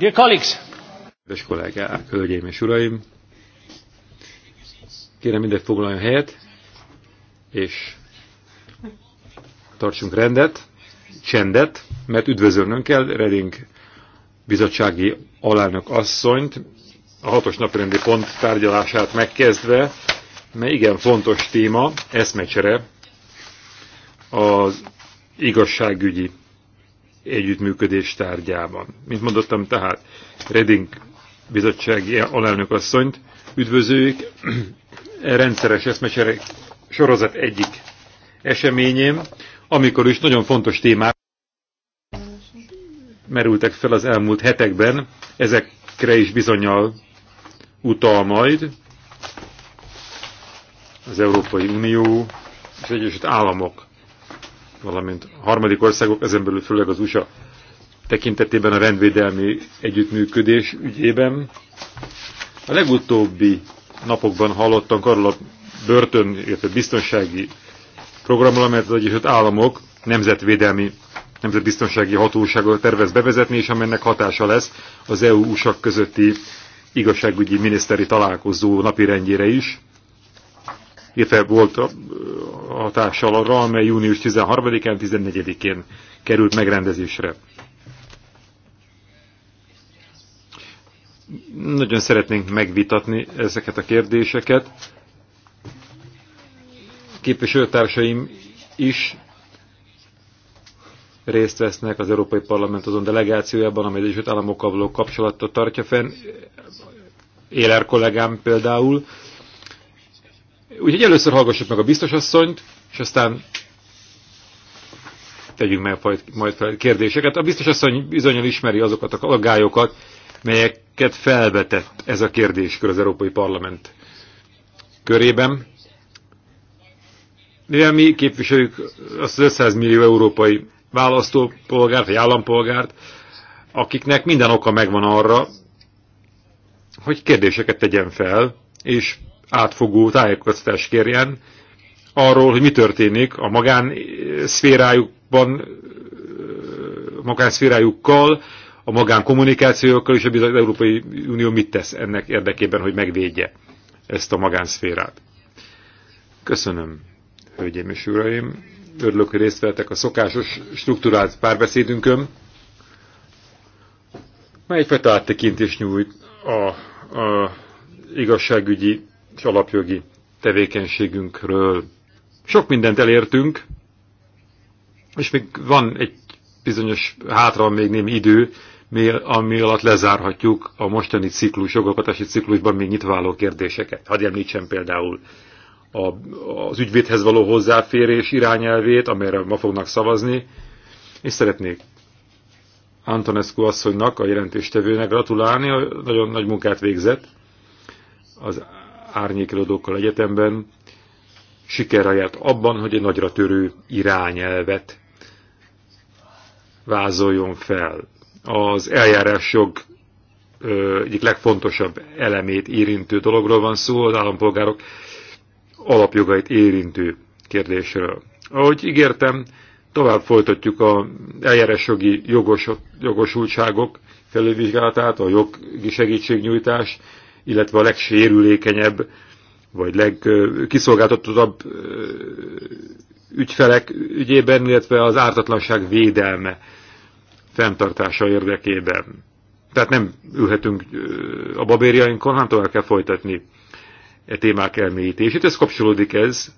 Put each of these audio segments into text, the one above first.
Dear colleagues! Kedves kollégák, hölgyeim és uraim! Kérem mindegy foglaljon helyet, és tartsunk rendet, csendet, mert üdvözölnünk kell Reding bizottsági alelnök asszonyt, a hatos naprendi pont tárgyalását megkezdve, mely igen fontos téma, eszmecsere, az igazságügyi együttműködés tárgyában. Mint mondottam, tehát Reding bizottsági alelnök asszonyt üdvözőjük e rendszeres eszmecsere sorozat egyik eseményén, amikor is nagyon fontos témák merültek fel az elmúlt hetekben, ezekre is bizonyal utal majd az Európai Unió és Egyesült Államok valamint harmadik országok, ezen belül főleg az USA tekintetében a rendvédelmi együttműködés ügyében. A legutóbbi napokban hallottam arról a börtön, illetve biztonsági programról, amelyet az Egyesült Államok nemzetvédelmi, nemzetbiztonsági hatóságot tervez bevezetni, és amennek hatása lesz az EU-USA közötti igazságügyi miniszteri találkozó napirendjére is illetve volt a, a társal arra, amely június 13-án, 14-én került megrendezésre. Nagyon szeretnénk megvitatni ezeket a kérdéseket. Képviselőtársaim is részt vesznek az Európai Parlament azon delegációjában, amely az Államokkal való kapcsolatot tartja fenn. Éler kollégám például Úgyhogy először hallgassuk meg a biztosasszonyt, és aztán tegyünk meg majd, fel kérdéseket. A biztosasszony bizonyal ismeri azokat a aggályokat, melyeket felvetett ez a kérdéskör az Európai Parlament körében. Mivel mi képviseljük azt az 500 millió európai választópolgárt, vagy állampolgárt, akiknek minden oka megvan arra, hogy kérdéseket tegyen fel, és átfogó tájékoztatást kérjen arról, hogy mi történik a magánszférájukban, eh, eh, magánszférájukkal, a magánkommunikációkkal, és az Európai Unió mit tesz ennek érdekében, hogy megvédje ezt a magánszférát. Köszönöm, hölgyeim és uraim. Örülök, hogy részt vettek a szokásos struktúrált párbeszédünkön, mely egyfajta áttekintést nyújt a, a igazságügyi és alapjogi tevékenységünkről. Sok mindent elértünk, és még van egy bizonyos hátra még némi idő, ami alatt lezárhatjuk a mostani ciklus, jogalkotási ciklusban még nyitváló kérdéseket. Hadd említsen például a, az ügyvédhez való hozzáférés irányelvét, amelyre ma fognak szavazni, és szeretnék Antonescu asszonynak, a jelentéstevőnek gratulálni, nagyon nagy munkát végzett az árnyékelődókkal egyetemben sikerre járt abban, hogy egy nagyra törő irányelvet vázoljon fel. Az eljárásjog egyik legfontosabb elemét érintő dologról van szó, az állampolgárok alapjogait érintő kérdésről. Ahogy ígértem, tovább folytatjuk a eljárásjogi jogos, jogosultságok felülvizsgálatát, a jogi segítségnyújtás illetve a legsérülékenyebb, vagy legkiszolgáltatottabb ügyfelek ügyében, illetve az ártatlanság védelme fenntartása érdekében. Tehát nem ülhetünk a babériainkon, hanem tovább kell folytatni e témák elmélyítését. Ez kapcsolódik ez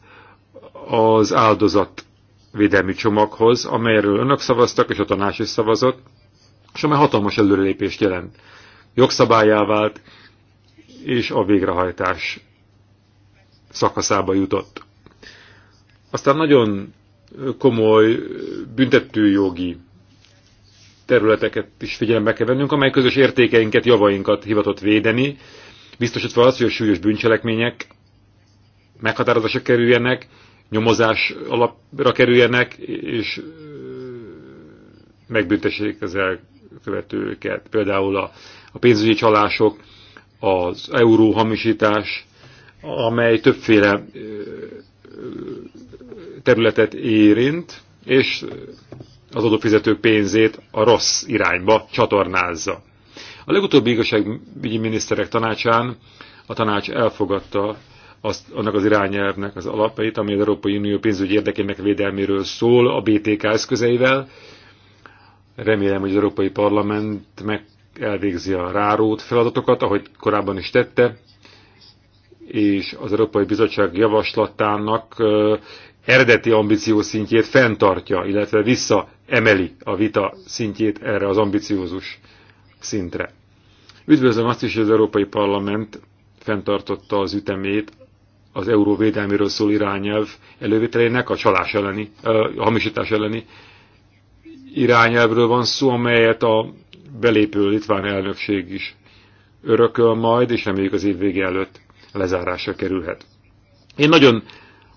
az áldozat védelmi csomaghoz, amelyről önök szavaztak, és a tanács is szavazott, és amely hatalmas előrelépést jelent. Jogszabályá vált, és a végrehajtás szakaszába jutott. Aztán nagyon komoly büntetőjogi területeket is figyelembe kell vennünk, amely közös értékeinket, javainkat hivatott védeni, biztosítva az, hogy a súlyos bűncselekmények meghatározásra kerüljenek, nyomozás alapra kerüljenek, és megbüntessék az elkövetőket. Például a, a pénzügyi csalások az euróhamisítás, amely többféle területet érint, és az adófizetők pénzét a rossz irányba csatornázza. A legutóbbi igazságügyi miniszterek tanácsán a tanács elfogadta azt, annak az irányelvnek az alapjait, ami az Európai Unió pénzügyi érdekének védelméről szól a BTK eszközeivel. Remélem, hogy az Európai Parlament meg elvégzi a rárót feladatokat, ahogy korábban is tette, és az Európai Bizottság javaslatának eredeti ambíció szintjét fenntartja, illetve visszaemeli a vita szintjét erre az ambiciózus szintre. Üdvözlöm azt is, hogy az Európai Parlament fenntartotta az ütemét az euró szól irányelv elővételének, a csalás elleni, a hamisítás elleni irányelvről van szó, amelyet a belépő litván elnökség is örököl majd, és reméljük az év vége előtt lezárásra kerülhet. Én nagyon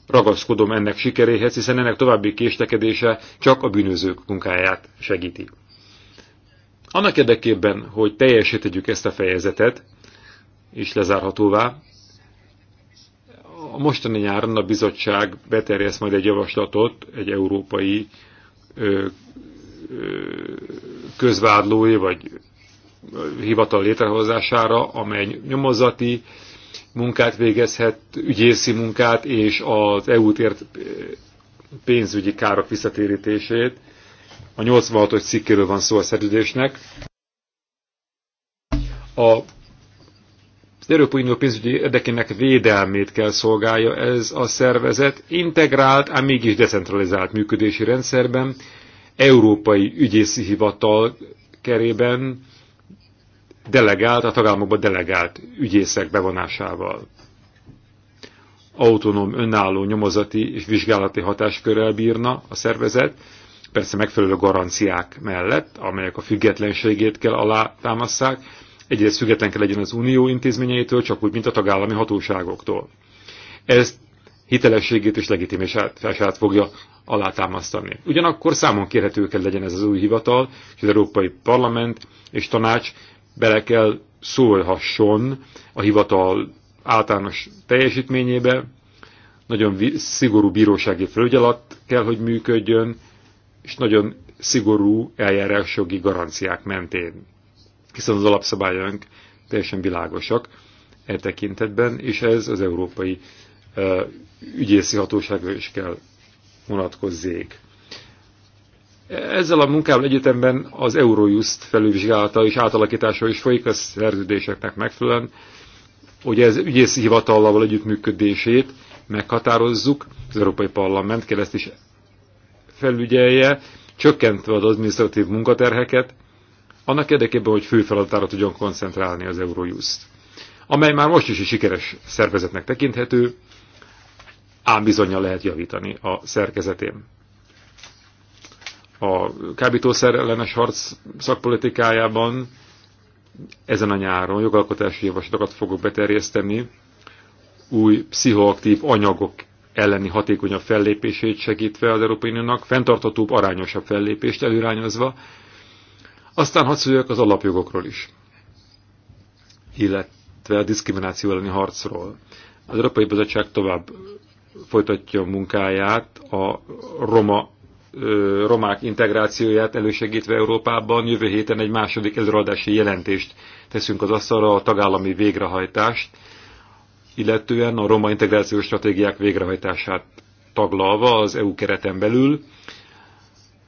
ragaszkodom ennek sikeréhez, hiszen ennek további késtekedése csak a bűnözők munkáját segíti. Annak érdekében, hogy teljesítjük ezt a fejezetet, és lezárhatóvá, a mostani nyáron a bizottság beterjeszt majd egy javaslatot egy európai ö, ö, közvádlói vagy hivatal létrehozására, amely nyomozati munkát végezhet, ügyészi munkát és az EU-t ért pénzügyi károk visszatérítését. A 86-os cikkéről van szó a szerződésnek. A Európai Unió pénzügyi érdekének védelmét kell szolgálja ez a szervezet integrált, ám mégis decentralizált működési rendszerben, európai ügyészi hivatal kerében delegált, a tagállamokba delegált ügyészek bevonásával. Autonóm, önálló nyomozati és vizsgálati hatáskörrel bírna a szervezet, persze megfelelő garanciák mellett, amelyek a függetlenségét kell alátámasszák, egyrészt független kell legyen az unió intézményeitől, csak úgy, mint a tagállami hatóságoktól. Ezt hitelességét és legitimitását fogja alátámasztani. Ugyanakkor számon kérhető kell legyen ez az új hivatal, és az Európai Parlament és Tanács bele kell szólhasson a hivatal általános teljesítményébe, nagyon szigorú bírósági felügyelat kell, hogy működjön, és nagyon szigorú eljárásjogi garanciák mentén. Hiszen az alapszabályunk teljesen világosak e tekintetben, és ez az európai ügyészi hatóságra is kell vonatkozzék. Ezzel a munkával egyetemben az Eurojust felülvizsgálata és átalakítása is folyik a szerződéseknek megfelelően, hogy ez ügyészi hivatallal együttműködését meghatározzuk, az Európai Parlament kell ezt is felügyelje, csökkentve az adminisztratív munkaterheket, annak érdekében, hogy fő feladatára tudjon koncentrálni az Eurojust, amely már most is sikeres szervezetnek tekinthető, ám bizonyja lehet javítani a szerkezetén. A kábítószer ellenes harc szakpolitikájában ezen a nyáron jogalkotási javaslatokat fogok beterjeszteni, új pszichoaktív anyagok elleni hatékonyabb fellépését segítve az Európai Uniónak, fenntartatóbb, arányosabb fellépést előrányozva. Aztán hadd az alapjogokról is, illetve a diszkrimináció elleni harcról. Az Európai Bizottság tovább folytatja a munkáját, a roma, ö, romák integrációját elősegítve Európában. Jövő héten egy második előadási jelentést teszünk az asztalra a tagállami végrehajtást, illetően a roma integrációs stratégiák végrehajtását taglalva az EU kereten belül,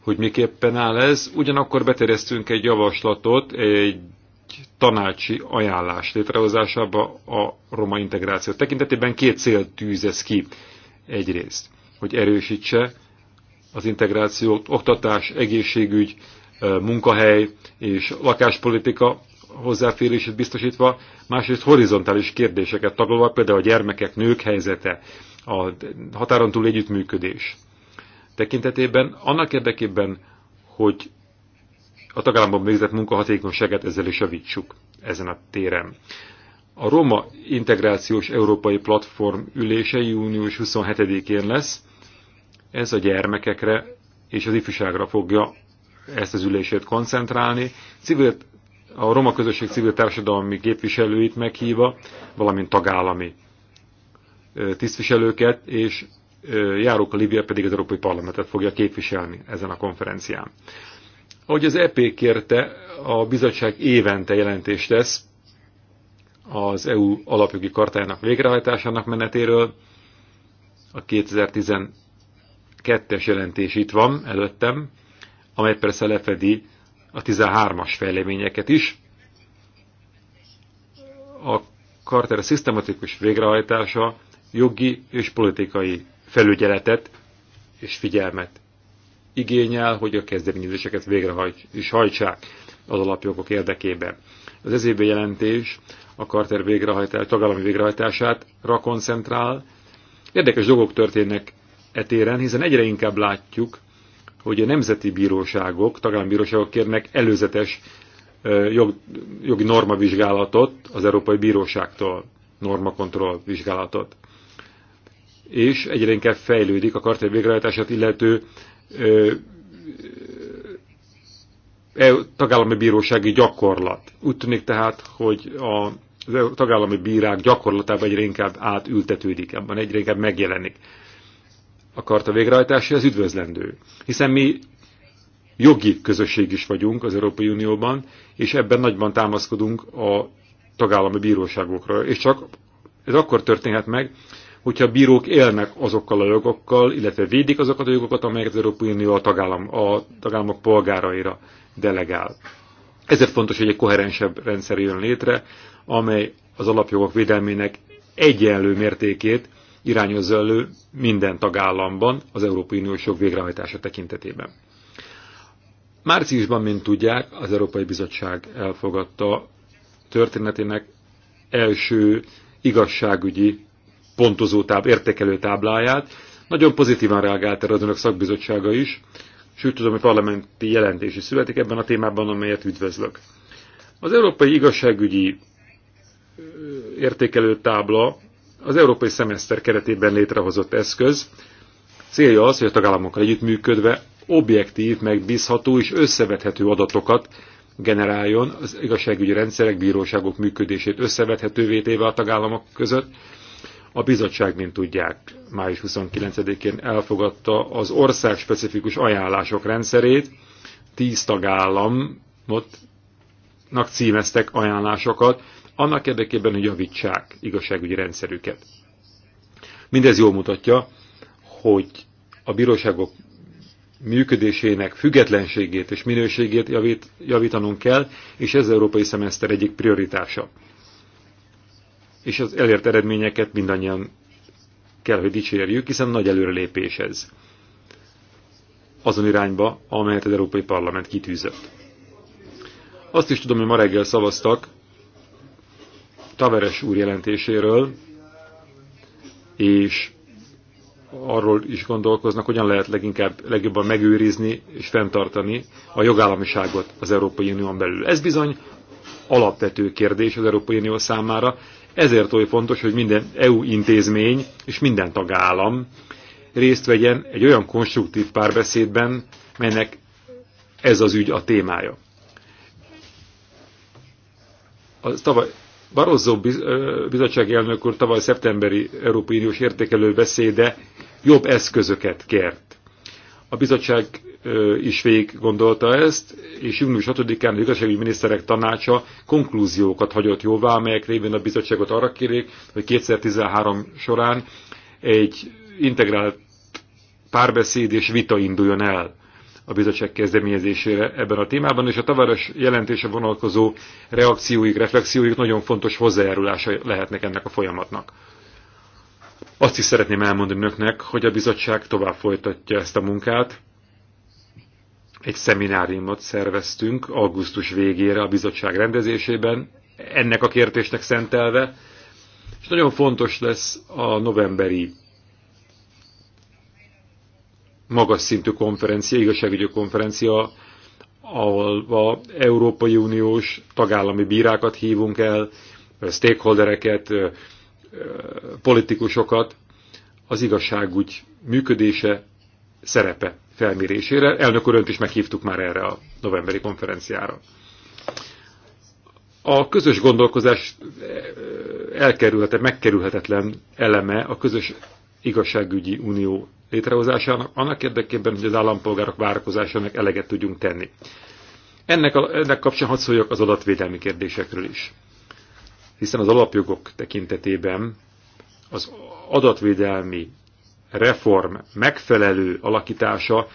hogy miképpen áll ez. Ugyanakkor beterjesztünk egy javaslatot, egy tanácsi ajánlás létrehozásába a roma integráció tekintetében két cél tűzesz ki egyrészt, hogy erősítse az integrációt, oktatás, egészségügy, munkahely és lakáspolitika hozzáférését biztosítva, másrészt horizontális kérdéseket tagolva, például a gyermekek, nők helyzete, a határon túl együttműködés tekintetében, annak érdekében, hogy a tagállamban végzett munkahatékonyságát ezzel is javítsuk ezen a téren. A Roma Integrációs Európai Platform ülése június 27-én lesz. Ez a gyermekekre és az ifjúságra fogja ezt az ülését koncentrálni. Civil, a roma közösség civil társadalmi képviselőit meghívva, valamint tagállami tisztviselőket, és járók a Libia pedig az Európai Parlamentet fogja képviselni ezen a konferencián. Ahogy az EP kérte, a bizottság évente jelentést tesz az EU alapjogi kartájának végrehajtásának menetéről. A 2012-es jelentés itt van előttem, amely persze lefedi a 13-as fejleményeket is. A karter szisztematikus végrehajtása jogi és politikai felügyeletet és figyelmet igényel, hogy a kezdeményezéseket végrehajtsák az alapjogok érdekében. Az ezébe jelentés a karter végrehajtás, tagállami végrehajtását koncentrál. Érdekes dolgok történnek etéren, hiszen egyre inkább látjuk, hogy a nemzeti bíróságok, tagállami bíróságok kérnek előzetes jog, jogi normavizsgálatot az Európai Bíróságtól, normakontroll vizsgálatot. És egyre inkább fejlődik a karter végrehajtását illető E tagállami bírósági gyakorlat. Úgy tűnik tehát, hogy a e tagállami bírák gyakorlatában egyre inkább átültetődik, ebben egyre inkább megjelenik. A karta végrehajtása ez üdvözlendő, hiszen mi jogi közösség is vagyunk az Európai Unióban, és ebben nagyban támaszkodunk a tagállami bíróságokra, és csak ez akkor történhet meg, hogyha a bírók élnek azokkal a jogokkal, illetve védik azokat a jogokat, amelyeket az Európai Unió a, tagállam, a tagállamok polgáraira delegál. Ezért fontos, hogy egy koherensebb rendszer jön létre, amely az alapjogok védelmének egyenlő mértékét irányozza elő minden tagállamban az Európai Uniós jog végrehajtása tekintetében. Márciusban, mint tudják, az Európai Bizottság elfogadta történetének első igazságügyi pontozó táb, értékelő tábláját. Nagyon pozitívan reagált erre az önök szakbizottsága is, sőt tudom, hogy parlamenti jelentés is születik ebben a témában, amelyet üdvözlök. Az Európai Igazságügyi értékelő tábla az Európai Szemeszter keretében létrehozott eszköz. Célja az, hogy a tagállamokkal együttműködve objektív, megbízható és összevethető adatokat generáljon az igazságügyi rendszerek, bíróságok működését összevethetővé téve a tagállamok között, a bizottság, mint tudják, május 29-én elfogadta az ország specifikus ajánlások rendszerét, tíz tagállamnak címeztek ajánlásokat, annak érdekében, hogy javítsák igazságügyi rendszerüket. Mindez jól mutatja, hogy a bíróságok működésének függetlenségét és minőségét javít, javítanunk kell, és ez az európai szemeszter egyik prioritása és az elért eredményeket mindannyian kell, hogy dicsérjük, hiszen nagy előrelépés ez azon irányba, amelyet az Európai Parlament kitűzött. Azt is tudom, hogy ma reggel szavaztak Taveres úr jelentéséről, és arról is gondolkoznak, hogyan lehet leginkább legjobban megőrizni és fenntartani a jogállamiságot az Európai Unión belül. Ez bizony alapvető kérdés az Európai Unió számára, ezért oly fontos, hogy minden EU intézmény és minden tagállam részt vegyen egy olyan konstruktív párbeszédben, melynek ez az ügy a témája. A tavaly Barozzó bizottsági elnök úr tavaly szeptemberi Európai Uniós értékelő beszéde jobb eszközöket kért. A bizottság is végig gondolta ezt, és június 6-án az igazságügyi miniszterek tanácsa konklúziókat hagyott jóvá, amelyek révén a bizottságot arra kérik, hogy 2013 során egy integrált párbeszéd és vita induljon el a bizottság kezdeményezésére ebben a témában, és a tavaros jelentése vonalkozó reakcióik, reflexióik nagyon fontos hozzájárulása lehetnek ennek a folyamatnak. Azt is szeretném elmondani önöknek, hogy a bizottság tovább folytatja ezt a munkát, egy szemináriumot szerveztünk augusztus végére a bizottság rendezésében, ennek a kértésnek szentelve, és nagyon fontos lesz a novemberi magas szintű konferencia, igazságügyi konferencia, ahol a Európai Uniós tagállami bírákat hívunk el, stakeholdereket, politikusokat, az igazságügy működése, szerepe felmérésére. Elnök úr, önt is meghívtuk már erre a novemberi konferenciára. A közös gondolkozás eh, elkerülhetetlen, megkerülhetetlen eleme a közös igazságügyi unió létrehozásának, annak érdekében, hogy az állampolgárok várakozásának eleget tudjunk tenni. Ennek, a, ennek kapcsán hadd szóljak az adatvédelmi kérdésekről is. Hiszen az alapjogok tekintetében az adatvédelmi reform megfelelő alakítása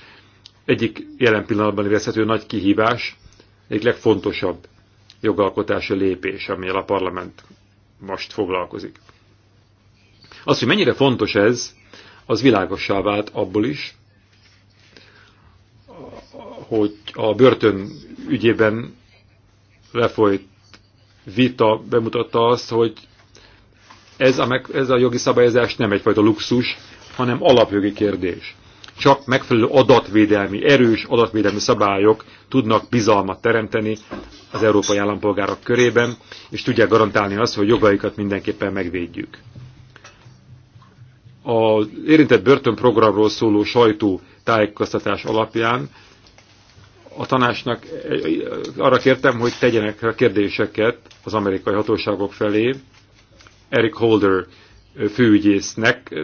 egyik jelen pillanatban érezhető nagy kihívás, egyik legfontosabb jogalkotási lépés, amivel a parlament most foglalkozik. Az, hogy mennyire fontos ez, az világossá vált abból is, hogy a börtön ügyében lefolyt vita bemutatta azt, hogy ez a, meg, ez a jogi szabályozás nem egyfajta luxus, hanem alapjogi kérdés. Csak megfelelő adatvédelmi, erős adatvédelmi szabályok tudnak bizalmat teremteni az európai állampolgárok körében, és tudják garantálni azt, hogy jogaikat mindenképpen megvédjük. Az érintett börtönprogramról szóló sajtó tájékoztatás alapján a tanácsnak e, e, arra kértem, hogy tegyenek a kérdéseket az amerikai hatóságok felé. Eric Holder főügyésznek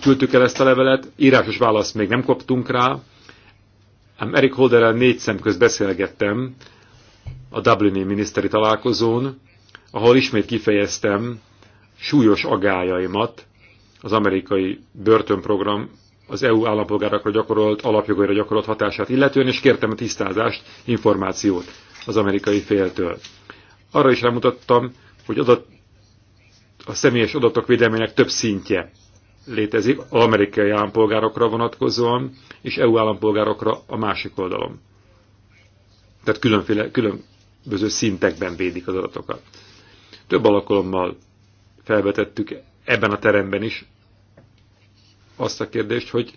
küldtük el ezt a levelet, írásos választ még nem kaptunk rá, ám Erik Holderrel négy szemköz beszélgettem a Dublini miniszteri találkozón, ahol ismét kifejeztem súlyos agályaimat az amerikai börtönprogram az EU állampolgárakra gyakorolt, alapjogaira gyakorolt hatását illetően, és kértem a tisztázást, információt az amerikai féltől. Arra is elmutattam, hogy adat a személyes adatok védelmének több szintje létezik, amerikai állampolgárokra vonatkozóan, és EU állampolgárokra a másik oldalon. Tehát különféle, különböző szintekben védik az adatokat. Több alkalommal felvetettük ebben a teremben is azt a kérdést, hogy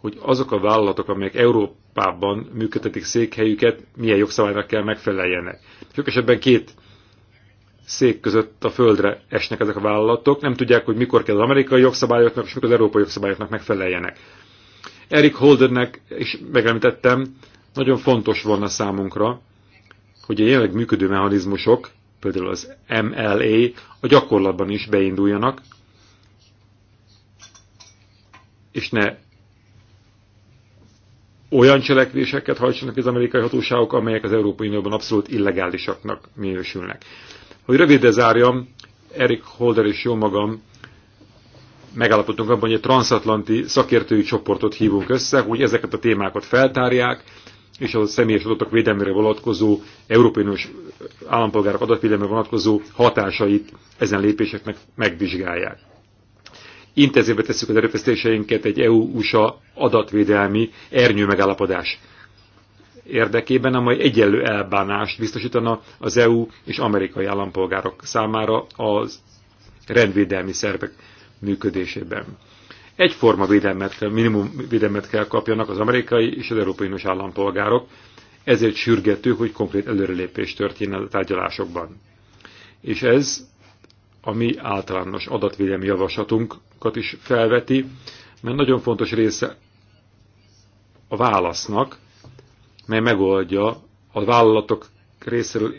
hogy azok a vállalatok, amelyek Európában működtetik székhelyüket, milyen jogszabálynak kell megfeleljenek. Sok esetben két szék között a földre esnek ezek a vállalatok, nem tudják, hogy mikor kell az amerikai jogszabályoknak és mikor az európai jogszabályoknak megfeleljenek. Eric Holdernek is megemlítettem, nagyon fontos volna számunkra, hogy a jelenleg működő mechanizmusok, például az MLA, a gyakorlatban is beinduljanak, és ne olyan cselekvéseket hajtsanak az amerikai hatóságok, amelyek az Európai Unióban abszolút illegálisaknak minősülnek. Hogy rövidre zárjam, Erik Holder és jó magam megállapodtunk abban, hogy egy transatlanti szakértői csoportot hívunk össze, hogy ezeket a témákat feltárják, és a személyes adatok védelmére vonatkozó, Európai Uniós állampolgárok adatvédelmére vonatkozó hatásait ezen lépéseknek megvizsgálják intenzívbe tesszük az erőfeszítéseinket egy EU-USA adatvédelmi ernyő megállapodás érdekében, amely egyenlő elbánást biztosítana az EU és amerikai állampolgárok számára az rendvédelmi szervek működésében. Egyforma védelmet kell, minimum védelmet kell kapjanak az amerikai és az európai uniós állampolgárok, ezért sürgető, hogy konkrét előrelépés történjen a tárgyalásokban. És ez a mi általános adatvédelmi javaslatunkat is felveti, mert nagyon fontos része a válasznak, mely megoldja a vállalatok részéről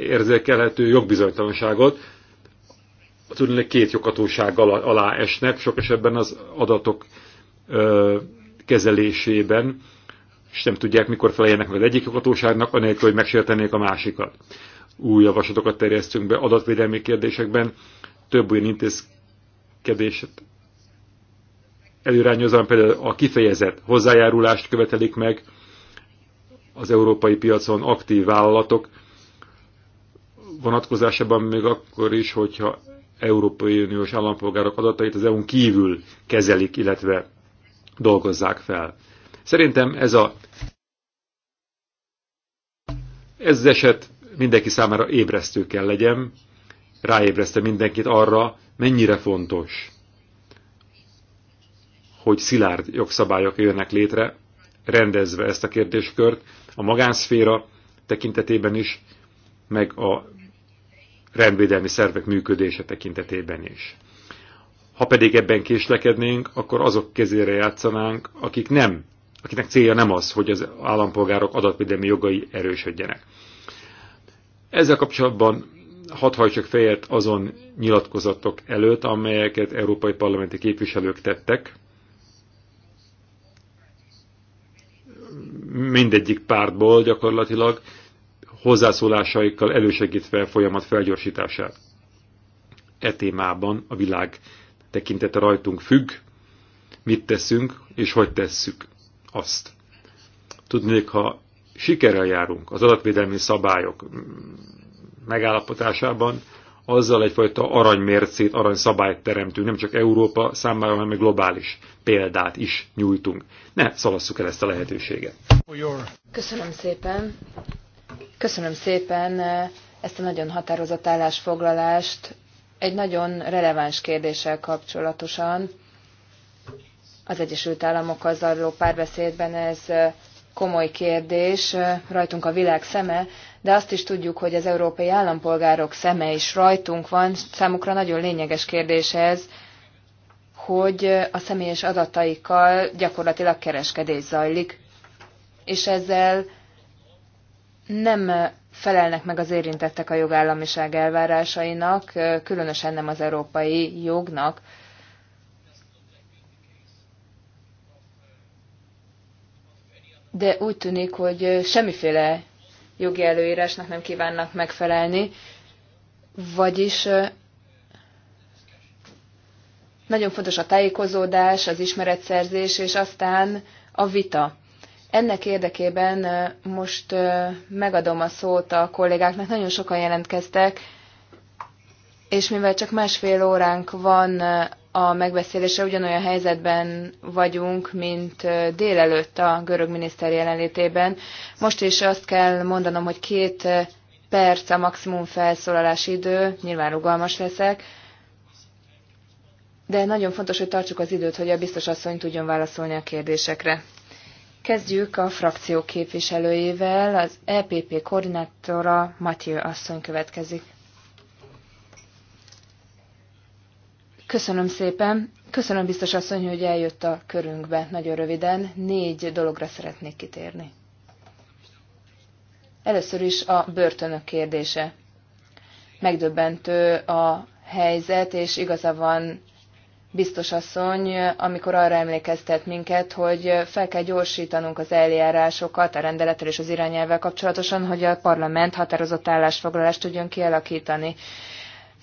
érzékelhető jogbizonytalanságot, tudni, két joghatóság alá, alá esnek, sok esetben az adatok ö, kezelésében, és nem tudják, mikor feleljenek meg az egyik joghatóságnak, anélkül, hogy megsértenék a másikat új javaslatokat terjesztünk be adatvédelmi kérdésekben, több olyan intézkedést előrányozom, például a kifejezett hozzájárulást követelik meg az európai piacon aktív vállalatok vonatkozásában még akkor is, hogyha Európai Uniós állampolgárok adatait az EU-n kívül kezelik, illetve dolgozzák fel. Szerintem ez a ez az eset mindenki számára ébresztő kell legyen, ráébreszte mindenkit arra, mennyire fontos, hogy szilárd jogszabályok jönnek létre, rendezve ezt a kérdéskört a magánszféra tekintetében is, meg a rendvédelmi szervek működése tekintetében is. Ha pedig ebben késlekednénk, akkor azok kezére játszanánk, akik nem, akinek célja nem az, hogy az állampolgárok adatvédelmi jogai erősödjenek. Ezzel kapcsolatban hadd hajtsak fejet azon nyilatkozatok előtt, amelyeket európai parlamenti képviselők tettek. Mindegyik pártból gyakorlatilag hozzászólásaikkal elősegítve a folyamat felgyorsítását. E témában a világ tekintete rajtunk függ, mit teszünk és hogy tesszük azt. Tudnék, ha sikerrel járunk az adatvédelmi szabályok megállapotásában, azzal egyfajta aranymércét, aranyszabályt teremtünk, nem csak Európa számára, hanem még globális példát is nyújtunk. Ne szalasszuk el ezt a lehetőséget. Köszönöm szépen. Köszönöm szépen eh, ezt a nagyon határozott állásfoglalást egy nagyon releváns kérdéssel kapcsolatosan. Az Egyesült Államok az arról párbeszédben ez eh, komoly kérdés, rajtunk a világ szeme, de azt is tudjuk, hogy az európai állampolgárok szeme is rajtunk van. Számukra nagyon lényeges kérdés ez, hogy a személyes adataikkal gyakorlatilag kereskedés zajlik, és ezzel nem felelnek meg az érintettek a jogállamiság elvárásainak, különösen nem az európai jognak, de úgy tűnik, hogy semmiféle jogi előírásnak nem kívánnak megfelelni, vagyis nagyon fontos a tájékozódás, az ismeretszerzés, és aztán a vita. Ennek érdekében most megadom a szót a kollégáknak, nagyon sokan jelentkeztek, és mivel csak másfél óránk van a megbeszélésre ugyanolyan helyzetben vagyunk, mint délelőtt a görög miniszter jelenlétében. Most is azt kell mondanom, hogy két perc a maximum felszólalási idő, nyilván rugalmas leszek, de nagyon fontos, hogy tartsuk az időt, hogy a biztos asszony tudjon válaszolni a kérdésekre. Kezdjük a frakció képviselőjével, az EPP koordinátora Matyő asszony következik. Köszönöm szépen. Köszönöm biztos asszony, hogy eljött a körünkbe. Nagyon röviden négy dologra szeretnék kitérni. Először is a börtönök kérdése. Megdöbbentő a helyzet, és igaza van biztos asszony, amikor arra emlékeztet minket, hogy fel kell gyorsítanunk az eljárásokat a rendelettel és az irányelvvel kapcsolatosan, hogy a parlament határozott állásfoglalást tudjon kialakítani.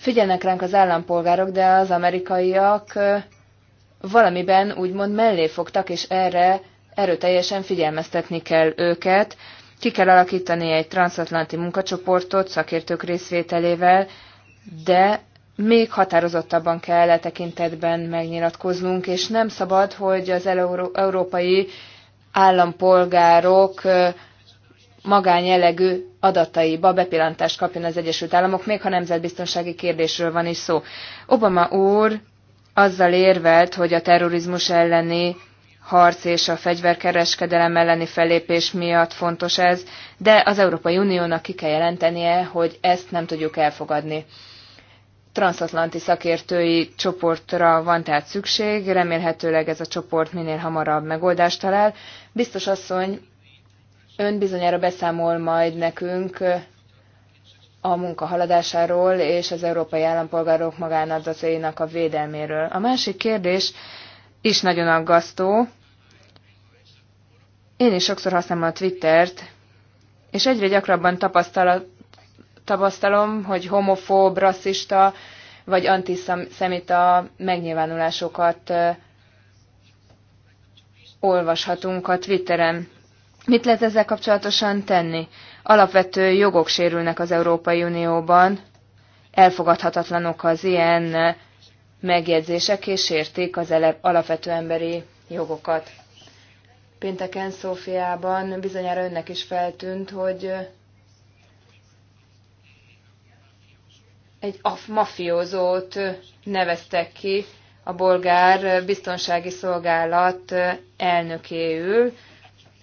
Figyelnek ránk az állampolgárok, de az amerikaiak valamiben úgymond mellé fogtak, és erre erőteljesen figyelmeztetni kell őket. Ki kell alakítani egy transatlanti munkacsoportot szakértők részvételével, de még határozottabban kell e tekintetben megnyilatkoznunk, és nem szabad, hogy az európai állampolgárok magánjellegű adataiba bepillantást kapjon az Egyesült Államok, még ha nemzetbiztonsági kérdésről van is szó. Obama úr azzal érvelt, hogy a terrorizmus elleni harc és a fegyverkereskedelem elleni fellépés miatt fontos ez, de az Európai Uniónak ki kell jelentenie, hogy ezt nem tudjuk elfogadni. Transatlanti szakértői csoportra van tehát szükség, remélhetőleg ez a csoport minél hamarabb megoldást talál. Biztos asszony, Ön bizonyára beszámol majd nekünk a munka haladásáról és az európai állampolgárok magánadatainak a védelméről. A másik kérdés is nagyon aggasztó. Én is sokszor használom a Twittert, és egyre gyakrabban tapasztalom, hogy homofób, rasszista vagy antiszemita megnyilvánulásokat olvashatunk a Twitteren. Mit lehet ezzel kapcsolatosan tenni? Alapvető jogok sérülnek az Európai Unióban, elfogadhatatlanok az ilyen megjegyzések, és érték az alapvető emberi jogokat. Pénteken Szófiában bizonyára önnek is feltűnt, hogy egy mafiózót neveztek ki a bolgár biztonsági szolgálat elnökéül,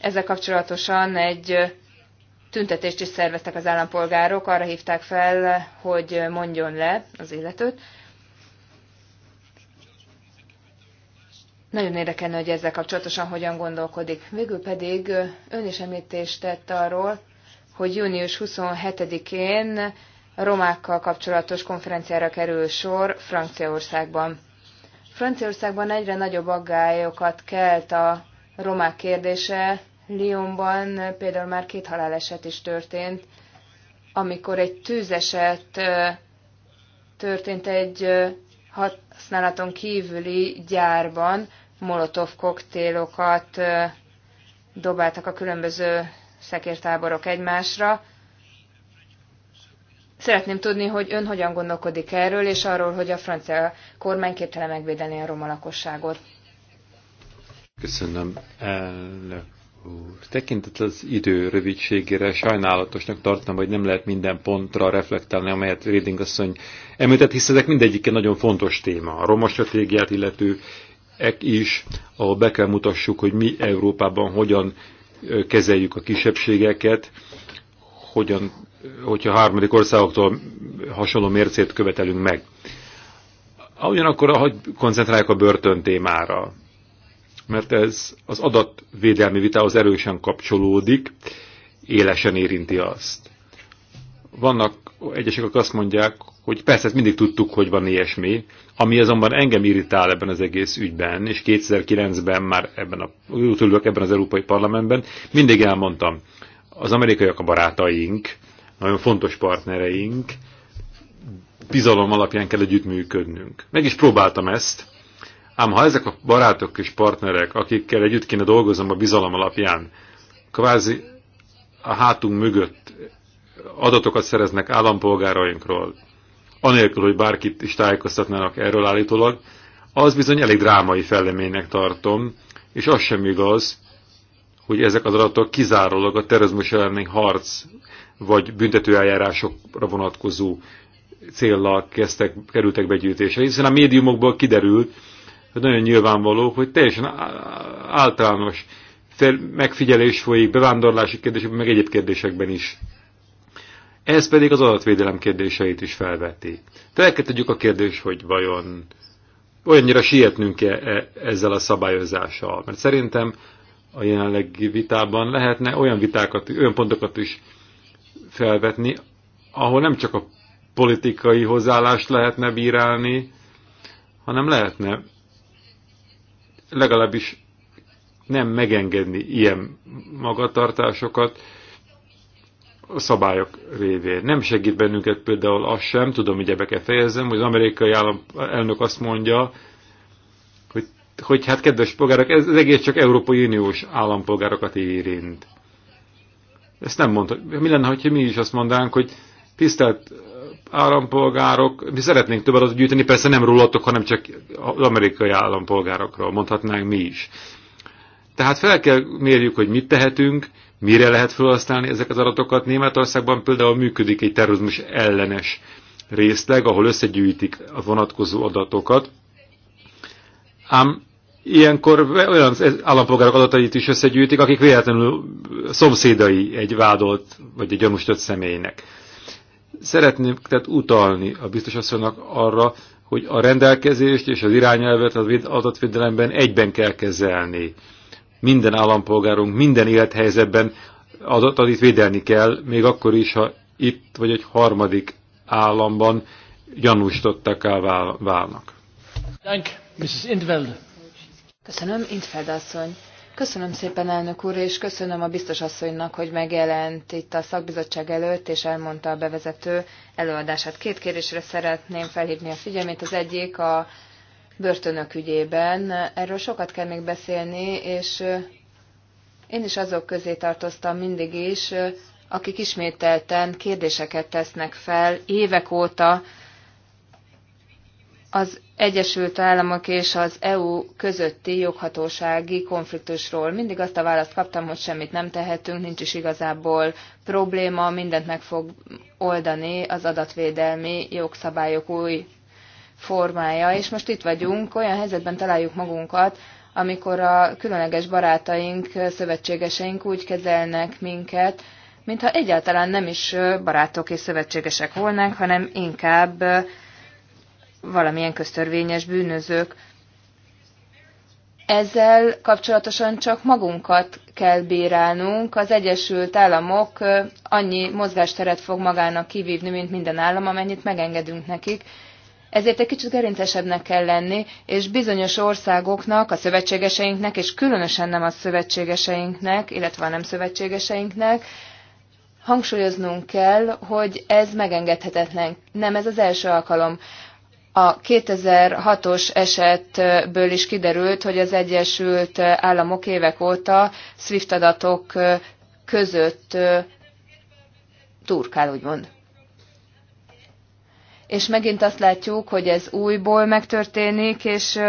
ezzel kapcsolatosan egy tüntetést is szerveztek az állampolgárok, arra hívták fel, hogy mondjon le az életőt. Nagyon érdekelne, hogy ezzel kapcsolatosan hogyan gondolkodik. Végül pedig ön is említést tett arról, hogy június 27-én romákkal kapcsolatos konferenciára kerül sor Franciaországban. Franciaországban egyre nagyobb aggályokat kelt a romák kérdése, Lyonban például már két haláleset is történt, amikor egy tűzeset történt egy használaton kívüli gyárban, molotov koktélokat dobáltak a különböző szekértáborok egymásra. Szeretném tudni, hogy ön hogyan gondolkodik erről, és arról, hogy a francia kormány képtelen megvédeni a roma lakosságot. Köszönöm, elnök úr, tekintet az idő rövidségére sajnálatosnak tartom, hogy nem lehet minden pontra reflektálni, amelyet Réding asszony említett, hisz ezek mindegyike nagyon fontos téma. A roma stratégiát illető ek is, ahol be kell mutassuk, hogy mi Európában hogyan kezeljük a kisebbségeket, hogyan, hogyha harmadik országoktól hasonló mércét követelünk meg. Ugyanakkor, ahogy koncentráljuk a börtön témára, mert ez az adatvédelmi vitához erősen kapcsolódik, élesen érinti azt. Vannak egyesek, akik azt mondják, hogy persze ezt mindig tudtuk, hogy van ilyesmi, ami azonban engem irritál ebben az egész ügyben, és 2009-ben már ebben a, ebben az Európai Parlamentben, mindig elmondtam, az amerikaiak a barátaink, nagyon fontos partnereink, bizalom alapján kell együttműködnünk. Meg is próbáltam ezt, Ám ha ezek a barátok és partnerek, akikkel együtt kéne dolgozom a bizalom alapján, kvázi a hátunk mögött adatokat szereznek állampolgárainkról, anélkül, hogy bárkit is tájékoztatnának erről állítólag, az bizony elég drámai felleménynek tartom, és az sem igaz, hogy ezek az adatok kizárólag a terrorizmus elleni harc vagy büntetőeljárásokra vonatkozó céllal kezdtek, kerültek begyűjtésre, hiszen a médiumokból kiderült, nagyon nyilvánvaló, hogy teljesen általános megfigyelés folyik bevándorlási kérdésekben, meg egyéb kérdésekben is. Ez pedig az adatvédelem kérdéseit is felveti. Tehát tudjuk a kérdés, hogy vajon olyannyira sietnünk -e ezzel a szabályozással. Mert szerintem a jelenlegi vitában lehetne olyan vitákat, olyan pontokat is felvetni, ahol nem csak a politikai hozzáállást lehetne bírálni, hanem lehetne legalábbis nem megengedni ilyen magatartásokat a szabályok révén. Nem segít bennünket például az sem, tudom, hogy ebbe fejezzem, hogy az amerikai állam, elnök azt mondja, hogy, hogy hát kedves polgárok, ez, ez egész csak Európai Uniós állampolgárokat érint. Ezt nem mondta. Mi lenne, ha mi is azt mondanánk, hogy tisztelt állampolgárok, mi szeretnénk több adatot gyűjteni, persze nem rólatok, hanem csak az amerikai állampolgárokról, mondhatnánk mi is. Tehát fel kell mérjük, hogy mit tehetünk, mire lehet felhasználni ezek az adatokat. Németországban például működik egy terrorizmus ellenes részleg, ahol összegyűjtik a vonatkozó adatokat. Ám ilyenkor olyan állampolgárok adatait is összegyűjtik, akik véletlenül szomszédai egy vádolt vagy egy gyanúsított személynek. Szeretném tehát utalni a biztos asszonynak arra, hogy a rendelkezést és az irányelvet az adatvédelemben egyben kell kezelni. Minden állampolgárunk, minden élethelyzetben adatit védelni kell, még akkor is, ha itt vagy egy harmadik államban gyanústottakká válnak. Köszönöm, Intfeld asszony. Köszönöm szépen, elnök úr, és köszönöm a biztos asszonynak, hogy megjelent itt a szakbizottság előtt, és elmondta a bevezető előadását. Két kérdésre szeretném felhívni a figyelmét. Az egyik a börtönök ügyében. Erről sokat kell még beszélni, és én is azok közé tartoztam mindig is, akik ismételten kérdéseket tesznek fel évek óta az Egyesült Államok és az EU közötti joghatósági konfliktusról. Mindig azt a választ kaptam, hogy semmit nem tehetünk, nincs is igazából probléma, mindent meg fog oldani az adatvédelmi jogszabályok új formája, és most itt vagyunk, olyan helyzetben találjuk magunkat, amikor a különleges barátaink, szövetségeseink úgy kezelnek minket, mintha egyáltalán nem is barátok és szövetségesek volnánk, hanem inkább valamilyen köztörvényes bűnözők. Ezzel kapcsolatosan csak magunkat kell bírálnunk. Az Egyesült Államok annyi mozgásteret fog magának kivívni, mint minden állam, amennyit megengedünk nekik. Ezért egy kicsit gerincesebbnek kell lenni, és bizonyos országoknak, a szövetségeseinknek, és különösen nem a szövetségeseinknek, illetve a nem szövetségeseinknek, hangsúlyoznunk kell, hogy ez megengedhetetlen. Nem ez az első alkalom. A 2006-os esetből is kiderült, hogy az Egyesült Államok évek óta SWIFT adatok között turkál, úgymond. És megint azt látjuk, hogy ez újból megtörténik, és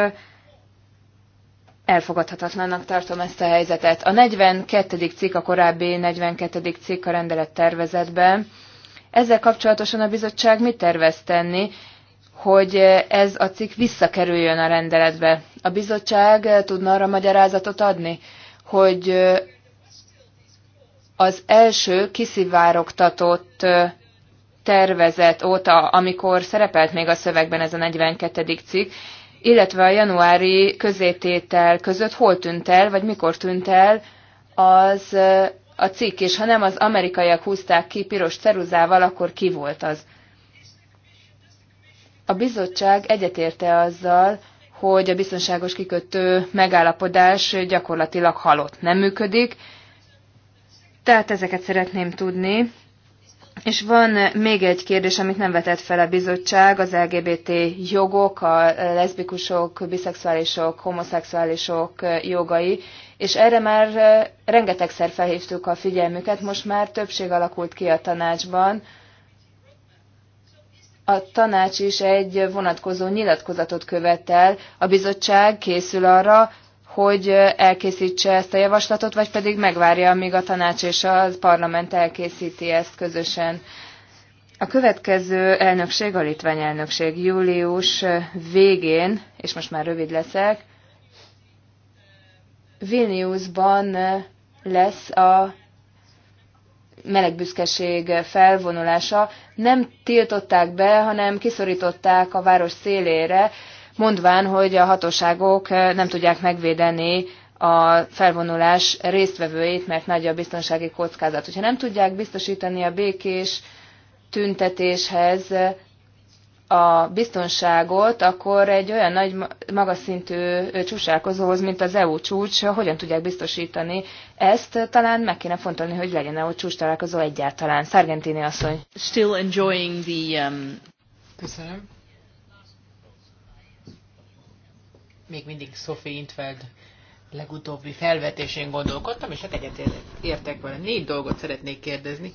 elfogadhatatlannak tartom ezt a helyzetet. A 42. cikk, a korábbi 42. cikk a rendelet tervezetben. Ezzel kapcsolatosan a bizottság mit tervez tenni, hogy ez a cikk visszakerüljön a rendeletbe. A bizottság tudna arra magyarázatot adni, hogy az első kiszivárogtatott tervezet óta, amikor szerepelt még a szövegben ez a 42. cikk, illetve a januári közététel között hol tűnt el, vagy mikor tűnt el az a cikk, és ha nem az amerikaiak húzták ki piros ceruzával, akkor ki volt az? A bizottság egyetérte azzal, hogy a biztonságos kikötő megállapodás gyakorlatilag halott, nem működik. Tehát ezeket szeretném tudni. És van még egy kérdés, amit nem vetett fel a bizottság, az LGBT jogok, a leszbikusok, biszexuálisok, homoszexuálisok jogai, és erre már rengetegszer felhívtuk a figyelmüket, most már többség alakult ki a tanácsban, a tanács is egy vonatkozó nyilatkozatot követel. A bizottság készül arra, hogy elkészítse ezt a javaslatot, vagy pedig megvárja, amíg a tanács és a parlament elkészíti ezt közösen. A következő elnökség, a litvány elnökség július végén, és most már rövid leszek, Vilniusban lesz a melegbüszkeség felvonulása nem tiltották be, hanem kiszorították a város szélére, mondván, hogy a hatóságok nem tudják megvédeni a felvonulás résztvevőit, mert nagy a biztonsági kockázat. Hogyha nem tudják biztosítani a békés tüntetéshez a biztonságot, akkor egy olyan nagy magas szintű csúcsálkozóhoz, mint az EU csúcs, hogyan tudják biztosítani ezt? Talán meg kéne fontolni, hogy legyen EU csúcs találkozó egyáltalán. Szargentini asszony. Still enjoying the... Um... Köszönöm. Még mindig Sophie Intveld legutóbbi felvetésén gondolkodtam, és hát egyet értek vele. Négy dolgot szeretnék kérdezni.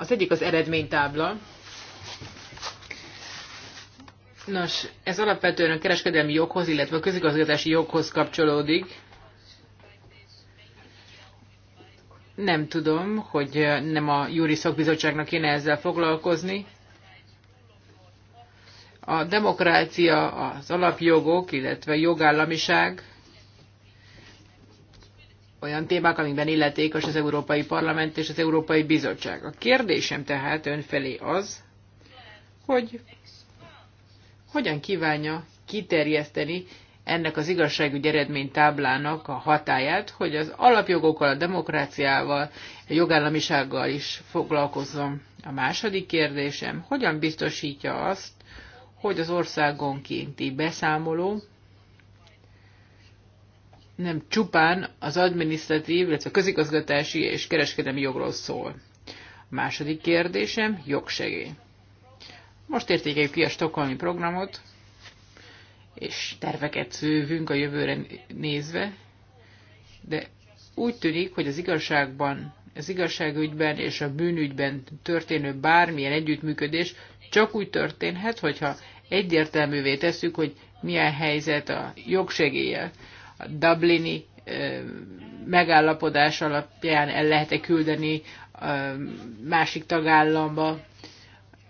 Az egyik az eredménytábla. Nos, ez alapvetően a kereskedelmi joghoz, illetve a közigazgatási joghoz kapcsolódik. Nem tudom, hogy nem a júri szakbizottságnak kéne ezzel foglalkozni. A demokrácia, az alapjogok, illetve jogállamiság olyan témák, amikben illetékes az Európai Parlament és az Európai Bizottság. A kérdésem tehát ön felé az, hogy hogyan kívánja kiterjeszteni ennek az igazságügy eredménytáblának a hatáját, hogy az alapjogokkal, a demokráciával, a jogállamisággal is foglalkozzon. A második kérdésem, hogyan biztosítja azt, hogy az országonkénti beszámoló nem csupán az adminisztratív, illetve közigazgatási és kereskedelmi jogról szól. A második kérdésem jogsegély. Most értékeljük ki a stokholmi programot, és terveket szűvünk a jövőre nézve, de úgy tűnik, hogy az igazságban, az igazságügyben és a bűnügyben történő bármilyen együttműködés csak úgy történhet, hogyha egyértelművé tesszük, hogy milyen helyzet a jogsegélye a Dublini megállapodás alapján el lehet-e küldeni másik tagállamba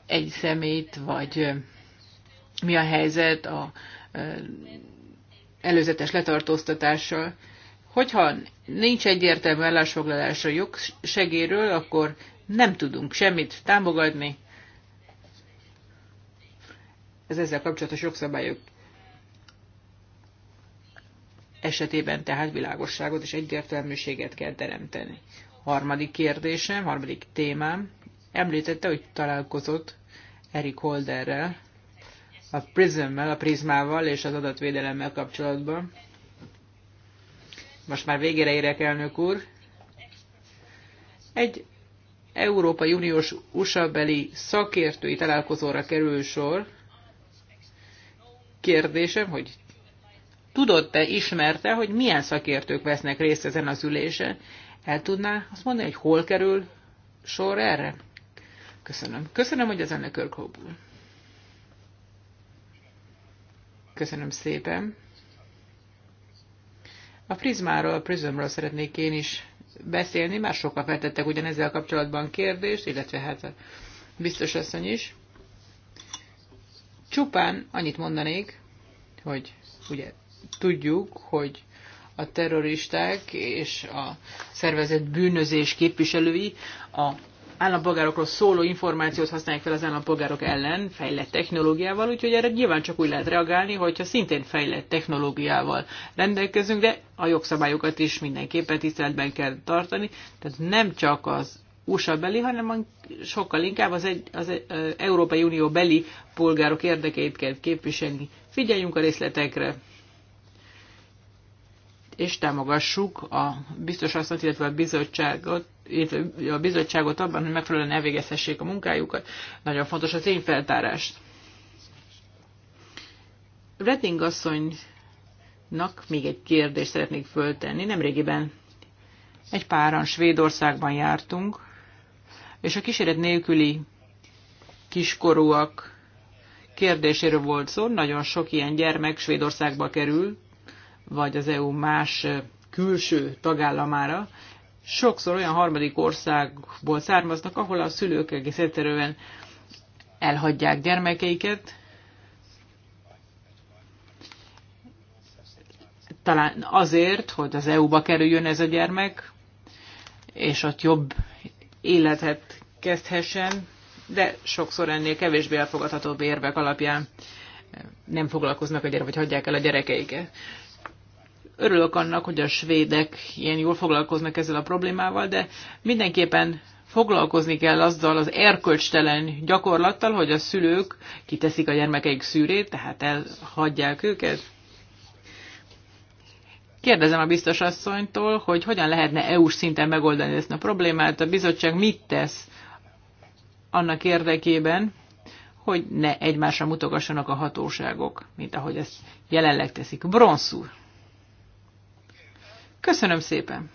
egy szemét, vagy mi a helyzet a előzetes letartóztatással. Hogyha nincs egyértelmű ellásfoglalás a jogsegéről, akkor nem tudunk semmit támogatni. Ez ezzel kapcsolatos jogszabályok esetében tehát világosságot és egyértelműséget kell teremteni. Harmadik kérdésem, harmadik témám, említette, hogy találkozott Erik Holderrel, a Prism-mel, a Prismával és az adatvédelemmel kapcsolatban. Most már végére érek, elnök úr. Egy Európai Uniós USA beli szakértői találkozóra kerül sor. Kérdésem, hogy tudott-e, ismerte, hogy milyen szakértők vesznek részt ezen az ülésen. El tudná azt mondani, hogy hol kerül sor erre? Köszönöm. Köszönöm, hogy az ennek örkóbul. Köszönöm szépen. A prizmáról, a prizmáról szeretnék én is beszélni, már sokan feltettek ezzel kapcsolatban kérdést, illetve hát biztos asszony is. Csupán annyit mondanék, hogy ugye tudjuk, hogy a terroristák és a szervezett bűnözés képviselői a állampolgárokról szóló információt használják fel az állampolgárok ellen fejlett technológiával, úgyhogy erre nyilván csak úgy lehet reagálni, hogyha szintén fejlett technológiával rendelkezünk, de a jogszabályokat is mindenképpen tiszteletben kell tartani, tehát nem csak az USA beli, hanem sokkal inkább az, egy, az egy, Európai Unió beli polgárok érdekeit kell képviselni. Figyeljünk a részletekre! és támogassuk a biztos asszonyt, illetve a bizottságot, illetve a bizottságot abban, hogy megfelelően elvégezhessék a munkájukat. Nagyon fontos az én feltárást. Redding asszonynak még egy kérdést szeretnék föltenni. Nemrégiben egy páran Svédországban jártunk, és a kíséret nélküli kiskorúak kérdéséről volt szó. Nagyon sok ilyen gyermek Svédországba kerül, vagy az EU más külső tagállamára, sokszor olyan harmadik országból származnak, ahol a szülők egész egyszerűen elhagyják gyermekeiket, talán azért, hogy az EU-ba kerüljön ez a gyermek, és ott jobb életet kezdhessen, de sokszor ennél kevésbé elfogadhatóbb érvek alapján nem foglalkoznak a gyerek, vagy hagyják el a gyerekeiket. Örülök annak, hogy a svédek ilyen jól foglalkoznak ezzel a problémával, de mindenképpen foglalkozni kell azzal az erkölcstelen gyakorlattal, hogy a szülők kiteszik a gyermekeik szűrét, tehát elhagyják őket. Kérdezem a biztos asszonytól, hogy hogyan lehetne EU-s szinten megoldani ezt a problémát, a bizottság mit tesz annak érdekében, hogy ne egymásra mutogassanak a hatóságok, mint ahogy ezt jelenleg teszik. Bronszúr. Köszönöm szépen!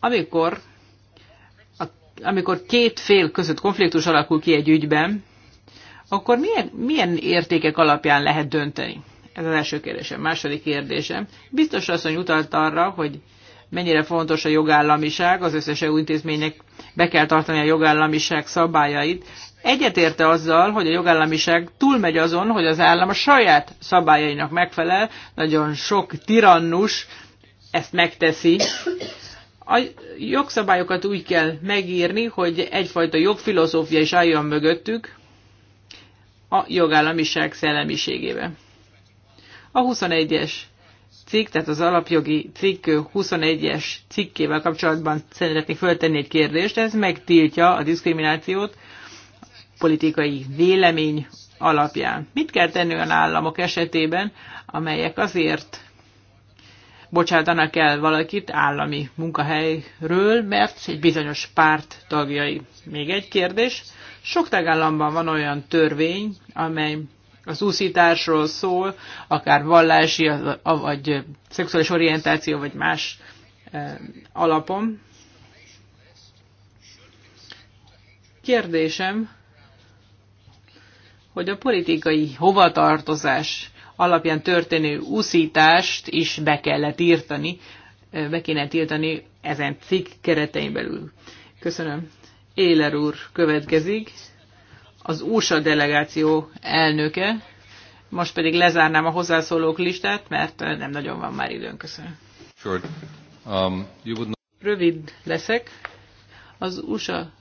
Amikor, a, amikor két fél között konfliktus alakul ki egy ügyben, akkor milyen, milyen értékek alapján lehet dönteni? Ez az első kérdésem. Második kérdésem. Biztos asszony utalt arra, hogy mennyire fontos a jogállamiság, az összes EU intézménynek be kell tartani a jogállamiság szabályait egyetérte azzal, hogy a jogállamiság túlmegy azon, hogy az állam a saját szabályainak megfelel, nagyon sok tirannus ezt megteszi. A jogszabályokat úgy kell megírni, hogy egyfajta jogfilozófia is álljon mögöttük a jogállamiság szellemiségébe. A 21-es cikk, tehát az alapjogi cikk 21-es cikkével kapcsolatban szeretnék föltenni egy kérdést, ez megtiltja a diszkriminációt politikai vélemény alapján. Mit kell tenni olyan államok esetében, amelyek azért bocsátanak el valakit állami munkahelyről, mert egy bizonyos párt tagjai. Még egy kérdés. Sok tagállamban van olyan törvény, amely az úszításról szól, akár vallási, vagy szexuális orientáció, vagy más eh, alapon. Kérdésem, hogy a politikai hovatartozás alapján történő úszítást is be kellett írtani, be kéne tiltani ezen cikk keretein belül. Köszönöm. Éler úr következik, az USA delegáció elnöke. Most pedig lezárnám a hozzászólók listát, mert nem nagyon van már időnk. Köszönöm. Sure. Um, you would not... Rövid leszek. Az USA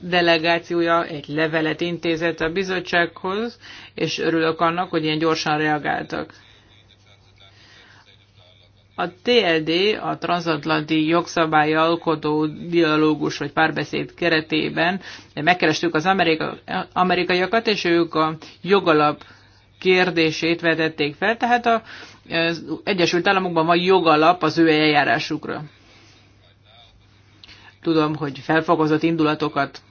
delegációja egy levelet intézett a bizottsághoz, és örülök annak, hogy ilyen gyorsan reagáltak. A TLD, a transatlanti jogszabály alkotó dialógus vagy párbeszéd keretében megkerestük az amerika, amerikaiakat, és ők a jogalap kérdését vetették fel, tehát az Egyesült Államokban van jogalap az ő eljárásukra. Tudom, hogy felfogozott indulatokat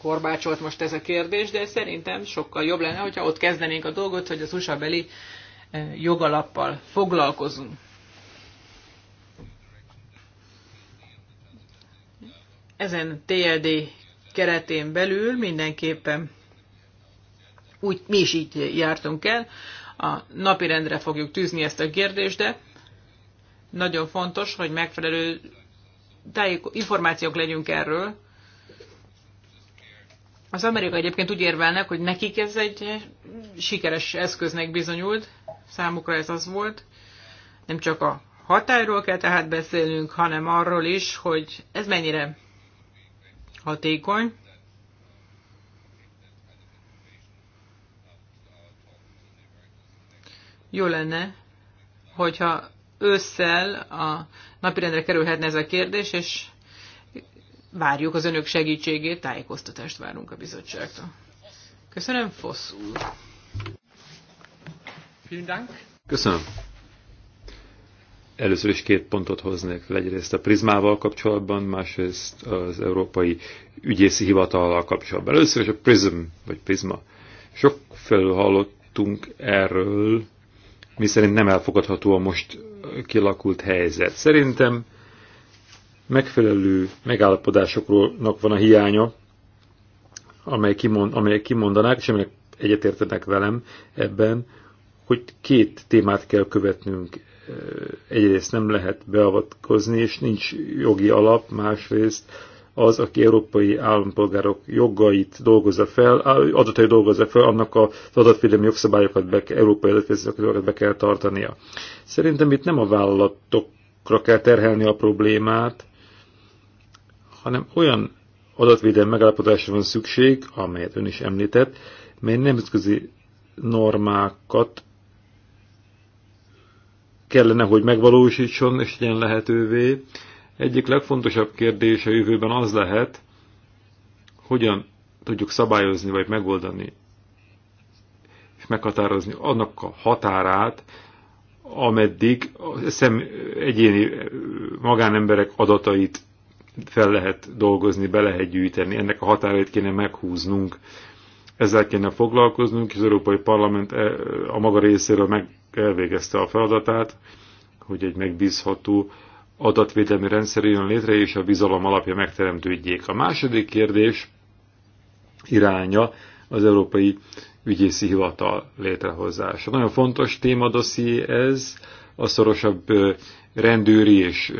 korbácsolt most ez a kérdés, de szerintem sokkal jobb lenne, hogyha ott kezdenénk a dolgot, hogy az USA beli eh, jogalappal foglalkozunk. Ezen TLD keretén belül mindenképpen úgy, mi is így jártunk el, a napirendre fogjuk tűzni ezt a kérdést, de nagyon fontos, hogy megfelelő tájéko, információk legyünk erről. Az amerikai egyébként úgy érvelnek, hogy nekik ez egy sikeres eszköznek bizonyult, számukra ez az volt. Nem csak a hatályról kell tehát beszélnünk, hanem arról is, hogy ez mennyire hatékony. Jó lenne, hogyha ősszel a napirendre kerülhetne ez a kérdés, és várjuk az önök segítségét, tájékoztatást várunk a bizottságtól. Köszönöm, Fossz Köszönöm. Először is két pontot hoznék, egyrészt a prizmával kapcsolatban, másrészt az Európai Ügyészi Hivatallal kapcsolatban. Először is a prism, vagy prizma. Sok felül hallottunk erről, mi szerint nem elfogadható a most kilakult helyzet. Szerintem megfelelő megállapodásoknak van a hiánya, amely kimond, amelyek kimondanák, és amelyek egyetértenek velem ebben, hogy két témát kell követnünk. Egyrészt nem lehet beavatkozni, és nincs jogi alap, másrészt az, aki európai állampolgárok jogait dolgozza fel, adatai dolgozza fel, annak az adatvédelmi jogszabályokat, be, európai adatvédelmi jogszabályokat be kell tartania. Szerintem itt nem a vállalatokra kell terhelni a problémát, hanem olyan adatvédelmi megállapodásra van szükség, amelyet ön is említett, mely nemzetközi normákat kellene, hogy megvalósítson, és legyen lehetővé, egyik legfontosabb kérdése a jövőben az lehet, hogyan tudjuk szabályozni vagy megoldani és meghatározni annak a határát, ameddig szem, egyéni magánemberek adatait fel lehet dolgozni, be lehet gyűjteni. Ennek a határait kéne meghúznunk. Ezzel kéne foglalkoznunk, és az Európai Parlament e, a maga részéről meg elvégezte a feladatát, hogy egy megbízható adatvédelmi rendszer jön létre, és a bizalom alapja megteremtődjék. A második kérdés iránya az Európai Ügyészi Hivatal létrehozása. Nagyon fontos téma ez, a szorosabb rendőri és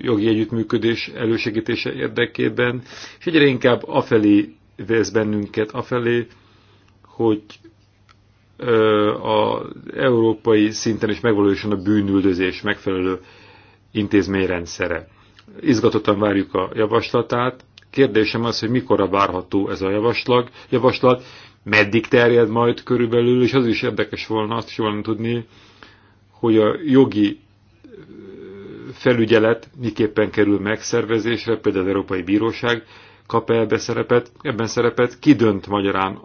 jogi együttműködés elősegítése érdekében, és egyre inkább afelé vesz bennünket, afelé, hogy az európai szinten is megvalósuljon a bűnüldözés megfelelő intézményrendszere. Izgatottan várjuk a javaslatát. Kérdésem az, hogy mikorra várható ez a javaslat, javaslat meddig terjed majd körülbelül, és az is érdekes volna, azt is volna tudni, hogy a jogi felügyelet miképpen kerül megszervezésre, például az Európai Bíróság kap -e ebbe szerepet, ebben szerepet, ki dönt magyarán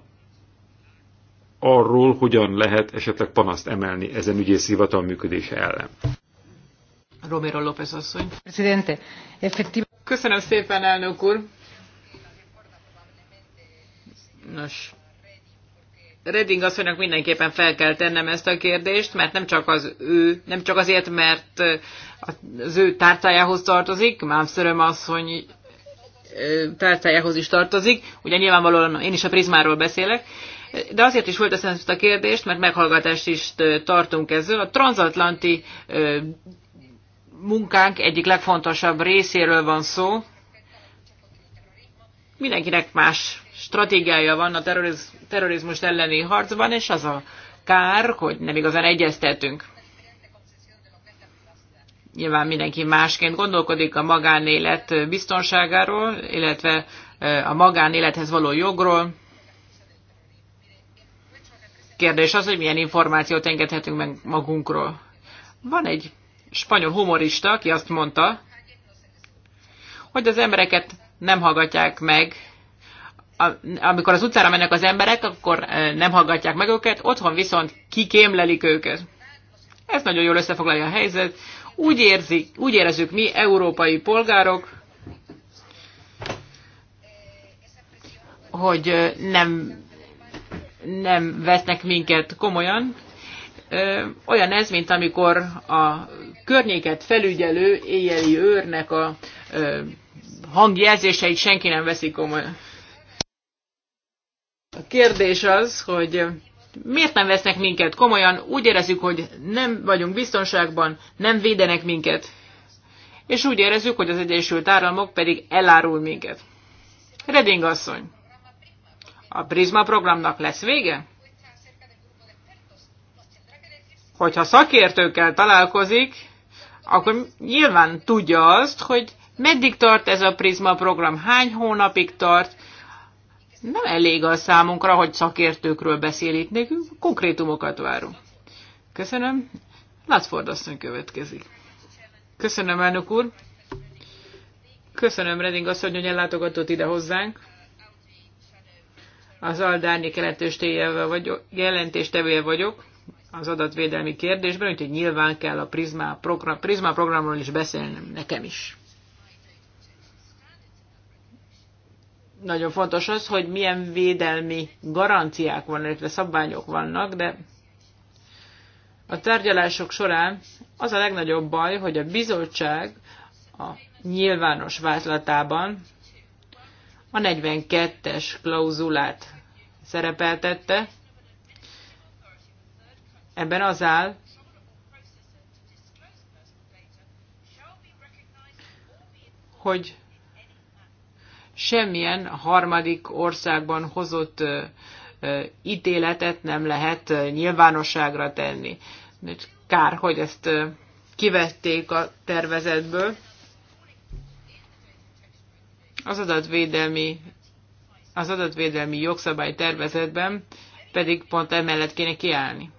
arról, hogyan lehet esetleg panaszt emelni ezen ügyész hivatal működése ellen. Romero López asszony. Köszönöm szépen, elnök úr. Nos, Redding asszonynak mindenképpen fel kell tennem ezt a kérdést, mert nem csak az ő, nem csak azért, mert eh, az ő tártájához tartozik, Mámszöröm asszony eh, tártájához is tartozik, ugye nyilvánvalóan én is a prizmáról beszélek, de azért is fölteszem ezt a kérdést, mert meghallgatást is eh, tartunk ezzel. A transatlanti munkánk egyik legfontosabb részéről van szó. Mindenkinek más stratégiája van a terroriz terrorizmus elleni harcban, és az a kár, hogy nem igazán egyeztetünk. Nyilván mindenki másként gondolkodik a magánélet biztonságáról, illetve a magánélethez való jogról. Kérdés az, hogy milyen információt engedhetünk meg magunkról. Van egy spanyol humorista, aki azt mondta, hogy az embereket nem hallgatják meg, amikor az utcára mennek az emberek, akkor e, nem hallgatják meg őket, otthon viszont kikémlelik őket. Ez nagyon jól összefoglalja a helyzet. Úgy, érzik, úgy érezzük mi, európai polgárok, hogy e, nem, nem vesznek minket komolyan, olyan ez, mint amikor a környéket felügyelő éjjeli őrnek a hangjelzéseit senki nem veszik komolyan. A kérdés az, hogy miért nem vesznek minket komolyan, úgy érezzük, hogy nem vagyunk biztonságban, nem védenek minket. És úgy érezzük, hogy az Egyesült Államok pedig elárul minket. Reding asszony, a Prisma programnak lesz vége? hogyha szakértőkkel találkozik, akkor nyilván tudja azt, hogy meddig tart ez a Prisma program, hány hónapig tart. Nem elég a számunkra, hogy szakértőkről beszél itt nekünk, konkrétumokat várunk. Köszönöm. Látford asszony következik. Köszönöm, elnök úr. Köszönöm, Reding asszony, hogy ellátogatott ide hozzánk. Az Aldárnyi keletős vagyok, jelentéstevője vagyok az adatvédelmi kérdésben, úgyhogy nyilván kell a Prisma, program, Prisma programról is beszélnem nekem is. Nagyon fontos az, hogy milyen védelmi garanciák vannak, illetve szabványok vannak, de a tárgyalások során az a legnagyobb baj, hogy a bizottság a nyilvános vázlatában a 42-es klauzulát szerepeltette, Ebben az áll, hogy semmilyen harmadik országban hozott ítéletet nem lehet nyilvánosságra tenni. Kár, hogy ezt kivették a tervezetből. Az adatvédelmi, az adatvédelmi jogszabály tervezetben pedig pont emellett kéne kiállni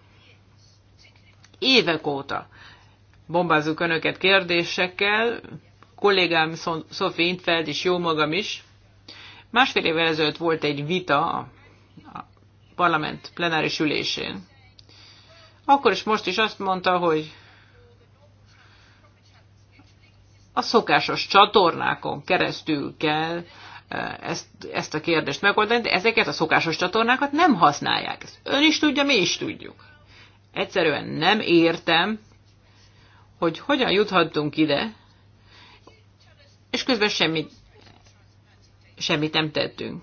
évek óta bombázunk önöket kérdésekkel, kollégám Sophie Intfeld és jó magam is. Másfél évvel ezelőtt volt egy vita a parlament plenáris ülésén. Akkor is most is azt mondta, hogy a szokásos csatornákon keresztül kell e, ezt, ezt a kérdést megoldani, de ezeket a szokásos csatornákat nem használják. Ezt ön is tudja, mi is tudjuk. Egyszerűen nem értem, hogy hogyan juthattunk ide, és közben semmit, semmit nem tettünk.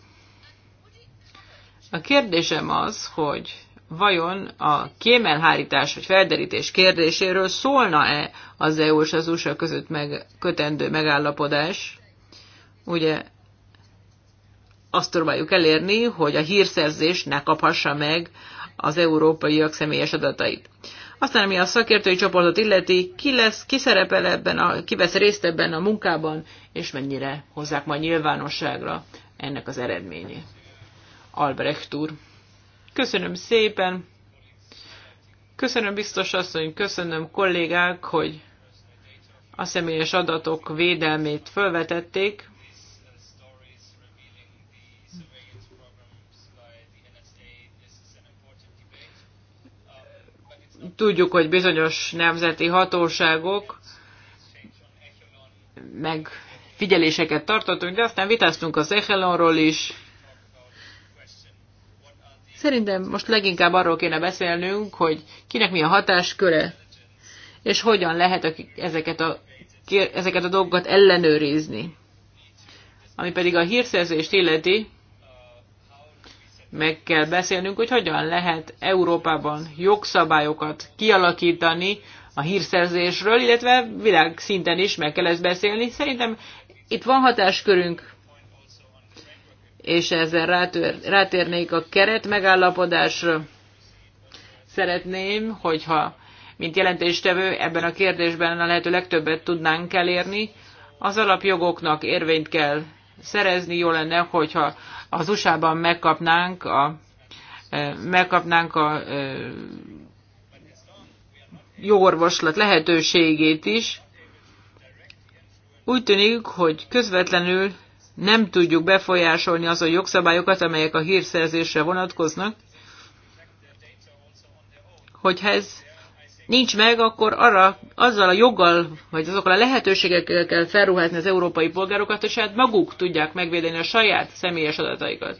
A kérdésem az, hogy vajon a kémelhárítás vagy felderítés kérdéséről szólna-e az EU és az USA között meg, kötendő megállapodás? Ugye azt próbáljuk elérni, hogy a hírszerzés ne kaphassa meg az európaiak személyes adatait. Aztán, ami a szakértői csoportot illeti, ki lesz, ki szerepel ebben, a, ki vesz részt ebben a munkában, és mennyire hozzák majd nyilvánosságra ennek az eredményét. Albrecht úr. Köszönöm szépen. Köszönöm biztos asszony, köszönöm kollégák, hogy a személyes adatok védelmét felvetették. Tudjuk, hogy bizonyos nemzeti hatóságok meg figyeléseket tartottunk, de aztán vitáztunk az Echelonról is. Szerintem most leginkább arról kéne beszélnünk, hogy kinek mi a hatásköre, és hogyan lehet ezeket a, ezeket a dolgokat ellenőrizni. Ami pedig a hírszerzést illeti, meg kell beszélnünk, hogy hogyan lehet Európában jogszabályokat kialakítani a hírszerzésről, illetve világszinten is meg kell ezt beszélni. Szerintem itt van hatáskörünk, és ezzel rátér, rátérnék a keret megállapodásra. Szeretném, hogyha, mint jelentéstevő, ebben a kérdésben a lehető legtöbbet tudnánk elérni, az alapjogoknak érvényt kell szerezni, jó lenne, hogyha az USA-ban megkapnánk a, megkapnánk a jogorvoslat lehetőségét is. Úgy tűnik, hogy közvetlenül nem tudjuk befolyásolni azon jogszabályokat, amelyek a hírszerzésre vonatkoznak, hogyha ez nincs meg, akkor arra, azzal a joggal, vagy azokkal a lehetőségekkel kell felruházni az európai polgárokat, és hát maguk tudják megvédeni a saját személyes adataikat.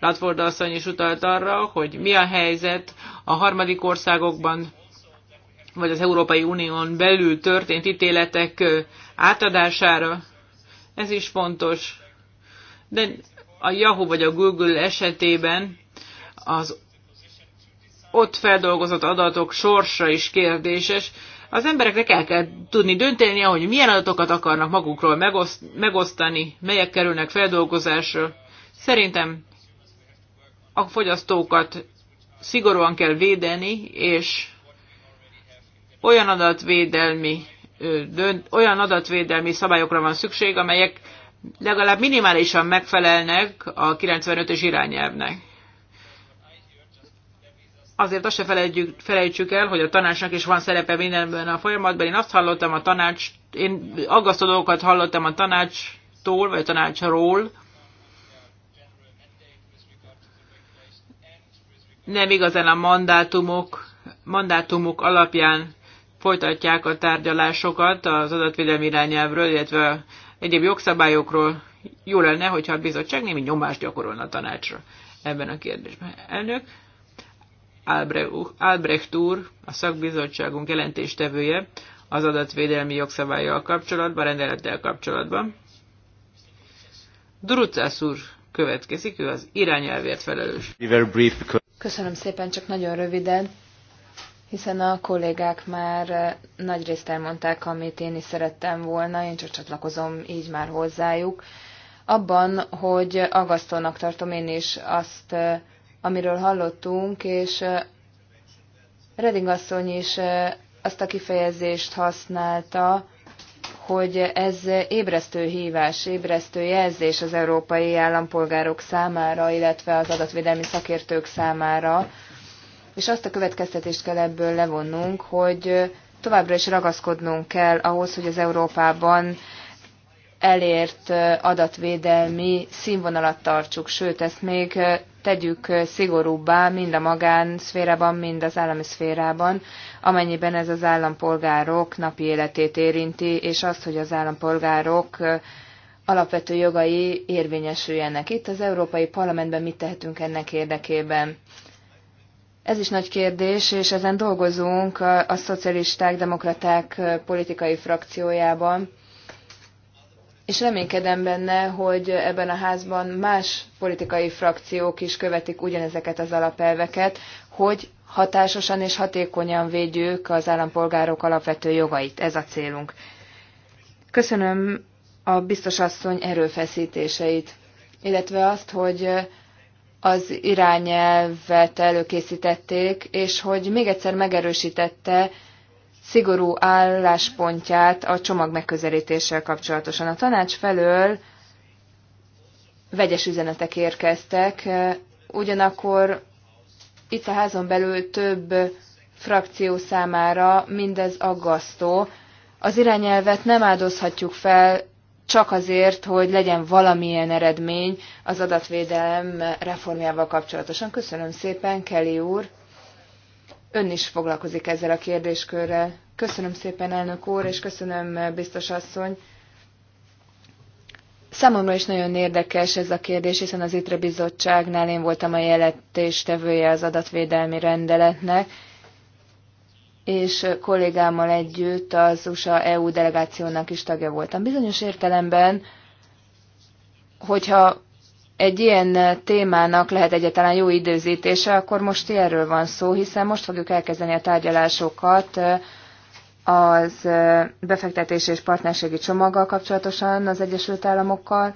Latford asszony is utalt arra, hogy mi a helyzet a harmadik országokban, vagy az Európai Unión belül történt ítéletek átadására. Ez is fontos. De a Yahoo vagy a Google esetében az ott feldolgozott adatok sorsa is kérdéses. Az embereknek el kell tudni dönteni, hogy milyen adatokat akarnak magukról megoszt, megosztani, melyek kerülnek feldolgozásra. Szerintem a fogyasztókat szigorúan kell védeni, és olyan adatvédelmi, dönt, olyan adatvédelmi szabályokra van szükség, amelyek legalább minimálisan megfelelnek a 95-ös irányelvnek azért azt se felejtjük, felejtsük el, hogy a tanácsnak is van szerepe mindenben a folyamatban. Én azt hallottam a tanács, én aggasztó dolgokat hallottam a tanácstól, vagy a tanácsról. Nem igazán a mandátumok, mandátumok alapján folytatják a tárgyalásokat az adatvédelmi irányelvről, illetve egyéb jogszabályokról. Jó lenne, hogyha a bizottság némi nyomást gyakorolna a tanácsra ebben a kérdésben. Elnök. Albrecht úr, a szakbizottságunk jelentéstevője az adatvédelmi jogszabályjal kapcsolatban, rendelettel kapcsolatban. Durucász úr következik, ő az irányelvért felelős. Köszönöm szépen, csak nagyon röviden, hiszen a kollégák már eh, nagy részt elmondták, amit én is szerettem volna, én csak csatlakozom így már hozzájuk. Abban, hogy agasztónak tartom én is azt eh, amiről hallottunk, és Reding asszony is azt a kifejezést használta, hogy ez ébresztő hívás, ébresztő jelzés az európai állampolgárok számára, illetve az adatvédelmi szakértők számára, és azt a következtetést kell ebből levonnunk, hogy továbbra is ragaszkodnunk kell ahhoz, hogy az Európában elért adatvédelmi színvonalat tartsuk, sőt, ezt még tegyük szigorúbbá mind a magánszférában, mind az állami szférában, amennyiben ez az állampolgárok napi életét érinti, és azt, hogy az állampolgárok alapvető jogai érvényesüljenek. Itt az Európai Parlamentben mit tehetünk ennek érdekében? Ez is nagy kérdés, és ezen dolgozunk a szocialisták, demokraták politikai frakciójában és reménykedem benne, hogy ebben a házban más politikai frakciók is követik ugyanezeket az alapelveket, hogy hatásosan és hatékonyan védjük az állampolgárok alapvető jogait. Ez a célunk. Köszönöm a biztos asszony erőfeszítéseit, illetve azt, hogy az irányelvet előkészítették, és hogy még egyszer megerősítette, szigorú álláspontját a csomag megközelítéssel kapcsolatosan. A tanács felől vegyes üzenetek érkeztek, ugyanakkor itt a házon belül több frakció számára mindez aggasztó. Az irányelvet nem áldozhatjuk fel csak azért, hogy legyen valamilyen eredmény az adatvédelem reformjával kapcsolatosan. Köszönöm szépen, Kelly úr! ön is foglalkozik ezzel a kérdéskörrel. Köszönöm szépen, elnök úr, és köszönöm, biztos asszony. Számomra is nagyon érdekes ez a kérdés, hiszen az ITRE bizottságnál én voltam a jelentéstevője az adatvédelmi rendeletnek, és kollégámmal együtt az USA EU delegációnak is tagja voltam. Bizonyos értelemben, hogyha egy ilyen témának lehet egyáltalán jó időzítése, akkor most erről van szó, hiszen most fogjuk elkezdeni a tárgyalásokat az befektetés és partnerségi csomaggal kapcsolatosan az Egyesült Államokkal,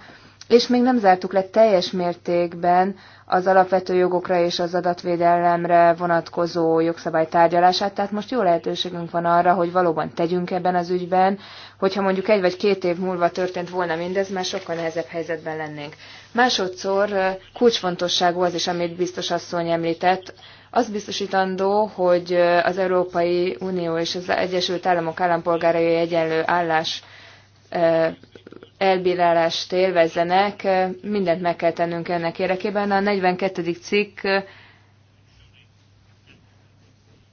és még nem zártuk le teljes mértékben az alapvető jogokra és az adatvédelemre vonatkozó jogszabály tárgyalását, tehát most jó lehetőségünk van arra, hogy valóban tegyünk ebben az ügyben, hogyha mondjuk egy vagy két év múlva történt volna mindez, már sokkal nehezebb helyzetben lennénk. Másodszor kulcsfontosságú az is, amit biztos asszony említett, az biztosítandó, hogy az Európai Unió és az Egyesült Államok állampolgárai egyenlő állás elbírálást élvezzenek, mindent meg kell tennünk ennek érdekében. A 42. cikk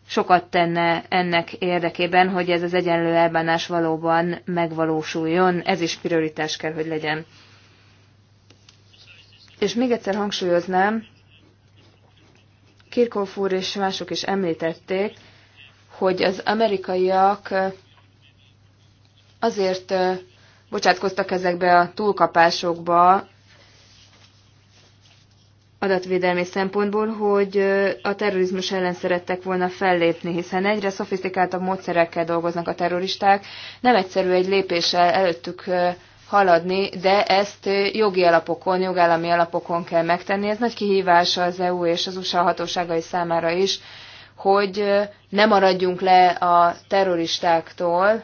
sokat tenne ennek érdekében, hogy ez az egyenlő elbánás valóban megvalósuljon. Ez is prioritás kell, hogy legyen. És még egyszer hangsúlyoznám, Kirchhoff úr és mások is említették, hogy az amerikaiak azért bocsátkoztak ezekbe a túlkapásokba adatvédelmi szempontból, hogy a terrorizmus ellen szerettek volna fellépni, hiszen egyre szofisztikáltabb módszerekkel dolgoznak a terroristák. Nem egyszerű egy lépéssel előttük haladni, de ezt jogi alapokon, jogállami alapokon kell megtenni. Ez nagy kihívás az EU és az USA hatóságai számára is, hogy ne maradjunk le a terroristáktól,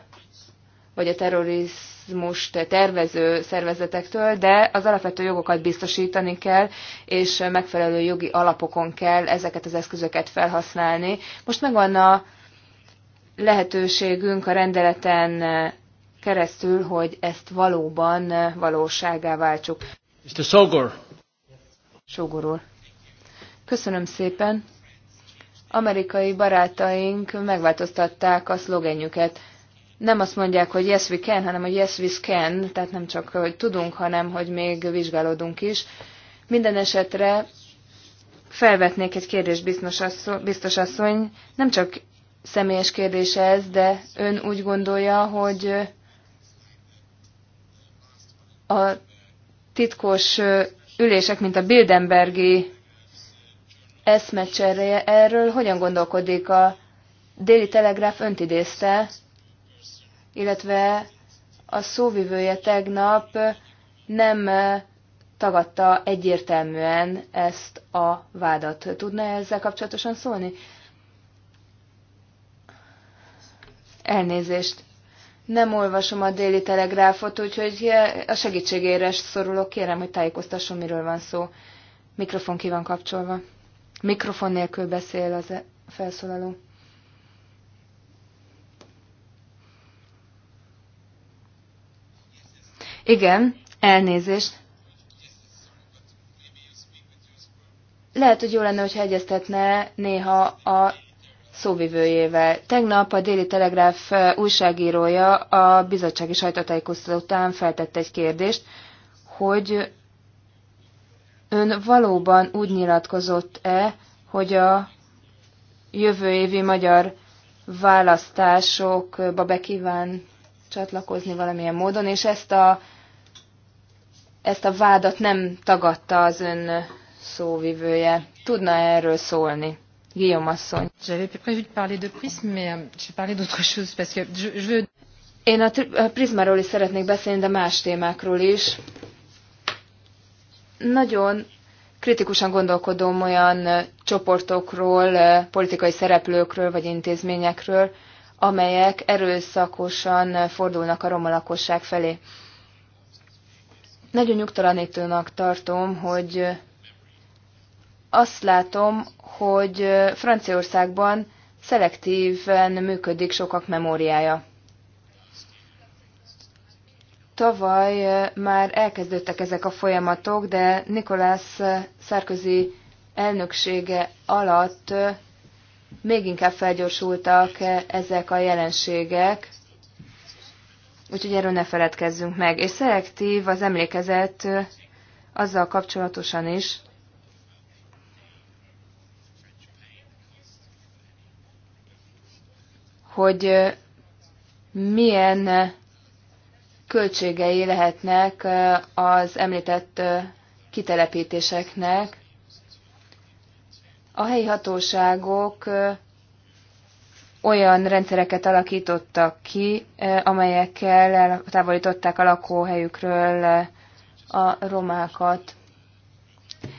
vagy a terrorizmust tervező szervezetektől, de az alapvető jogokat biztosítani kell, és megfelelő jogi alapokon kell ezeket az eszközöket felhasználni. Most megvan a lehetőségünk a rendeleten keresztül, hogy ezt valóban valóságá váltsuk. Mr. Sogor. Sogor úr. Köszönöm szépen. Amerikai barátaink megváltoztatták a szlogenjüket. Nem azt mondják, hogy yes we can, hanem hogy yes we can, tehát nem csak, hogy tudunk, hanem, hogy még vizsgálódunk is. Minden esetre felvetnék egy kérdést, biztos asszony, biztos asszony. Nem csak személyes kérdése, ez, de ön úgy gondolja, hogy a titkos ülések, mint a Bildenbergi eszmecseréje, erről hogyan gondolkodik a Déli Telegráf önt idézte, illetve a szóvivője tegnap nem tagadta egyértelműen ezt a vádat. Tudna -e ezzel kapcsolatosan szólni? Elnézést nem olvasom a déli telegráfot, úgyhogy a segítségére szorulok. Kérem, hogy tájékoztasson, miről van szó. Mikrofon ki van kapcsolva. Mikrofon nélkül beszél az e- felszólaló. Igen, elnézést. Lehet, hogy jó lenne, hogyha egyeztetne néha a szóvivőjével. Tegnap a Déli Telegráf újságírója a bizottsági sajtótájékoztató után feltette egy kérdést, hogy ön valóban úgy nyilatkozott-e, hogy a jövő évi magyar választásokba bekíván csatlakozni valamilyen módon, és ezt a, ezt a vádat nem tagadta az ön szóvivője. Tudna erről szólni? Euh, Én a prizmáról is szeretnék beszélni, de más témákról is. Nagyon kritikusan gondolkodom olyan csoportokról, politikai szereplőkről vagy intézményekről, amelyek erőszakosan fordulnak a roma lakosság felé. Nagyon nyugtalanítónak tartom, hogy azt látom, hogy Franciaországban szelektíven működik sokak memóriája. Tavaly már elkezdődtek ezek a folyamatok, de Nicolas szárközi elnöksége alatt még inkább felgyorsultak ezek a jelenségek, úgyhogy erről ne feledkezzünk meg. És szelektív az emlékezet azzal kapcsolatosan is, hogy milyen költségei lehetnek az említett kitelepítéseknek. A helyi hatóságok olyan rendszereket alakítottak ki, amelyekkel távolították a lakóhelyükről a romákat.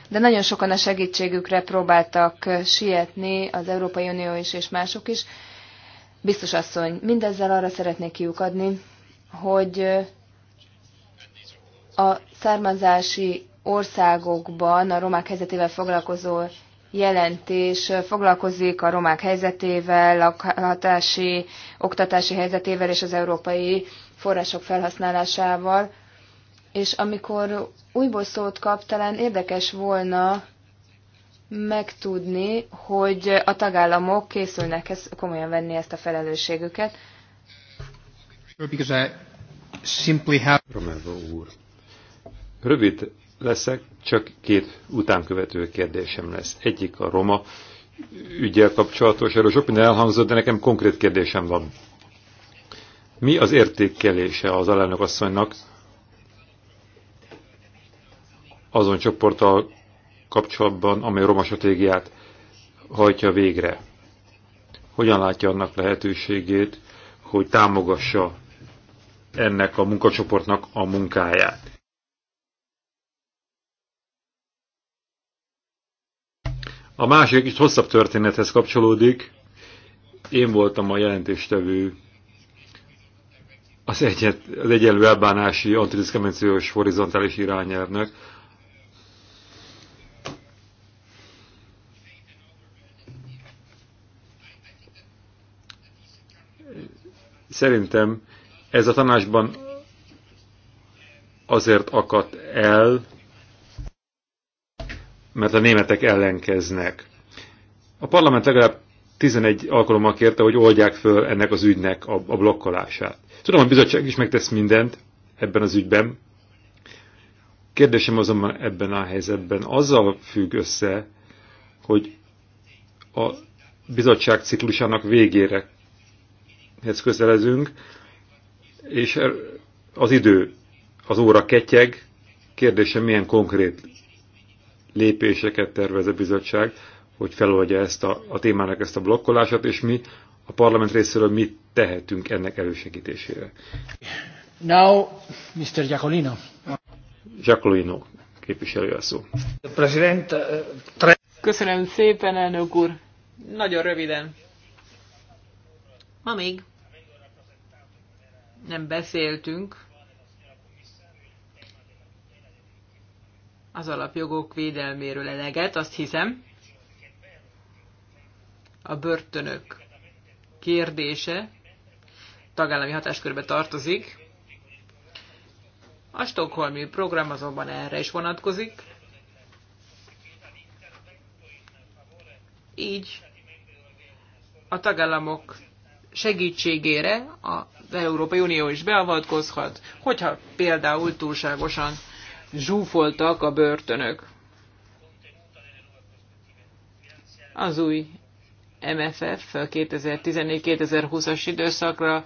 De nagyon sokan a segítségükre próbáltak sietni, az Európai Unió is és mások is, Biztos asszony, mindezzel arra szeretnék kiukadni, hogy a származási országokban a romák helyzetével foglalkozó jelentés foglalkozik a romák helyzetével, lakhatási, oktatási helyzetével és az európai források felhasználásával. És amikor újból szót kap, talán érdekes volna megtudni, hogy a tagállamok készülnek ezt, komolyan venni ezt a felelősségüket. Have... úr. Rövid leszek, csak két utánkövető kérdésem lesz. Egyik a roma ügyel kapcsolatos, erről sok minden elhangzott, de nekem konkrét kérdésem van. Mi az értékelése az alelnök asszonynak azon csoporttal kapcsolatban, amely roma stratégiát hajtja végre. Hogyan látja annak lehetőségét, hogy támogassa ennek a munkacsoportnak a munkáját? A másik is hosszabb történethez kapcsolódik. Én voltam a jelentéstevő az, egyet, az egyenlő elbánási antidiszkriminációs horizontális irányelvnek, Szerintem ez a tanácsban azért akadt el, mert a németek ellenkeznek. A parlament legalább 11 alkalommal kérte, hogy oldják föl ennek az ügynek a, a blokkolását. Tudom, a bizottság is megtesz mindent ebben az ügyben. Kérdésem azonban ebben a helyzetben azzal függ össze, hogy a bizottság ciklusának végére hez közelezünk, és er, az idő, az óra ketyeg, kérdése milyen konkrét lépéseket tervez a bizottság, hogy feloldja ezt a, a témának ezt a blokkolását, és mi a parlament részéről mit tehetünk ennek elősegítésére. Now, Mr. Giacolino. Giacolino képviselő a szó. Eh, Köszönöm szépen, elnök úr. Nagyon röviden. Ma még nem beszéltünk az alapjogok védelméről eleget, azt hiszem. A börtönök kérdése tagállami hatáskörbe tartozik. A Stockholmi program azonban erre is vonatkozik. Így a tagállamok segítségére az Európai Unió is beavatkozhat, hogyha például túlságosan zsúfoltak a börtönök. Az új MFF 2014-2020-as időszakra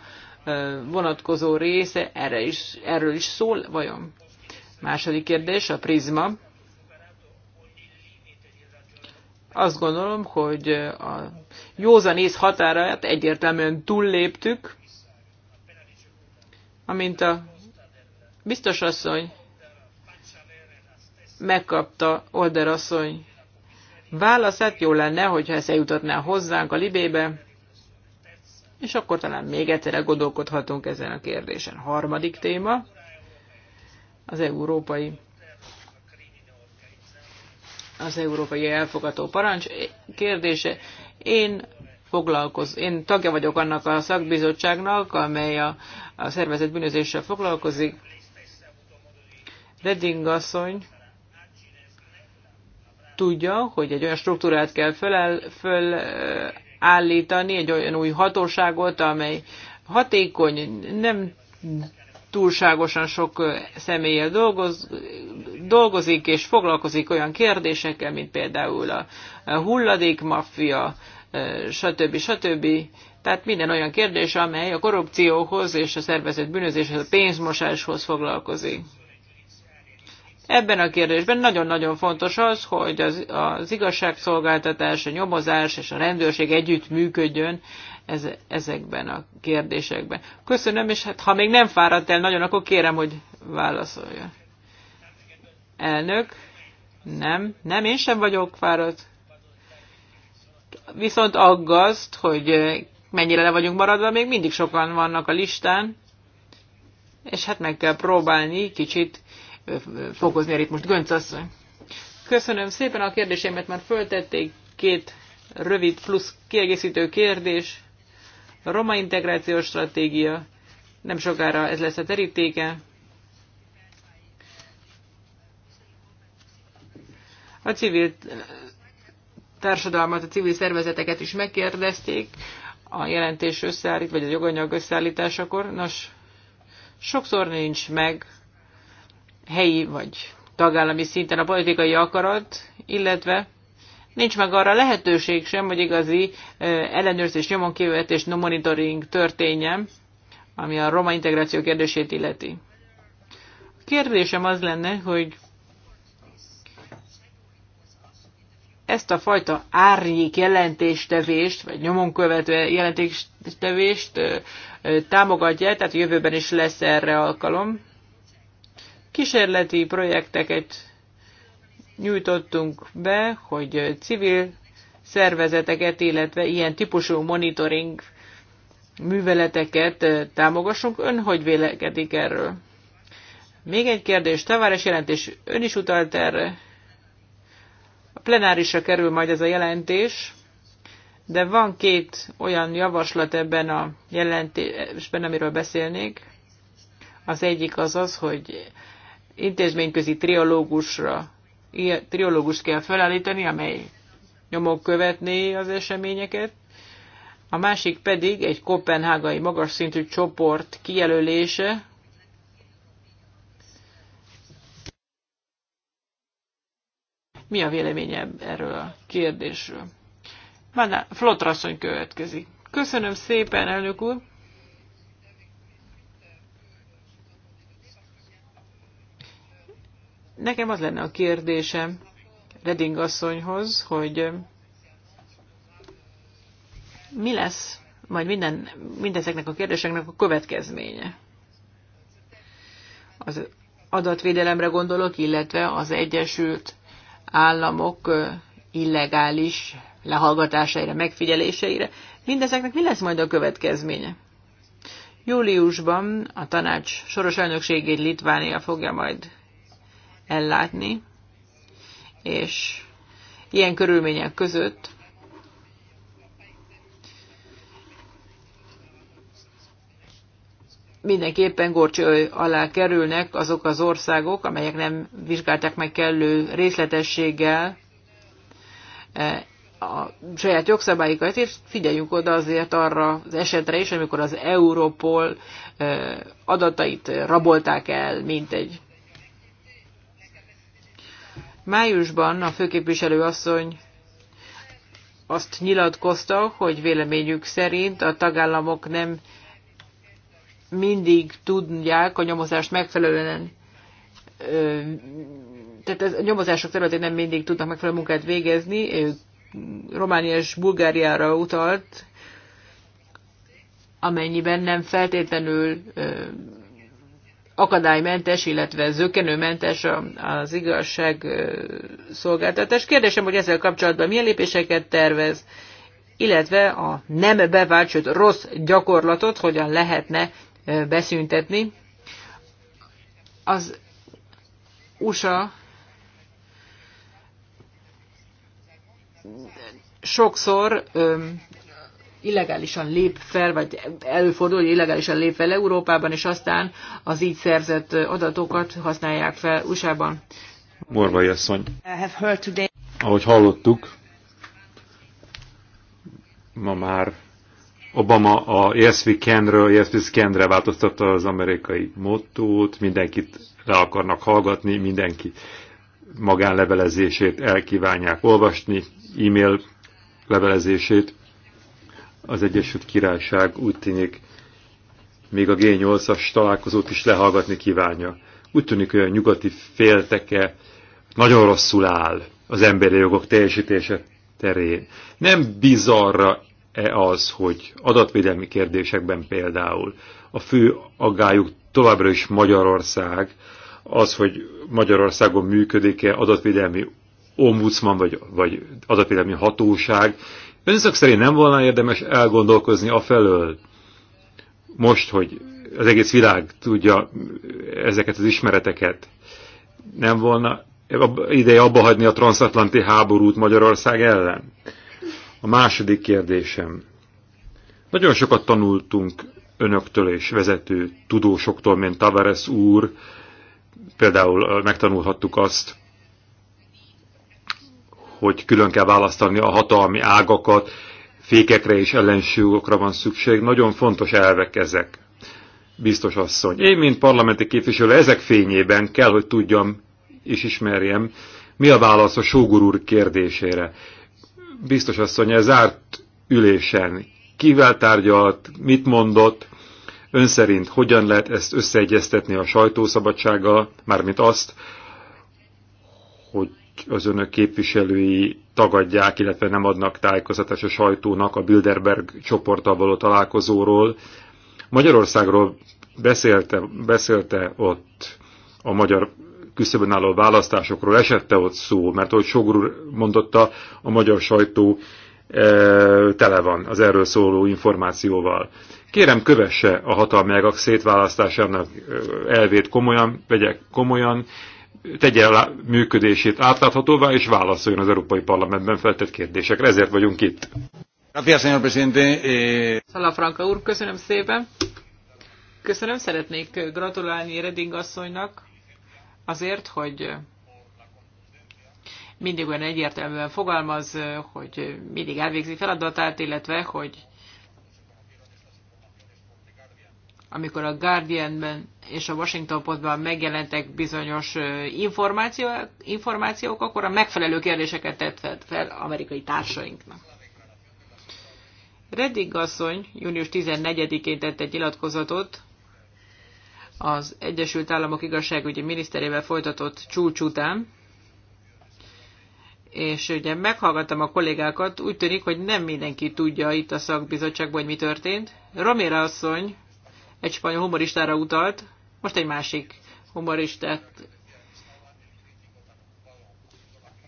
vonatkozó része erre is, erről is szól, vajon? Második kérdés, a prizma. Azt gondolom, hogy a józan ész határát egyértelműen túlléptük, amint a biztos asszony megkapta Older asszony válaszát, jó lenne, hogyha ezt eljutatná hozzánk a libébe, és akkor talán még egyszerre gondolkodhatunk ezen a kérdésen. Harmadik téma, az európai az európai elfogató parancs kérdése. Én foglalkoz, én tagja vagyok annak a szakbizottságnak, amely a, a szervezet bűnözéssel foglalkozik. Redding asszony tudja, hogy egy olyan struktúrát kell fölállítani, föl egy olyan új hatóságot, amely hatékony, nem túlságosan sok személyel dolgoz, dolgozik és foglalkozik olyan kérdésekkel, mint például a hulladékmaffia, stb. stb. Tehát minden olyan kérdés, amely a korrupcióhoz és a szervezett bűnözéshez, a pénzmosáshoz foglalkozik. Ebben a kérdésben nagyon-nagyon fontos az, hogy az, az igazságszolgáltatás, a nyomozás és a rendőrség együtt működjön ezekben a kérdésekben. Köszönöm, és hát, ha még nem fáradt el nagyon, akkor kérem, hogy válaszolja. Elnök, nem, nem, én sem vagyok fáradt. Viszont aggaszt, hogy mennyire le vagyunk maradva, még mindig sokan vannak a listán, és hát meg kell próbálni kicsit fokozni a ritmust. Gönc asszony. Köszönöm szépen a kérdésémet, már föltették két rövid plusz kiegészítő kérdés. A roma integrációs stratégia, nem sokára ez lesz a terítéke. A civil társadalmat, a civil szervezeteket is megkérdezték a jelentés összeállít, vagy a joganyag összeállításakor. Nos, sokszor nincs meg helyi vagy tagállami szinten a politikai akarat, illetve Nincs meg arra lehetőség sem, hogy igazi ellenőrzés, nyomonkivetés, no monitoring történjen, ami a roma integráció kérdését illeti. A kérdésem az lenne, hogy ezt a fajta árnyék jelentéstevést, vagy nyomon követő jelentéstevést támogatja, tehát a jövőben is lesz erre alkalom. Kísérleti projekteket nyújtottunk be, hogy civil szervezeteket, illetve ilyen típusú monitoring műveleteket támogassunk. Ön hogy vélekedik erről? Még egy kérdés, Tavares jelentés, ön is utalt erre. A plenárisra kerül majd ez a jelentés, de van két olyan javaslat ebben a jelentésben, amiről beszélnék. Az egyik az az, hogy intézményközi triológusra triológus kell felállítani, amely nyomok követné az eseményeket, a másik pedig egy kopenhágai magas szintű csoport kijelölése, Mi a véleménye erről a kérdésről? Flotrasszony következik. Köszönöm szépen, elnök úr! Nekem az lenne a kérdésem Reding asszonyhoz, hogy mi lesz majd minden, mindezeknek a kérdéseknek a következménye. Az adatvédelemre gondolok, illetve az Egyesült Államok illegális lehallgatásaira, megfigyeléseire. Mindezeknek mi lesz majd a következménye? Júliusban a tanács soros elnökségét Litvánia fogja majd ellátni, és ilyen körülmények között mindenképpen gorcső alá kerülnek azok az országok, amelyek nem vizsgálták meg kellő részletességgel eh, a saját jogszabályokat, és figyeljünk oda azért arra az esetre is, amikor az Europol eh, adatait rabolták el, mint egy Májusban a főképviselő asszony azt nyilatkozta, hogy véleményük szerint a tagállamok nem mindig tudják a nyomozást megfelelően, tehát ez, a nyomozások területén nem mindig tudnak megfelelő munkát végezni. Románia és Bulgáriára utalt, amennyiben nem feltétlenül akadálymentes, illetve zökenőmentes az igazság szolgáltatás. Kérdésem, hogy ezzel kapcsolatban milyen lépéseket tervez, illetve a nem bevált, sőt rossz gyakorlatot hogyan lehetne beszüntetni. Az USA sokszor illegálisan lép fel, vagy előfordul, hogy illegálisan lép fel Európában, és aztán az így szerzett adatokat használják fel USA-ban. Morvai asszony. Ahogy hallottuk, ma már Obama a Yes We Can-ről Yes We Scan-re változtatta az amerikai mottót, mindenkit le akarnak hallgatni, mindenki magánlevelezését elkívánják olvasni, e-mail levelezését az Egyesült Királyság úgy tűnik, még a G8-as találkozót is lehallgatni kívánja. Úgy tűnik, hogy a nyugati félteke nagyon rosszul áll az emberi jogok teljesítése terén. Nem bizarra-e az, hogy adatvédelmi kérdésekben például a fő aggájuk továbbra is Magyarország, az, hogy Magyarországon működik-e adatvédelmi ombudsman vagy, vagy adatvédelmi hatóság, Önök szerint nem volna érdemes elgondolkozni afelől, most, hogy az egész világ tudja ezeket az ismereteket, nem volna ideje abba hagyni a transatlanti háborút Magyarország ellen? A második kérdésem. Nagyon sokat tanultunk önöktől és vezető tudósoktól, mint Tavares úr. Például megtanulhattuk azt, hogy külön kell választani a hatalmi ágakat, fékekre és ellensúlyokra van szükség. Nagyon fontos elvek ezek. Biztos asszony. Én, mint parlamenti képviselő, ezek fényében kell, hogy tudjam és ismerjem, mi a válasz a Sógur úr kérdésére. Biztos asszony, ez zárt ülésen kivel tárgyalt, mit mondott, ön szerint hogyan lehet ezt összeegyeztetni a sajtószabadsággal, mármint azt, hogy az önök képviselői tagadják, illetve nem adnak tájékozatást a sajtónak a Bilderberg csoporttal való találkozóról. Magyarországról beszélte, beszélte ott a magyar küszöbön álló választásokról, esette ott szó, mert ahogy Sogur mondotta, a magyar sajtó e, tele van az erről szóló információval. Kérem, kövesse a hatalmi ágak szétválasztásának e, elvét komolyan, vegyek komolyan, tegye el működését átláthatóvá, és válaszoljon az Európai Parlamentben feltett kérdésekre. Ezért vagyunk itt. Eh, Franka úr, köszönöm szépen. Köszönöm, szeretnék gratulálni Reding asszonynak azért, hogy mindig olyan egyértelműen fogalmaz, hogy mindig elvégzi feladatát, illetve hogy amikor a Guardianben és a Washington Postban megjelentek bizonyos információ, információk, akkor a megfelelő kérdéseket tett fel amerikai társainknak. Reddig asszony június 14-én tett egy nyilatkozatot az Egyesült Államok igazságügyi miniszterével folytatott csúcs után, és ugye meghallgattam a kollégákat, úgy tűnik, hogy nem mindenki tudja itt a szakbizottságban, hogy mi történt. Romira asszony egy spanyol humoristára utalt, most egy másik humoristát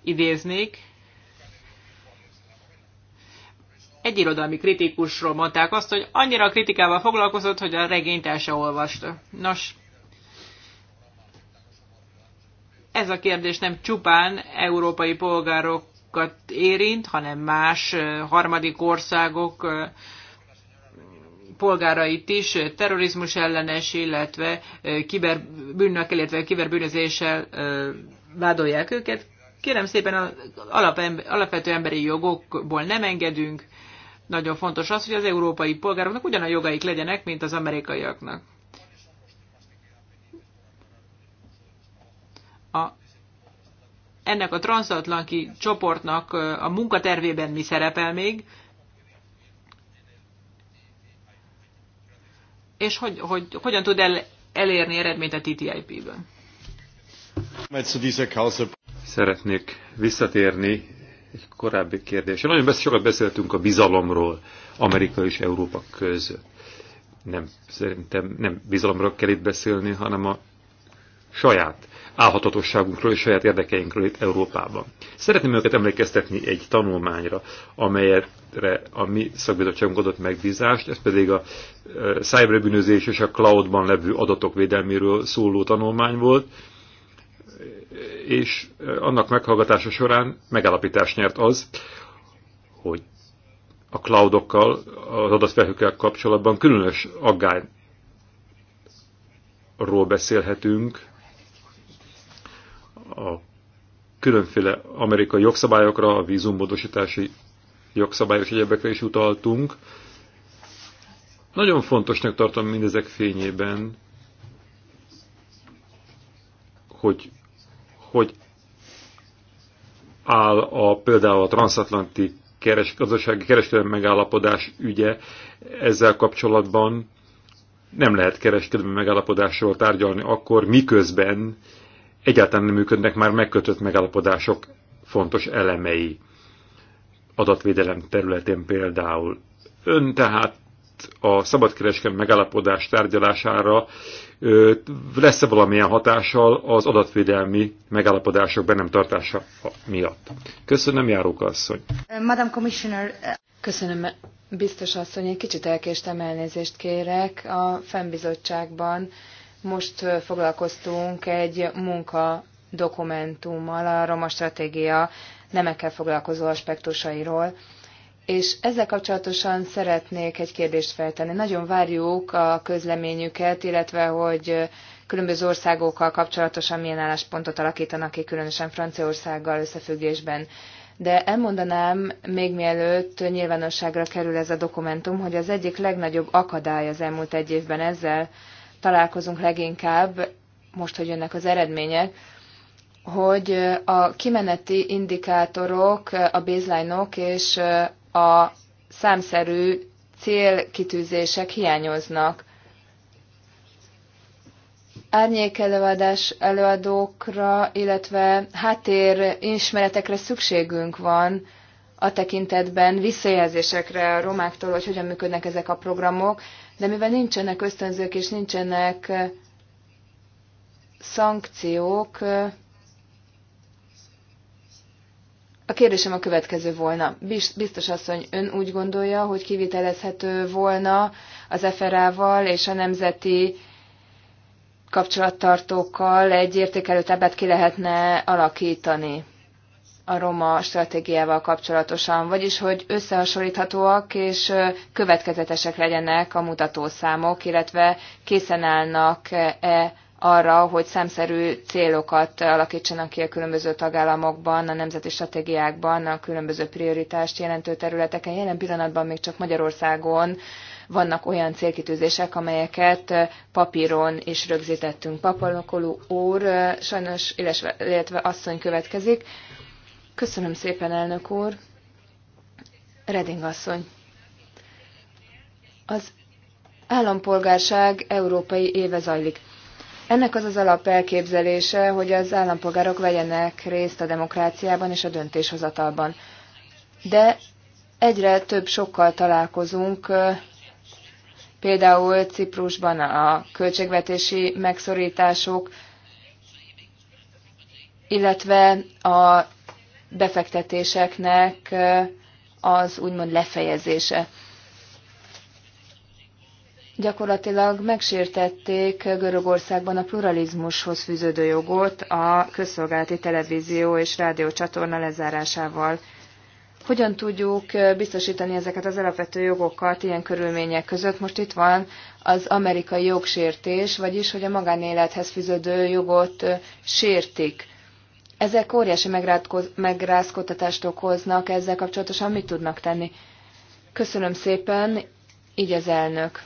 idéznék. Egy irodalmi kritikusról mondták azt, hogy annyira a kritikával foglalkozott, hogy a regényt el se olvasta. Nos, ez a kérdés nem csupán európai polgárokat érint, hanem más eh, harmadik országok eh, polgárait is terrorizmus ellenes, illetve kiberbűnnök, illetve kiberbűnözéssel vádolják őket. Kérem szépen, az alapvető emberi jogokból nem engedünk. Nagyon fontos az, hogy az európai polgároknak ugyanaz jogaik legyenek, mint az amerikaiaknak. A ennek a transatlanti csoportnak a munkatervében mi szerepel még, és hogy, hogy, hogyan tud el, elérni eredményt a TTIP-ből. Szeretnék visszatérni egy korábbi kérdésre. Nagyon sokat beszéltünk a bizalomról Amerika és Európa között. Nem, szerintem nem bizalomról kell itt beszélni, hanem a saját állhatatosságunkról és saját érdekeinkről itt Európában. Szeretném őket emlékeztetni egy tanulmányra, amelyre a mi szakbizottságunk adott megbízást, ez pedig a cyberbűnözés és a cloudban levő adatok védelméről szóló tanulmány volt, és annak meghallgatása során megállapítás nyert az, hogy a cloudokkal, az adatfelhőkkel kapcsolatban különös aggályról beszélhetünk, a különféle amerikai jogszabályokra, a vízummódosítási jogszabályos egyebekre is utaltunk. Nagyon fontosnak tartom mindezek fényében, hogy, hogy áll a, például a transatlanti keres, gazdasági kereskedelmi megállapodás ügye ezzel kapcsolatban nem lehet kereskedelmi megállapodásról tárgyalni akkor, miközben egyáltalán nem működnek már megkötött megállapodások fontos elemei adatvédelem területén például. Ön tehát a szabadkereskedelmi megállapodás tárgyalására lesz-e valamilyen hatással az adatvédelmi megállapodások be nem tartása miatt? Köszönöm, járók asszony. Madam Commissioner. Köszönöm, biztos asszony. Egy kicsit elkéstem elnézést kérek. A fennbizottságban most foglalkoztunk egy munka dokumentummal, a roma stratégia nemekkel foglalkozó aspektusairól. És ezzel kapcsolatosan szeretnék egy kérdést feltenni. Nagyon várjuk a közleményüket, illetve hogy különböző országokkal kapcsolatosan milyen álláspontot alakítanak ki, különösen Franciaországgal összefüggésben. De elmondanám, még mielőtt nyilvánosságra kerül ez a dokumentum, hogy az egyik legnagyobb akadály az elmúlt egy évben ezzel találkozunk leginkább, most, hogy jönnek az eredmények, hogy a kimeneti indikátorok, a baseline -ok és a számszerű célkitűzések hiányoznak. Árnyék előadás előadókra, illetve háttér ismeretekre szükségünk van a tekintetben, visszajelzésekre a romáktól, hogy hogyan működnek ezek a programok, de mivel nincsenek ösztönzők és nincsenek szankciók, a kérdésem a következő volna. Biztos asszony, ön úgy gondolja, hogy kivitelezhető volna az FRA-val és a nemzeti kapcsolattartókkal egy értékelő táblát ki lehetne alakítani a roma stratégiával kapcsolatosan, vagyis hogy összehasonlíthatóak és következetesek legyenek a mutatószámok, illetve készen állnak-e arra, hogy számszerű célokat alakítsanak ki a különböző tagállamokban, a nemzeti stratégiákban, a különböző prioritást jelentő területeken. Jelen pillanatban még csak Magyarországon vannak olyan célkitűzések, amelyeket papíron is rögzítettünk. Papalokoló úr, sajnos, illetve asszony következik. Köszönöm szépen, elnök úr. Reding asszony. Az állampolgárság európai éve zajlik. Ennek az az alap elképzelése, hogy az állampolgárok vegyenek részt a demokráciában és a döntéshozatalban. De egyre több sokkal találkozunk, például Ciprusban a költségvetési megszorítások, illetve a befektetéseknek az úgymond lefejezése. Gyakorlatilag megsértették Görögországban a pluralizmushoz fűződő jogot a közszolgálati televízió és rádió csatorna lezárásával. Hogyan tudjuk biztosítani ezeket az alapvető jogokat ilyen körülmények között? Most itt van az amerikai jogsértés, vagyis hogy a magánélethez fűződő jogot sértik. Ezek óriási megrázkodtatást okoznak ezzel kapcsolatosan, mit tudnak tenni? Köszönöm szépen, így az elnök.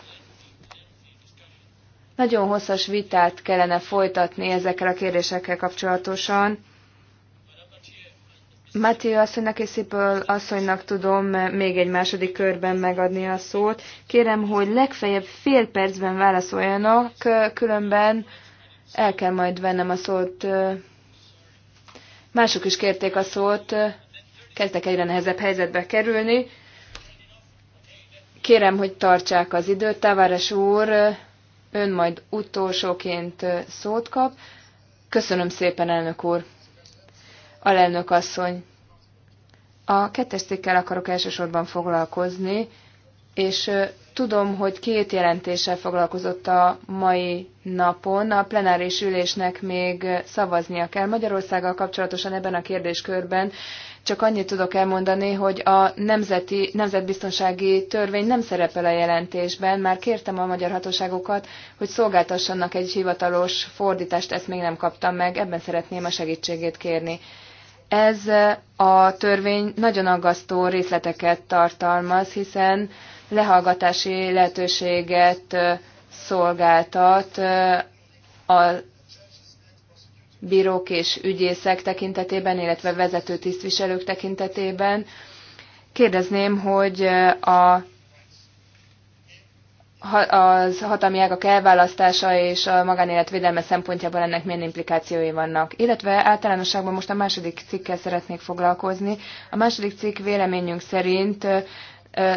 Nagyon hosszas vitát kellene folytatni ezekkel a kérdésekkel kapcsolatosan. Matthew asszonynak és Szipöl asszonynak tudom még egy második körben megadni a szót. Kérem, hogy legfeljebb fél percben válaszoljanak, különben el kell majd vennem a szót Mások is kérték a szót, kezdtek egyre nehezebb helyzetbe kerülni. Kérem, hogy tartsák az időt. Táváres úr, ön majd utolsóként szót kap. Köszönöm szépen, elnök úr. Alelnök asszony, a kettes cikkel akarok elsősorban foglalkozni, és Tudom, hogy két jelentéssel foglalkozott a mai napon. A plenáris ülésnek még szavaznia kell. Magyarországgal kapcsolatosan ebben a kérdéskörben csak annyit tudok elmondani, hogy a nemzeti, nemzetbiztonsági törvény nem szerepel a jelentésben. Már kértem a magyar hatóságokat, hogy szolgáltassanak egy hivatalos fordítást, ezt még nem kaptam meg, ebben szeretném a segítségét kérni. Ez a törvény nagyon aggasztó részleteket tartalmaz, hiszen lehallgatási lehetőséget szolgáltat a bírók és ügyészek tekintetében, illetve vezető tisztviselők tekintetében. Kérdezném, hogy a az hatalmi ágak elválasztása és a magánélet védelme szempontjából ennek milyen implikációi vannak. Illetve általánosságban most a második cikkel szeretnék foglalkozni. A második cikk véleményünk szerint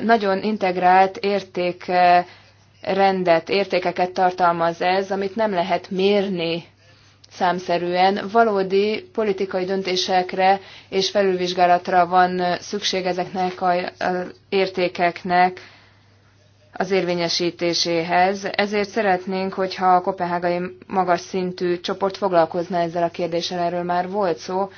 nagyon integrált értékrendet, értékeket tartalmaz ez, amit nem lehet mérni számszerűen. Valódi politikai döntésekre és felülvizsgálatra van szükség ezeknek az értékeknek az érvényesítéséhez. Ezért szeretnénk, hogyha a kopenhágai magas szintű csoport foglalkozna ezzel a kérdéssel, erről már volt szó,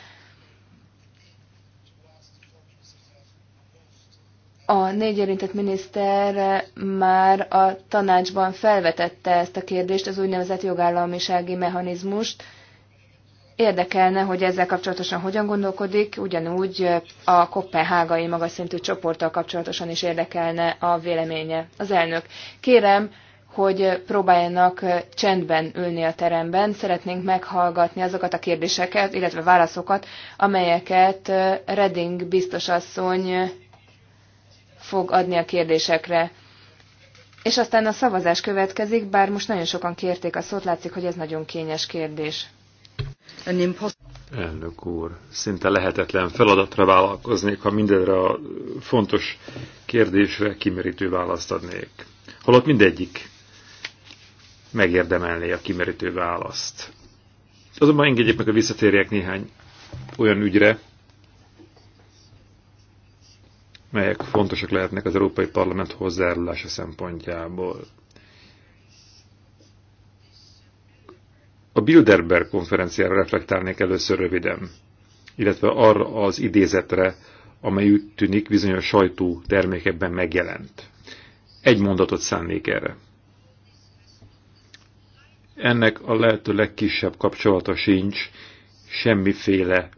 A négy érintett miniszter már a tanácsban felvetette ezt a kérdést, az úgynevezett jogállamisági mechanizmust. Érdekelne, hogy ezzel kapcsolatosan hogyan gondolkodik, ugyanúgy a kopenhágai magas szintű csoporttal kapcsolatosan is érdekelne a véleménye. Az elnök, kérem, hogy próbáljanak csendben ülni a teremben. Szeretnénk meghallgatni azokat a kérdéseket, illetve válaszokat, amelyeket Reding biztosasszony fog adni a kérdésekre. És aztán a szavazás következik, bár most nagyon sokan kérték a szót, látszik, hogy ez nagyon kényes kérdés. Elnök úr, szinte lehetetlen feladatra vállalkoznék, ha mindenre a fontos kérdésre kimerítő választ adnék. Holott mindegyik megérdemelné a kimerítő választ. Azonban engedjék meg, hogy visszatérjek néhány olyan ügyre, melyek fontosak lehetnek az Európai Parlament hozzájárulása szempontjából. A Bilderberg konferenciára reflektálnék először röviden, illetve arra az idézetre, amely úgy tűnik bizonyos sajtó termékekben megjelent. Egy mondatot szánnék erre. Ennek a lehető legkisebb kapcsolata sincs semmiféle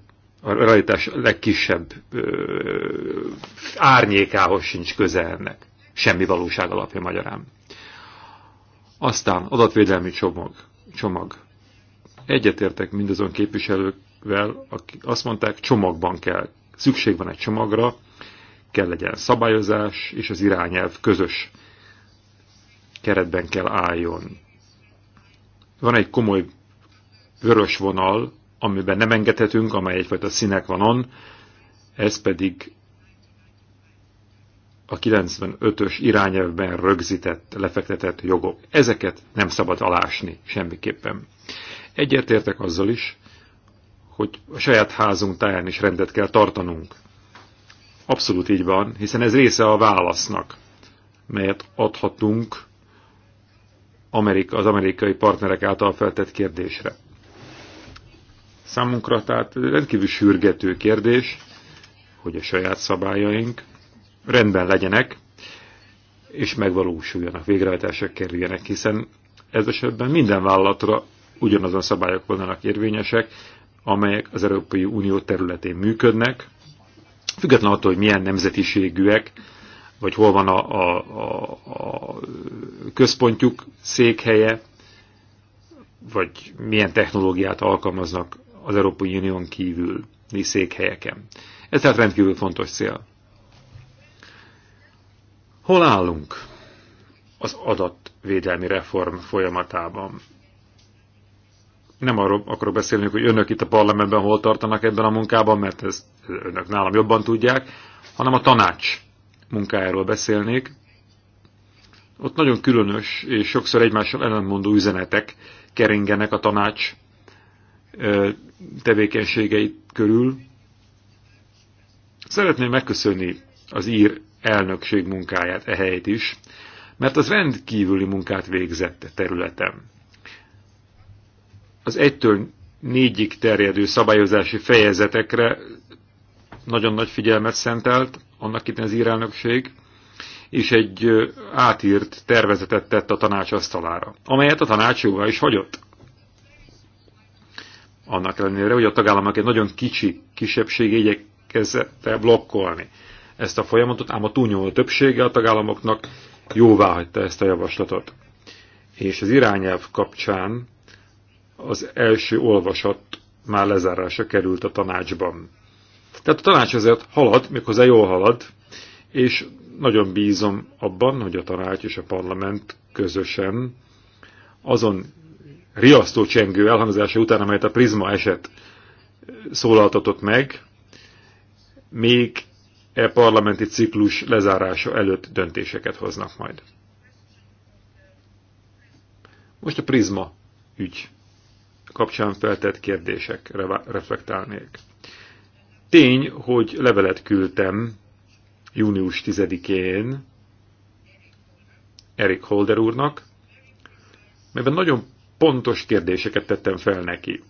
a realitás legkisebb ö, árnyékához sincs köze ennek. Semmi valóság alapja magyarán. Aztán adatvédelmi csomag. csomag. Egyetértek mindazon képviselőkvel, akik azt mondták, csomagban kell. Szükség van egy csomagra, kell legyen szabályozás, és az irányelv közös keretben kell álljon. Van egy komoly vörös vonal amiben nem engedhetünk, amely egyfajta színek van on, ez pedig a 95-ös irányelvben rögzített, lefektetett jogok. Ezeket nem szabad alásni semmiképpen. Egyetértek azzal is, hogy a saját házunk táján is rendet kell tartanunk. Abszolút így van, hiszen ez része a válasznak, melyet adhatunk az amerikai partnerek által feltett kérdésre. Számunkra tehát rendkívül sürgető kérdés, hogy a saját szabályaink rendben legyenek, és megvalósuljanak, végrehajtásra kerüljenek, hiszen ez esetben minden vállalatra ugyanazon szabályok vannak érvényesek, amelyek az Európai Unió területén működnek, független attól, hogy milyen nemzetiségűek, vagy hol van a, a, a, a központjuk székhelye, vagy milyen technológiát alkalmaznak az Európai Unión kívül székhelyeken. Ez tehát rendkívül fontos cél. Hol állunk az adatvédelmi reform folyamatában? Nem arról akarok beszélni, hogy önök itt a parlamentben hol tartanak ebben a munkában, mert ezt önök nálam jobban tudják, hanem a tanács munkájáról beszélnék. Ott nagyon különös és sokszor egymással ellentmondó üzenetek keringenek a tanács tevékenységeit körül. Szeretném megköszönni az ír elnökség munkáját ehelyett is, mert az rendkívüli munkát végzett e területen. Az egytől négyig terjedő szabályozási fejezetekre nagyon nagy figyelmet szentelt annak itt az elnökség és egy átírt tervezetet tett a tanács asztalára, amelyet a tanács jóvá is hagyott annak ellenére, hogy a tagállamok egy nagyon kicsi kisebbség igyekezett blokkolni ezt a folyamatot, ám a túlnyomó többsége a tagállamoknak jóvá hagyta ezt a javaslatot. És az irányelv kapcsán az első olvasat már lezárása került a tanácsban. Tehát a tanács azért halad, méghozzá jól halad, és nagyon bízom abban, hogy a tanács és a parlament közösen azon Riasztó csengő elhangzása után, amelyet a Prisma eset szólaltatott meg, még e parlamenti ciklus lezárása előtt döntéseket hoznak majd. Most a Prisma ügy kapcsán feltett kérdésekre reflektálnék. Tény, hogy levelet küldtem június 10-én Erik Holder úrnak, melyben nagyon pontos kérdéseket tettem fel neki.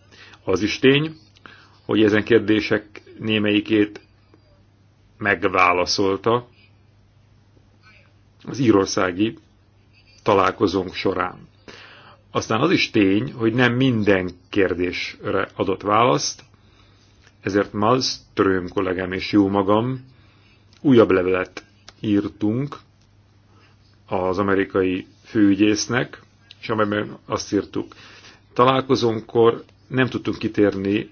Az is tény, hogy ezen kérdések némelyikét megválaszolta az írországi találkozónk során. Aztán az is tény, hogy nem minden kérdésre adott választ, ezért Tröm, kollégám és jó magam újabb levelet írtunk az amerikai főügyésznek, és amelyben azt írtuk. Találkozónkor nem tudtunk kitérni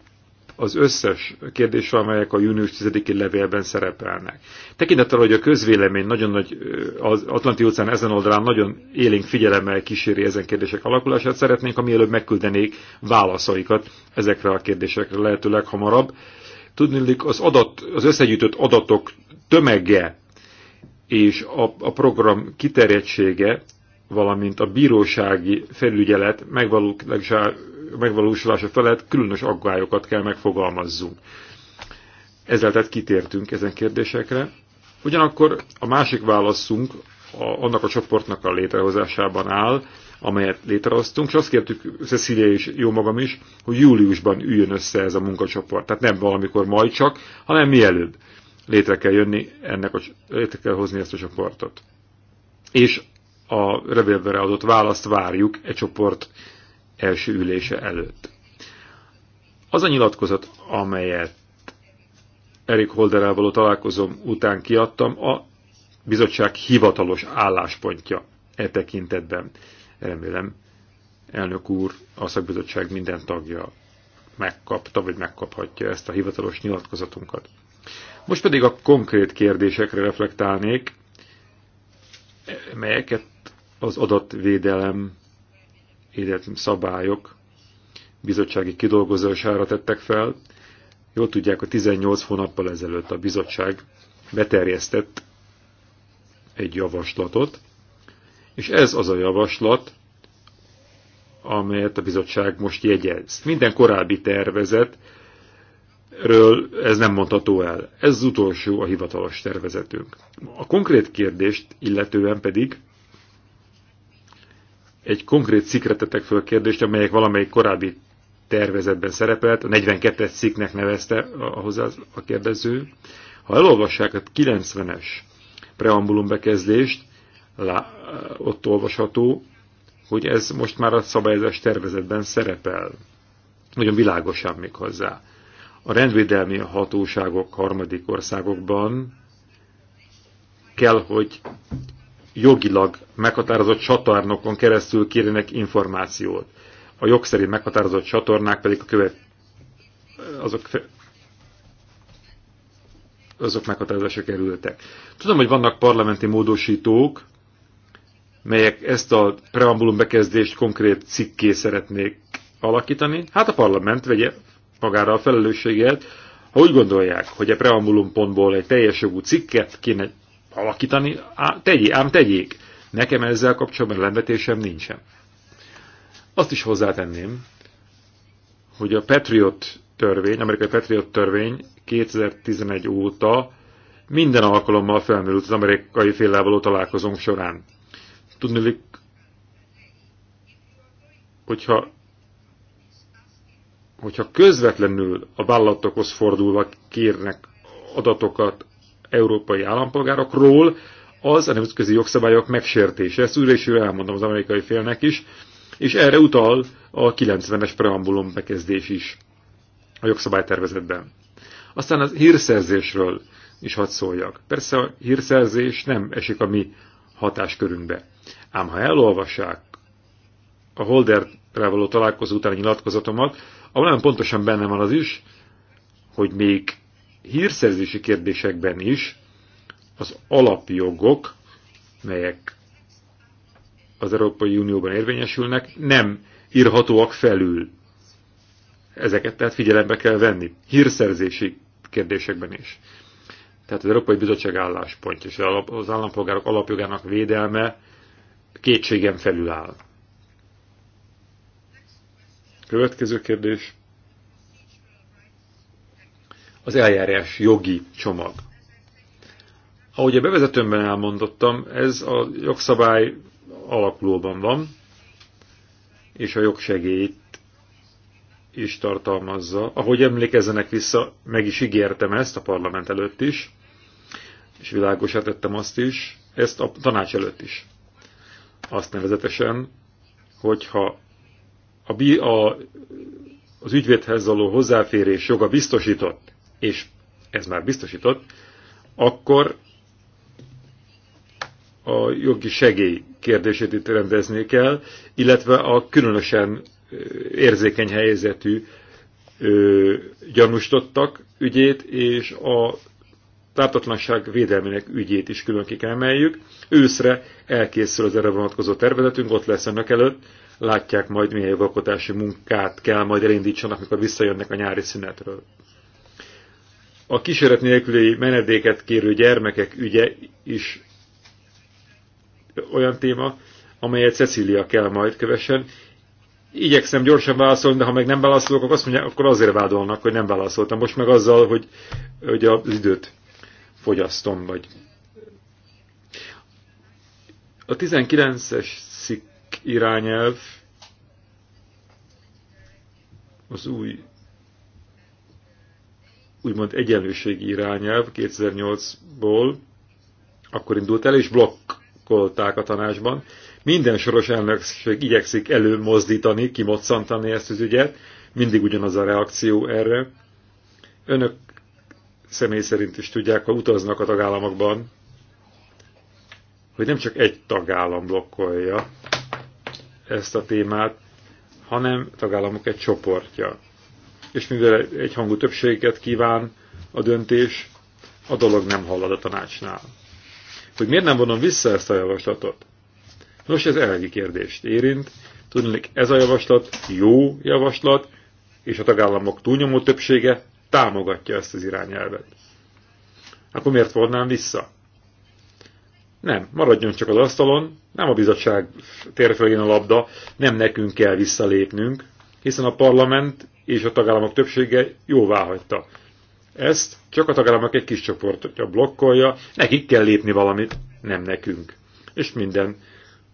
az összes kérdésre, amelyek a június 10 levélben szerepelnek. Tekintettel, hogy a közvélemény nagyon nagy, az Atlanti óceán ezen oldalán nagyon élénk figyelemmel kíséri ezen kérdések alakulását, szeretnénk, ha előbb megküldenék válaszaikat ezekre a kérdésekre lehetőleg hamarabb. Tudnilik az, adat, az összegyűjtött adatok tömege és a, a program kiterjedtsége valamint a bírósági felügyelet megvalósulása felett különös aggályokat kell megfogalmazzunk. Ezzel tehát kitértünk ezen kérdésekre. Ugyanakkor a másik válaszunk a, annak a csoportnak a létrehozásában áll, amelyet létrehoztunk, és azt kértük Cecilia és jó magam is, hogy júliusban üljön össze ez a munkacsoport. Tehát nem valamikor majd csak, hanem mielőbb létre kell jönni, ennek a, létre kell hozni ezt a csoportot. És a revélvere adott választ várjuk egy csoport első ülése előtt. Az a nyilatkozat, amelyet Erik Holderrel való találkozom után kiadtam, a bizottság hivatalos álláspontja e tekintetben. Remélem, elnök úr, a szakbizottság minden tagja megkapta, vagy megkaphatja ezt a hivatalos nyilatkozatunkat. Most pedig a konkrét kérdésekre reflektálnék, melyeket az adatvédelem, illetve szabályok bizottsági kidolgozására tettek fel. Jól tudják, a 18 hónappal ezelőtt a bizottság beterjesztett egy javaslatot, és ez az a javaslat, amelyet a bizottság most jegyez. Minden korábbi tervezetről ez nem mondható el. Ez az utolsó a hivatalos tervezetünk. A konkrét kérdést illetően pedig egy konkrét cikkre tettek föl kérdést, amelyek valamelyik korábbi tervezetben szerepelt, a 42-es cikknek nevezte a, hozzá a kérdező. Ha elolvassák a 90-es preambulum bekezdést, lá, ott olvasható, hogy ez most már a szabályozás tervezetben szerepel. Nagyon világosan még hozzá. A rendvédelmi hatóságok harmadik országokban kell, hogy jogilag meghatározott csatornokon keresztül kérjenek információt. A jogszerint meghatározott csatornák pedig a követ, azok, fe... azok meghatározásra kerültek. Tudom, hogy vannak parlamenti módosítók, melyek ezt a preambulum bekezdést konkrét cikké szeretnék alakítani. Hát a parlament vegye magára a felelősséget, ha úgy gondolják, hogy a preambulum pontból egy teljes jogú cikket kéne alakítani, á, tegyék, ám tegyék. Nekem ezzel kapcsolatban lenvetésem nincsen. Azt is hozzátenném, hogy a Patriot törvény, amerikai Patriot törvény 2011 óta minden alkalommal felmerült az amerikai félelvaló találkozónk során. Tudni, hogyha, hogyha közvetlenül a vállalatokhoz fordulva kérnek adatokat európai állampolgárokról, az a nemzetközi jogszabályok megsértése. Ezt újra is elmondom az amerikai félnek is, és erre utal a 90-es preambulum bekezdés is a jogszabálytervezetben. Aztán az hírszerzésről is hadd szóljak. Persze a hírszerzés nem esik a mi hatáskörünkbe. Ám ha elolvassák a Holderrel való találkozó utáni nyilatkozatomat, ahol nem pontosan benne van az is, hogy még hírszerzési kérdésekben is az alapjogok, melyek az Európai Unióban érvényesülnek, nem írhatóak felül. Ezeket tehát figyelembe kell venni, hírszerzési kérdésekben is. Tehát az Európai Bizottság álláspontja és az állampolgárok alapjogának védelme kétségem felül áll. Következő kérdés az eljárás jogi csomag. Ahogy a bevezetőmben elmondottam, ez a jogszabály alakulóban van, és a jogsegélyt is tartalmazza. Ahogy emlékezzenek vissza, meg is ígértem ezt a parlament előtt is, és világosá tettem azt is, ezt a tanács előtt is. Azt nevezetesen, hogyha a, a, az ügyvédhez való hozzáférés joga biztosított, és ez már biztosított, akkor a jogi segély kérdését itt rendezni kell, illetve a különösen érzékeny helyzetű gyanústottak ügyét, és a tártatlanság védelmének ügyét is külön ki kell emeljük. Őszre elkészül az erre vonatkozó tervezetünk, ott lesz önök előtt, látják majd milyen jogalkotási munkát kell majd elindítsanak, mikor visszajönnek a nyári szünetről. A kísérlet nélküli menedéket kérő gyermekek ügye is olyan téma, amelyet Cecília kell majd kövessen. Igyekszem gyorsan válaszolni, de ha meg nem válaszolok, akkor azt mondják, akkor azért vádolnak, hogy nem válaszoltam. Most meg azzal, hogy, hogy az időt fogyasztom, vagy a 19-es szik irányelv az új úgymond egyenlőségi irányelv 2008-ból, akkor indult el, és blokkolták a tanácsban. Minden soros elnökség igyekszik előmozdítani, kimoccantani ezt az ügyet, mindig ugyanaz a reakció erre. Önök személy szerint is tudják, ha utaznak a tagállamokban, hogy nem csak egy tagállam blokkolja ezt a témát, hanem tagállamok egy csoportja és mivel egy hangú többséget kíván a döntés, a dolog nem hallad a tanácsnál. Hogy miért nem vonom vissza ezt a javaslatot? Nos, ez elegi kérdést érint. Tudnék, ez a javaslat jó javaslat, és a tagállamok túlnyomó többsége támogatja ezt az irányelvet. Akkor miért vonnám vissza? Nem, maradjon csak az asztalon, nem a bizottság térfelén a labda, nem nekünk kell visszalépnünk, hiszen a parlament és a tagállamok többsége jóvá hagyta. Ezt csak a tagállamok egy kis csoportja blokkolja, nekik kell lépni valamit, nem nekünk. És minden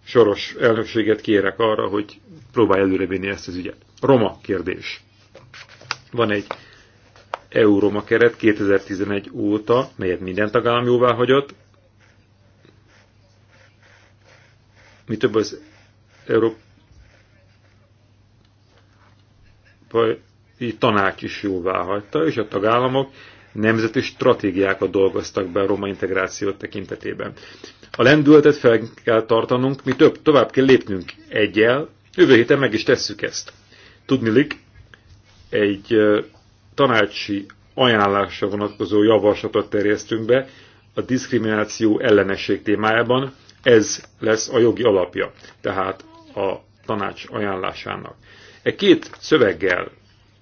soros elnökséget kérek arra, hogy próbálj előrevinni ezt az ügyet. Roma kérdés. Van egy EU-Roma keret 2011 óta, melyet minden tagállam jóvá hagyott. Mi több az Európa Európai Tanács is jóvá hagyta, és a tagállamok nemzeti stratégiákat dolgoztak be a roma integráció tekintetében. A lendületet fel kell tartanunk, mi több, tovább kell lépnünk egyel, jövő héten meg is tesszük ezt. Tudnilik, egy tanácsi ajánlásra vonatkozó javaslatot terjesztünk be a diszkrimináció ellenesség témájában, ez lesz a jogi alapja, tehát a tanács ajánlásának. E két szöveggel,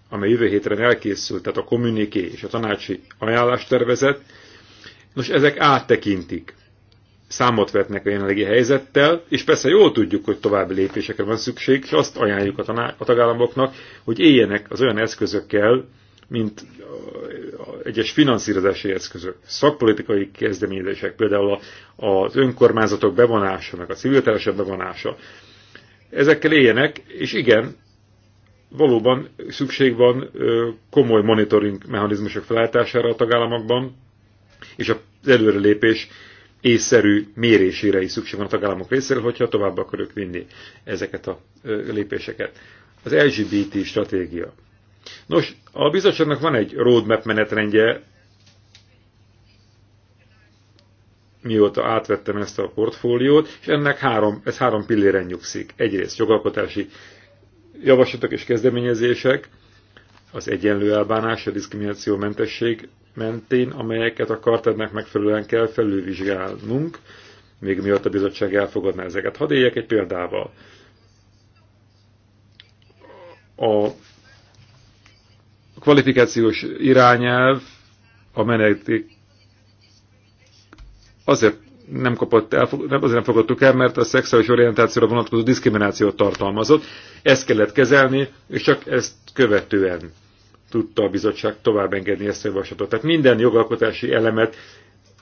amely jövő héten elkészült, tehát a kommuniké és a tanácsi ajánlástervezet, nos, ezek áttekintik, számot vetnek a jelenlegi helyzettel, és persze jól tudjuk, hogy további lépésekre van szükség, és azt ajánljuk a, taná- a tagállamoknak, hogy éljenek az olyan eszközökkel, mint egyes finanszírozási eszközök, szakpolitikai kezdeményezések, például az önkormányzatok bevonása, meg a civil bevonása. Ezekkel éljenek, és igen, valóban szükség van komoly monitoring mechanizmusok felállítására a tagállamokban, és az előrelépés észszerű mérésére is szükség van a tagállamok részéről, hogyha tovább akarok vinni ezeket a lépéseket. Az LGBT stratégia. Nos, a bizottságnak van egy roadmap menetrendje, mióta átvettem ezt a portfóliót, és ennek három, ez három pilléren nyugszik. Egyrészt jogalkotási javaslatok és kezdeményezések az egyenlő elbánás, a mentesség mentén, amelyeket a kartednek megfelelően kell felülvizsgálnunk, még miatt a bizottság elfogadná ezeket. Hadd éljek egy példával. A kvalifikációs irányelv a menedék azért nem kapott el, nem, azért nem fogadtuk el, mert a szexuális orientációra vonatkozó diszkriminációt tartalmazott. Ezt kellett kezelni, és csak ezt követően tudta a bizottság tovább engedni ezt a javaslatot. Tehát minden jogalkotási elemet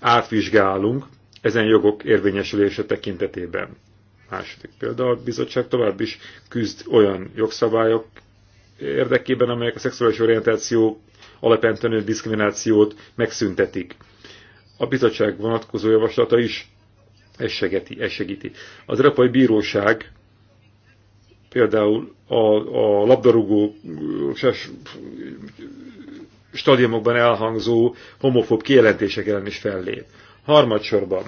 átvizsgálunk ezen jogok érvényesülése tekintetében. Második példa, a bizottság tovább is küzd olyan jogszabályok érdekében, amelyek a szexuális orientáció alapján tanuló diszkriminációt megszüntetik a bizottság vonatkozó javaslata is ezt segíti. segíti. Az Európai Bíróság például a, a labdarúgó stadionokban elhangzó homofób kijelentések ellen is fellép. Harmadsorban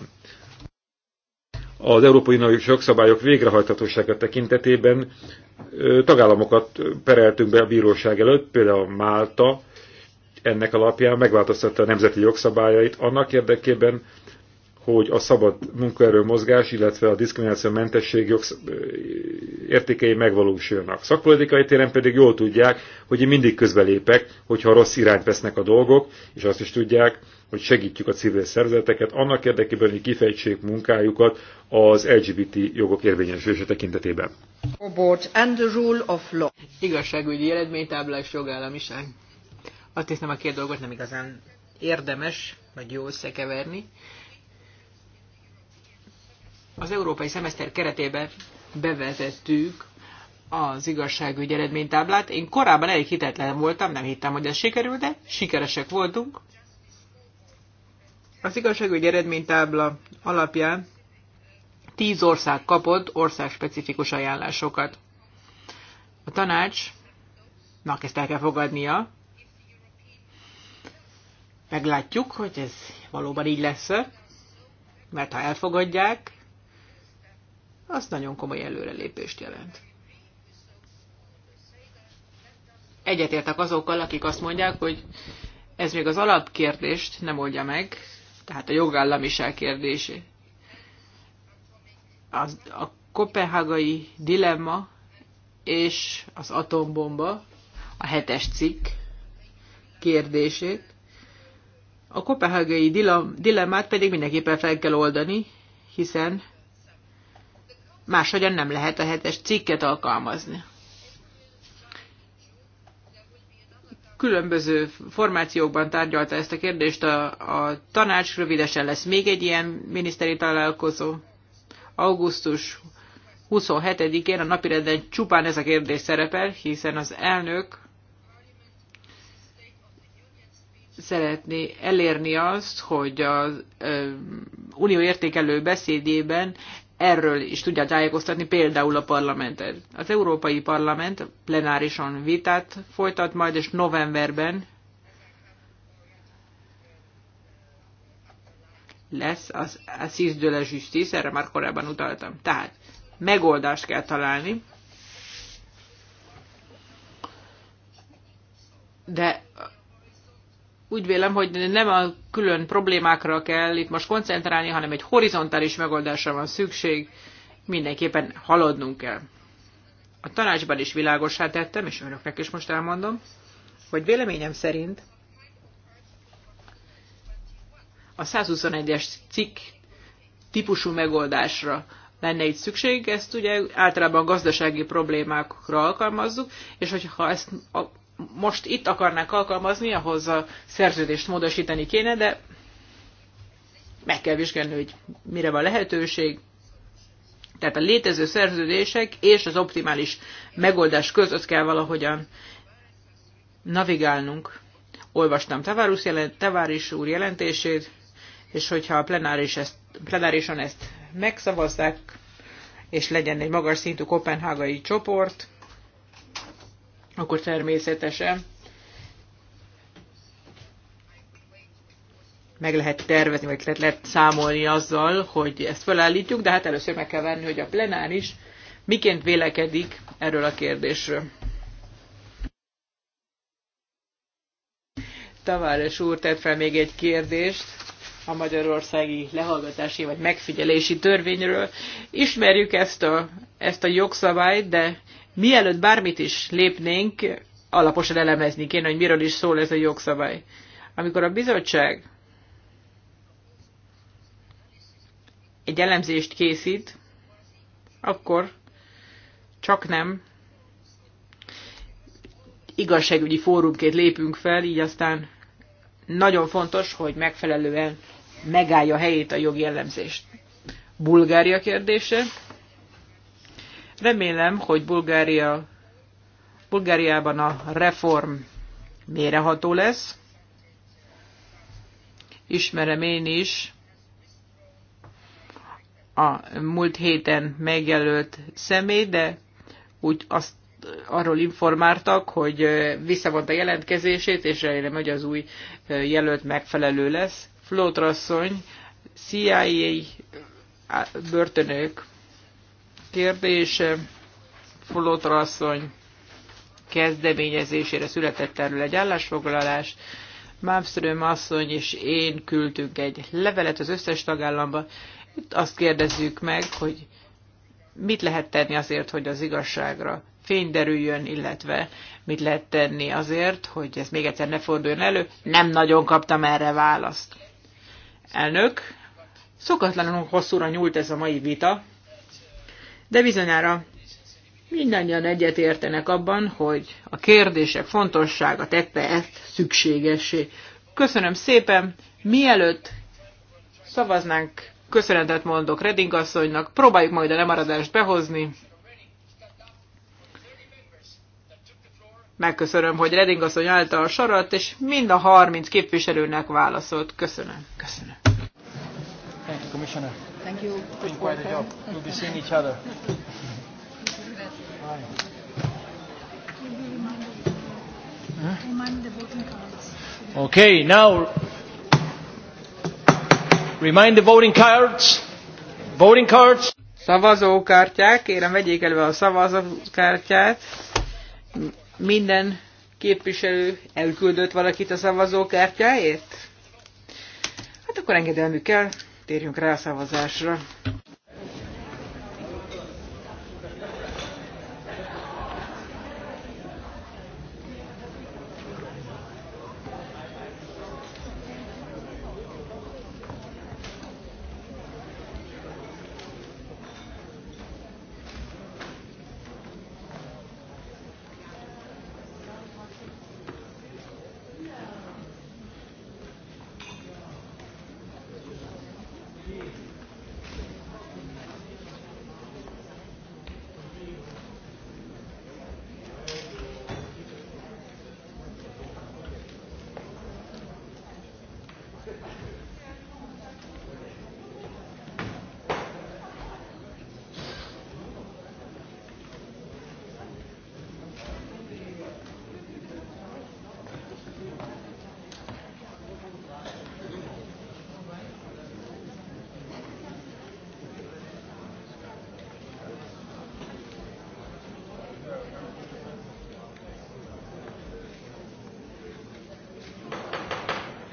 az európai nagy jogszabályok végrehajtatósága tekintetében tagállamokat pereltünk be a bíróság előtt, például Málta, ennek alapján megváltoztatta a nemzeti jogszabályait annak érdekében, hogy a szabad munkaerő mozgás, illetve a diszkrimináció mentesség jogsz... értékei megvalósulnak. Szakpolitikai téren pedig jól tudják, hogy én mindig közbelépek, hogyha rossz irányt vesznek a dolgok, és azt is tudják, hogy segítjük a civil szervezeteket annak érdekében, hogy kifejtsék munkájukat az LGBT jogok érvényesülése tekintetében. Igazságügyi eredménytáblás jogállamiság. Azt hiszem, a két dolgot nem igazán érdemes, vagy jó összekeverni. Az európai szemeszter keretében bevezettük az igazságügy eredménytáblát. Én korábban elég hitetlen voltam, nem hittem, hogy ez sikerül, de sikeresek voltunk. Az igazságügy eredménytábla alapján 10 ország kapott országspecifikus ajánlásokat. A tanácsnak ezt el kell fogadnia, Meglátjuk, hogy ez valóban így lesz -e, mert ha elfogadják, az nagyon komoly előrelépést jelent. Egyetértek azokkal, akik azt mondják, hogy ez még az alapkérdést nem oldja meg, tehát a jogállamiság kérdése, az, a kopenhágai dilemma és az atombomba, a hetes cikk kérdését. A kopehágai dilemmát pedig mindenképpen fel kell oldani, hiszen máshogyan nem lehet a hetes cikket alkalmazni. Különböző formációkban tárgyalta ezt a kérdést a, a tanács, rövidesen lesz még egy ilyen miniszteri találkozó. Augusztus 27-én a napirenden csupán ez a kérdés szerepel, hiszen az elnök szeretné elérni azt, hogy az unió értékelő beszédében erről is tudja tájékoztatni például a parlamentet. Az Európai Parlament plenárison vitát folytat majd, és novemberben lesz az Assis de la Justice, erre már korábban utaltam. Tehát megoldást kell találni, de úgy vélem, hogy nem a külön problémákra kell itt most koncentrálni, hanem egy horizontális megoldásra van szükség, mindenképpen haladnunk kell. A tanácsban is világosá tettem, és önöknek is most elmondom, hogy véleményem szerint a 121-es cikk típusú megoldásra lenne itt szükség, ezt ugye általában gazdasági problémákra alkalmazzuk, és hogyha ezt most itt akarnák alkalmazni, ahhoz a szerződést módosítani kéne, de meg kell vizsgálni, hogy mire van lehetőség. Tehát a létező szerződések és az optimális megoldás között kell valahogyan navigálnunk. Olvastam Tavárus jelent, Tavárus úr jelentését, és hogyha a plenáris ezt, plenárison ezt megszavazzák, és legyen egy magas szintű kopenhágai csoport, akkor természetesen meg lehet tervezni, vagy lehet, lehet számolni azzal, hogy ezt felállítjuk, de hát először meg kell venni, hogy a plenáris miként vélekedik erről a kérdésről. Taváres úr tett fel még egy kérdést a magyarországi lehallgatási vagy megfigyelési törvényről. Ismerjük ezt a, ezt a jogszabályt, de mielőtt bármit is lépnénk, alaposan elemezni kéne, hogy miről is szól ez a jogszabály. Amikor a bizottság egy elemzést készít, akkor csak nem igazságügyi fórumként lépünk fel, így aztán nagyon fontos, hogy megfelelően megállja helyét a jogi elemzést. Bulgária kérdése. Remélem, hogy Bulgária, Bulgáriában a reform méreható lesz. Ismerem én is a múlt héten megjelölt személy, de úgy azt arról informáltak, hogy visszavonta jelentkezését, és remélem, hogy az új jelölt megfelelő lesz. Flótrasszony, CIA börtönök kérdése Flotra asszony kezdeményezésére született erről egy állásfoglalás. Malmström asszony és én küldtünk egy levelet az összes tagállamba. Itt azt kérdezzük meg, hogy mit lehet tenni azért, hogy az igazságra fény derüljön, illetve mit lehet tenni azért, hogy ez még egyszer ne forduljon elő. Nem nagyon kaptam erre választ. Elnök, szokatlanul hosszúra nyúlt ez a mai vita, de bizonyára mindannyian egyetértenek abban, hogy a kérdések fontossága tette ezt szükségessé. Köszönöm szépen, mielőtt szavaznánk, köszönetet mondok Reding asszonynak, próbáljuk majd a lemaradást behozni. Megköszönöm, hogy Reding asszony állta a sarat, és mind a 30 képviselőnek válaszolt. Köszönöm. Köszönöm. Thank you, Commissioner. Thank you. It's been quite a job. We'll be seeing each other. Okay, now remind the voting cards. Voting cards. Szavazókártyák, kérem vegyék elő a szavazókártyát. Minden képviselő elküldött valakit a szavazókártyáért? Hát akkor kell térjünk rá a szavazásra.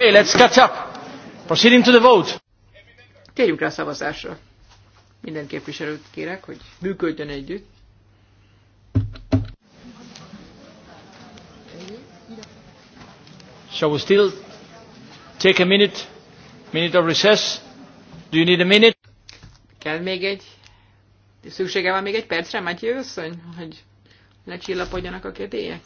Okay, let's catch up. Proceeding to the vote. Térjünk rá a szavazásra. Minden képviselőt kérek, hogy működjön együtt. Shall we still take a minute? Minute of recess? Do you need a minute? Kell még egy? Szüksége van még egy percre, Matyi asszony, hogy lecsillapodjanak a kérdélyek?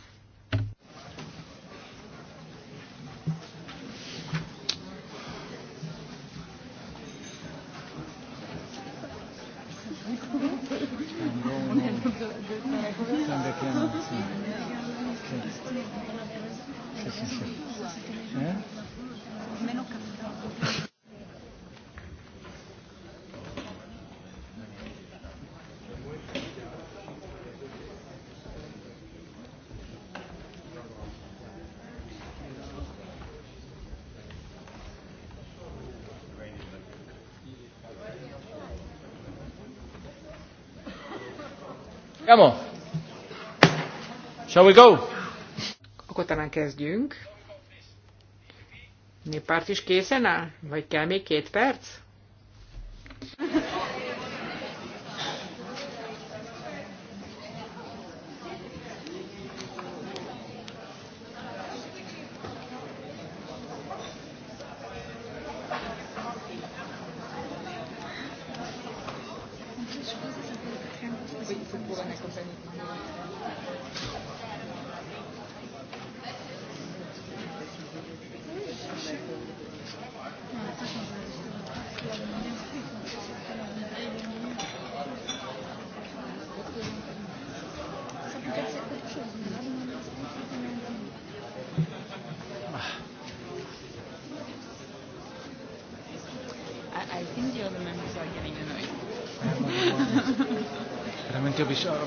Sembra che hanno... Sì. Sì, sì, sì. Eh? Meno capitato. Come on. Shall we go? Akkor talán kezdjünk. Néppárt is készen áll? Vagy kell még két perc?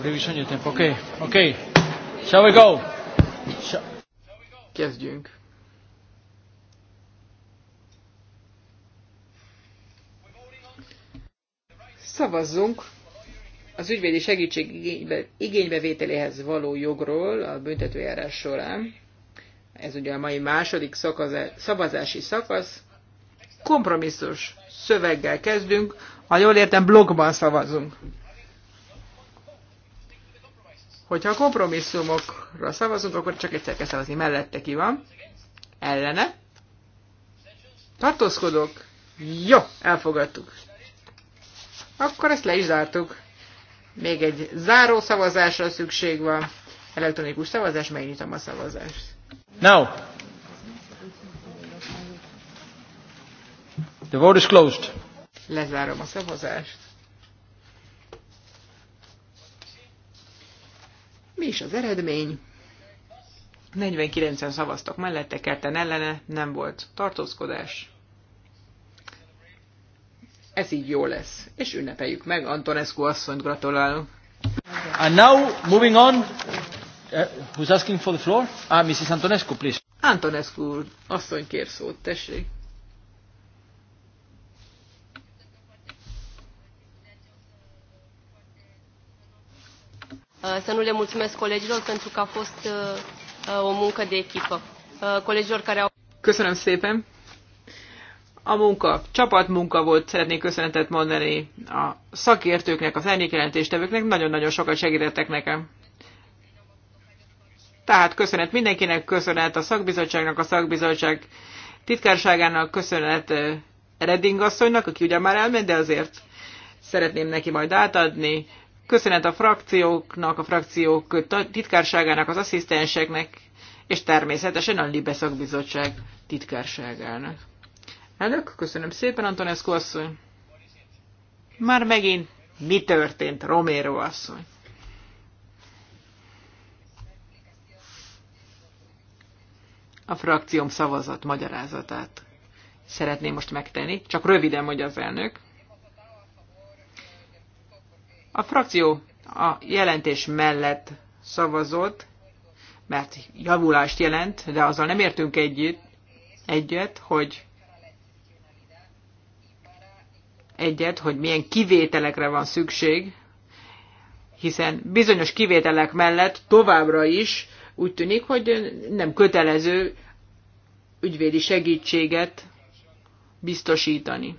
revisione tempo. Oké, okay. oké. Okay. Shall we go? Shall... Kezdjünk. Szavazzunk az ügyvédi segítség igénybe, igénybevételéhez való jogról a büntetőjárás során. Ez ugye a mai második szakaz, szavazási szakasz. Kompromisszus szöveggel kezdünk, ha jól értem, blogban szavazunk. Hogyha a kompromisszumokra szavazunk, akkor csak egyszer kell szavazni. Mellette ki van? Ellene? Tartózkodok? Jó, elfogadtuk. Akkor ezt le is zártuk. Még egy záró szavazásra szükség van. Elektronikus szavazás, megnyitom a szavazást. Now. The vote is closed. Lezárom a szavazást. Mi is az eredmény? 49-en szavaztak mellette, kerten ellene, nem volt tartózkodás. Ez így jó lesz, és ünnepeljük meg, Antonescu asszonyt gratulálunk. And now, moving on, uh, who's asking for the floor? Ah, Mrs. Antonescu, please. Antonescu asszony kér szót, tessék. Uh, să nu le mulțumesc colegilor pentru că a fost uh, uh, o muncă de echipă. Colegilor care au... Köszönöm szépen! A munka, csapatmunka volt, szeretnék köszönetet mondani a szakértőknek, a felnékjelentéstevőknek, nagyon-nagyon sokat segítettek nekem. Tehát köszönet mindenkinek, köszönet a szakbizottságnak, a szakbizottság titkárságának, köszönet Redding asszonynak, aki ugyan már elment, de azért szeretném neki majd átadni. Köszönet a frakcióknak, a frakciók titkárságának, az asszisztenseknek, és természetesen a Libe szakbizottság titkárságának. Elnök, köszönöm szépen, Antonescu asszony. Már megint mi történt, Romero asszony? A frakcióm szavazat magyarázatát szeretném most megtenni, csak röviden mondja az elnök. A frakció a jelentés mellett szavazott, mert javulást jelent, de azzal nem értünk együtt, egyet, hogy egyet, hogy milyen kivételekre van szükség, hiszen bizonyos kivételek mellett továbbra is úgy tűnik, hogy nem kötelező ügyvédi segítséget biztosítani.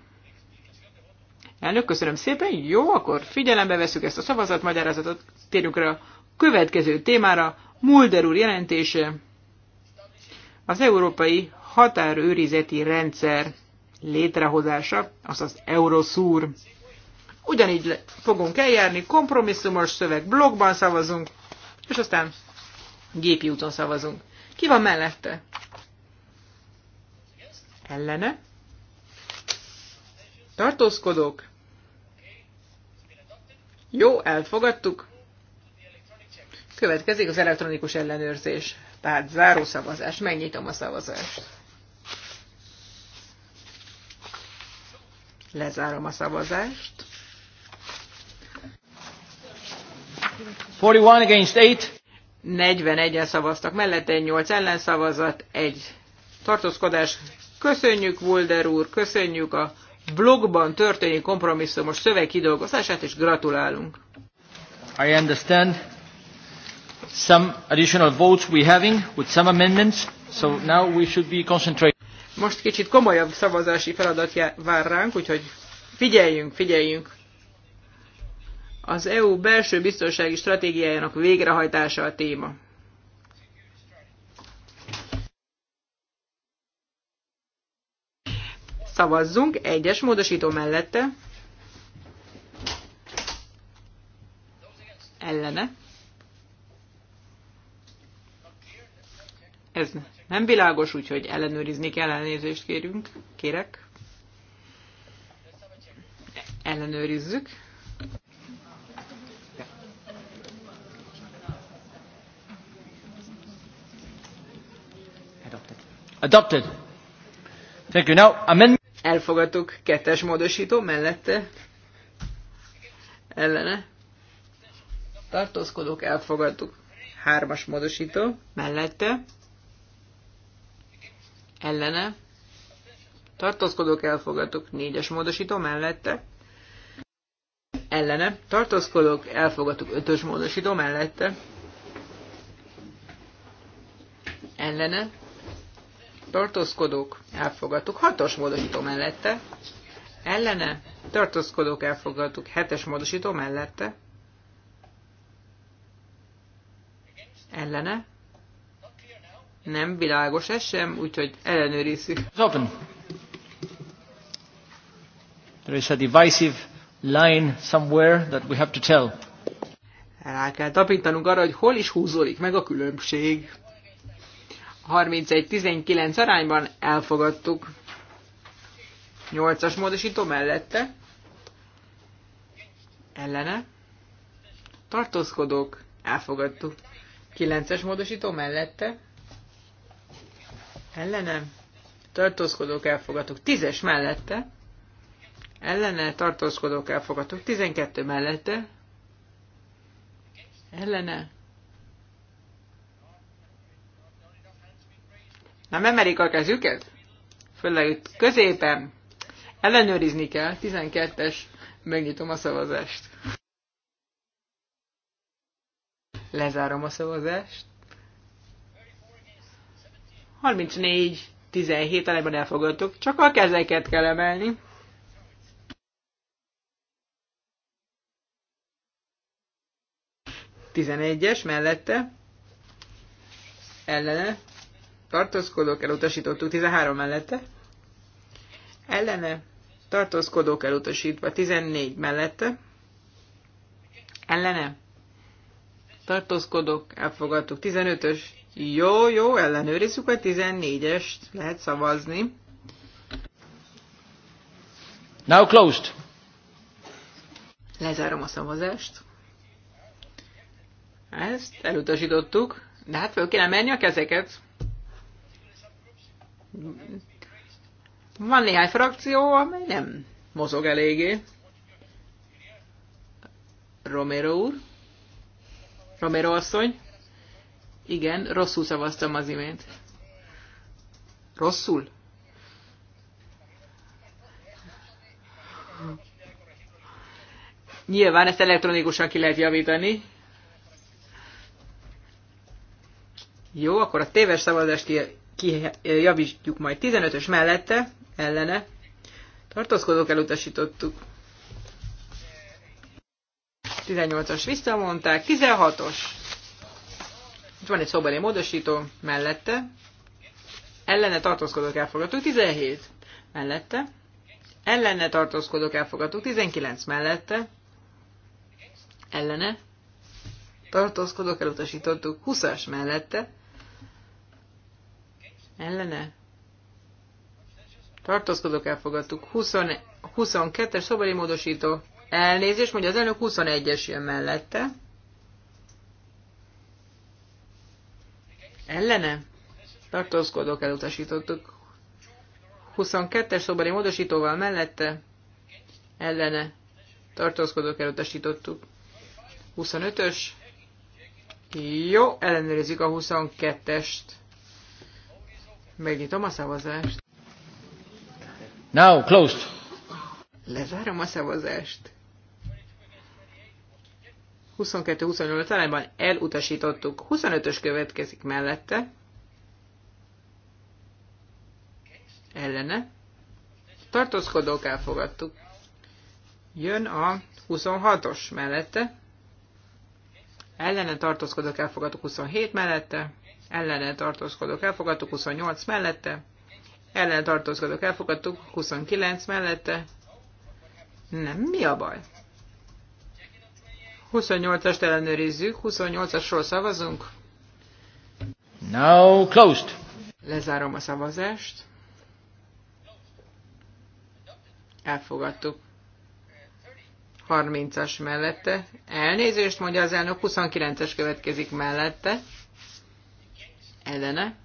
Elnök, köszönöm szépen. Jó, akkor figyelembe veszük ezt a szavazatmagyarázatot. Térjünk rá a következő témára. Mulder úr jelentése. Az európai határőrizeti rendszer létrehozása, azaz Euroszúr. Ugyanígy fogunk eljárni, kompromisszumos szöveg, blogban szavazunk, és aztán gépi úton szavazunk. Ki van mellette? Ellene? Tartózkodók? Jó, elfogadtuk. Következik az elektronikus ellenőrzés. Tehát záró szavazás. Megnyitom a szavazást. Lezárom a szavazást. 41 against 8. 41-en szavaztak mellette, 8 ellenszavazat, egy tartózkodás. Köszönjük, Mulder úr, köszönjük a blogban történő kompromisszumos szöveg kidolgozását, és gratulálunk. I understand some additional votes we having with some amendments, so now we should be concentrating. Most kicsit komolyabb szavazási feladat vár ránk, úgyhogy figyeljünk, figyeljünk. Az EU belső biztonsági stratégiájának végrehajtása a téma. Szavazzunk egyes módosító mellette. Ellene. Ez nem világos, úgyhogy ellenőrizni kell, ellenőrzést kérünk. Kérek. Ellenőrizzük. Adopted. Thank you. Now, amendment. Elfogadtuk kettes módosító mellette. Ellene. Tartózkodók elfogadtuk. Hármas módosító mellette. Ellene. Tartózkodók elfogadtuk. Négyes módosító mellette. Ellene. Tartózkodók elfogadtuk. Ötös módosító mellette. Ellene tartózkodók, elfogadtuk. Hatos módosító mellette, ellene, tartózkodók, elfogadtuk. Hetes módosító mellette, ellene. Nem világos ez sem, úgyhogy ellenőrizzük. Open. There is a divisive line somewhere that we have to tell. Rá kell tapintanunk arra, hogy hol is húzódik meg a különbség. 31-19 arányban elfogadtuk. 8-as módosító mellette. Ellene. Tartózkodók. Elfogadtuk. 9-es módosító mellette. Ellene. Tartózkodók elfogadtuk. 10-es mellette. Ellene. Tartózkodók elfogadtuk. 12 mellette. Ellene. Nem emelik a kezüket? Főleg itt középen. Ellenőrizni kell. 12-es. Megnyitom a szavazást. Lezárom a szavazást. 34, 17 elejben elfogadtuk. Csak a kezeket kell emelni. Tizenegyes mellette. Ellene tartózkodók elutasítottuk 13 mellette, ellene tartózkodók elutasítva 14 mellette, ellene tartózkodók elfogadtuk 15-ös, jó, jó, ellenőrizzük a 14-est, lehet szavazni. Now closed. Lezárom a szavazást. Ezt elutasítottuk, de hát fel kéne menni a kezeket. Van néhány frakció, amely nem mozog eléggé. Romero úr. Romero asszony. Igen, rosszul szavaztam az imént. Rosszul? Nyilván ezt elektronikusan ki lehet javítani. Jó, akkor a téves szavazást kijavítjuk majd 15-ös mellette, ellene. Tartózkodók elutasítottuk. 18-as visszamondták, 16-os. Itt van egy szobeli módosító mellette. Ellene tartózkodók elfogadtuk, 17 mellette. Ellene tartózkodók elfogadtuk, 19 mellette. Ellene tartózkodók elutasítottuk, 20-as mellette ellene tartózkodók elfogadtuk. 20, 22-es szobori módosító elnézés, mondja az elnök 21-es jön mellette. Ellene tartózkodók elutasítottuk. 22-es szobori módosítóval mellette ellene tartózkodók elutasítottuk. 25-ös. Jó, ellenőrizzük a 22-est. Megnyitom a szavazást. Now closed. Lezárom a szavazást. 22-28 talányban elutasítottuk. 25-ös következik mellette. Ellene. Tartózkodók elfogadtuk. Jön a 26-os mellette. Ellene tartózkodók elfogadtuk 27 mellette ellene tartózkodok, elfogadtuk 28 mellette, ellene tartózkodok, elfogadtuk 29 mellette. Nem, mi a baj? 28 as ellenőrizzük, 28-asról szavazunk. Now closed. Lezárom a szavazást. Elfogadtuk. 30-as mellette. Elnézést, mondja az elnök, 29-es következik mellette ellene,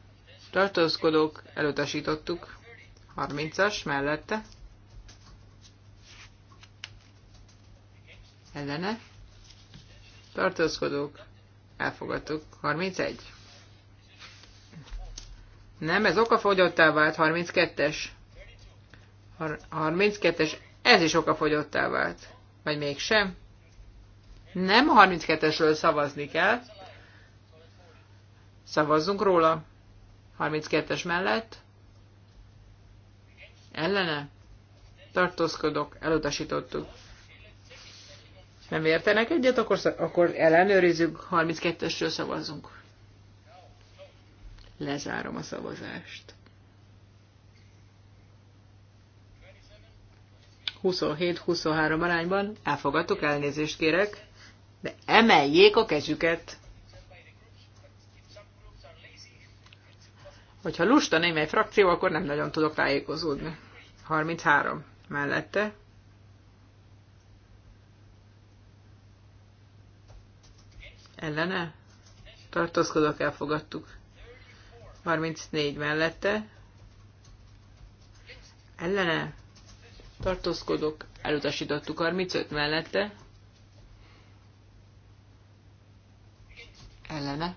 tartózkodók, elutasítottuk, 30-as mellette, ellene, tartózkodók, elfogadtuk, 31. Nem, ez okafogyottá vált, 32-es. 32-es, ez is okafogyottá vált. Vagy mégsem. Nem, 32-esről szavazni kell. Szavazzunk róla. 32-es mellett. Ellene. Tartózkodok. Elutasítottuk. Nem értenek egyet, akkor, akkor ellenőrizzük. 32-esről szavazzunk. Lezárom a szavazást. 27-23 arányban elfogadtuk, elnézést kérek, de emeljék a kezüket. Hogyha lusta némely frakció, akkor nem nagyon tudok tájékozódni. 33 mellette. Ellene? Tartózkodok, elfogadtuk. 34 mellette. Ellene? Tartózkodok, elutasítottuk. 35 mellette. Ellene?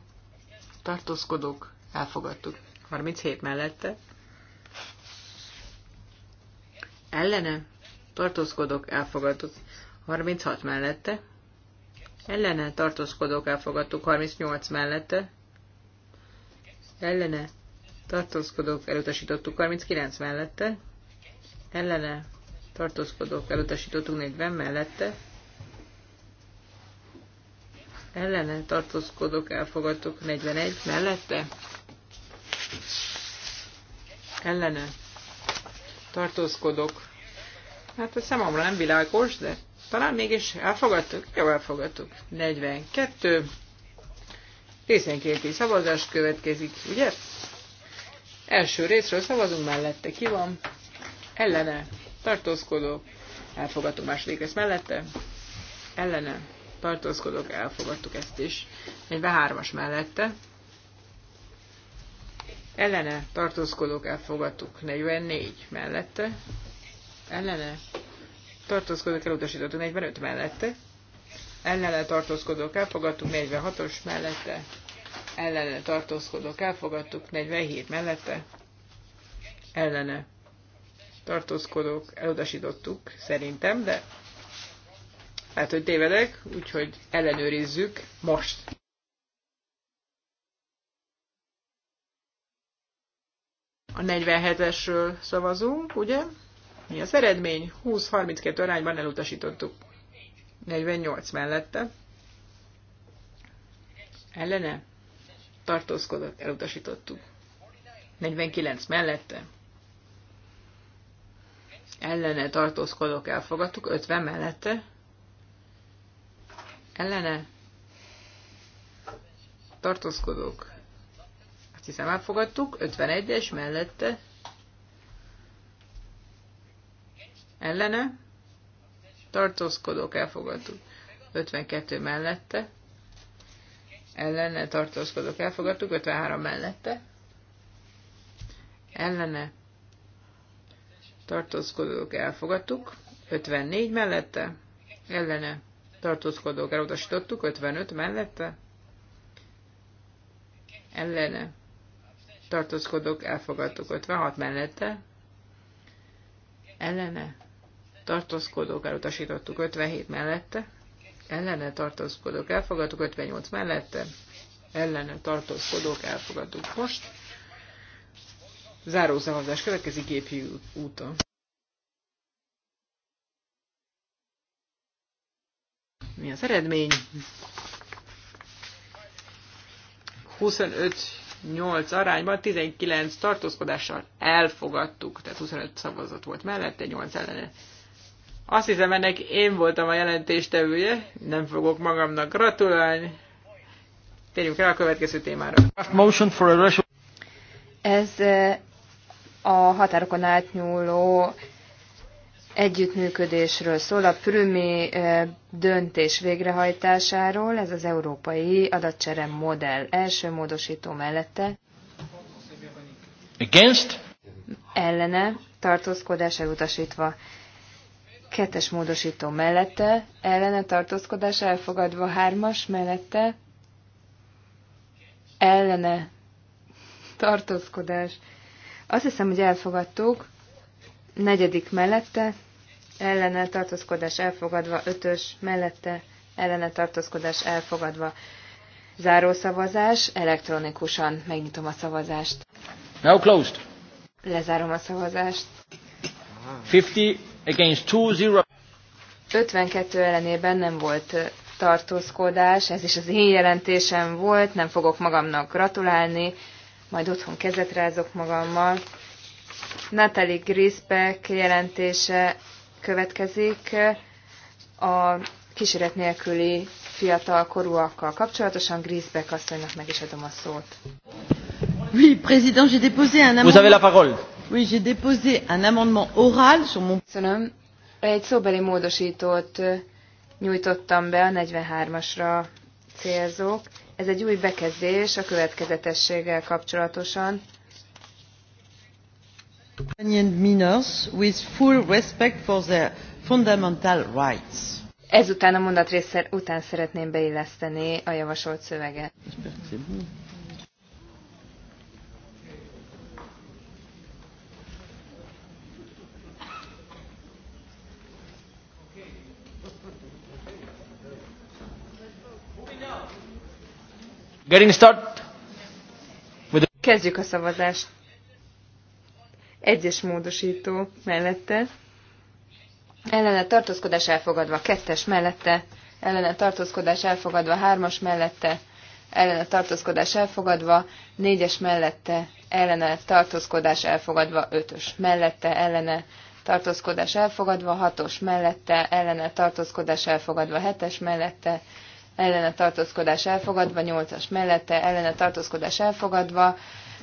Tartózkodok, elfogadtuk. 37 mellette. Ellene tartózkodok, elfogadott. 36 mellette. Ellene tartózkodok elfogadtuk 38 mellette. Ellene tartózkodok elutasítottuk 39 mellette. Ellene tartózkodok elutasítottuk 40 mellette. Ellene tartózkodok elfogadtuk 41 mellette ellene tartózkodok. Hát a számomra nem világos, de talán mégis elfogadtuk. Jó, elfogadtuk. 42. Részenkénti szavazás következik, ugye? Első részről szavazunk mellette. Ki van? Ellene. Tartózkodok. Elfogadtuk második rész mellette. Ellene. Tartózkodok. Elfogadtuk ezt is. 43-as mellette ellene tartózkodók elfogadtuk 44 mellette, ellene tartózkodók elutasítottuk 45 mellette, ellene tartózkodók elfogadtuk 46-os mellette, ellene tartózkodók elfogadtuk 47 mellette, ellene tartózkodók elutasítottuk szerintem, de lehet, hogy tévedek, úgyhogy ellenőrizzük most. A 47-esről szavazunk, ugye? Mi az eredmény? 20-32 arányban elutasítottuk. 48 mellette. Ellene? Tartózkodott, elutasítottuk. 49 mellette. Ellene tartózkodok, elfogadtuk. 50 mellette. Ellene tartózkodok, azt hiszem elfogadtuk, 51-es mellette ellene, tartózkodók elfogadtuk, 52 mellette, ellene tartózkodók elfogadtuk, 53 mellette, ellene tartózkodók elfogadtuk, 54 mellette, ellene tartózkodók elutasítottuk, 55 mellette, ellene tartózkodok, elfogadtuk 56 mellette, ellene tartózkodok, elutasítottuk 57 mellette, ellene tartózkodok, elfogadtuk 58 mellette, ellene tartózkodok, elfogadtuk most. Záró szavazás következik gépi úton. Mi az eredmény? 25 8 arányban, 19 tartózkodással elfogadtuk, tehát 25 szavazat volt mellette, 8 ellene. Azt hiszem, ennek én voltam a jelentéstevője, nem fogok magamnak gratulálni. Térjünk rá a következő témára. Ez eh, a határokon átnyúló együttműködésről szól, a prümi eh, döntés végrehajtásáról, ez az európai adatcsere modell. Első módosító mellette. Against? Ellene, tartózkodás elutasítva. Kettes módosító mellette, ellene tartózkodás elfogadva, hármas mellette, ellene tartózkodás. Azt hiszem, hogy elfogadtuk, negyedik mellette, ellene tartózkodás elfogadva, ötös mellette, ellene tartózkodás elfogadva. Zárószavazás, elektronikusan megnyitom a szavazást. Now closed. Lezárom a szavazást. 50 against 2-0. 52 ellenében nem volt tartózkodás, ez is az én jelentésem volt, nem fogok magamnak gratulálni, majd otthon kezet rázok magammal. Natalie Grisbeck jelentése következik a kíséret nélküli fiatal korúakkal kapcsolatosan. Grisbeck asszonynak meg is adom a szót. Oui, président, j'ai déposé un amendement. Vous avez la parole. Oui, j'ai déposé un amendement oral sur mon... Köszönöm. Egy szóbeli módosítót nyújtottam be a 43-asra célzók. Ez egy új bekezdés a következetességgel kapcsolatosan. Ezután a mondatrész után szeretném beilleszteni a javasolt szöveget. Getting start. With the... Kezdjük a szavazást. Egyes módosító mellette ellene tartózkodás elfogadva, kettes mellette, ellene tartózkodás elfogadva, hármas mellette, ellene tartózkodás elfogadva, négyes mellette, ellene tartózkodás elfogadva, ötös mellette, ellene tartózkodás elfogadva, hatos mellette, ellene tartózkodás elfogadva, hetes mellette, ellene tartózkodás elfogadva, nyolcas mellette, ellene tartózkodás elfogadva,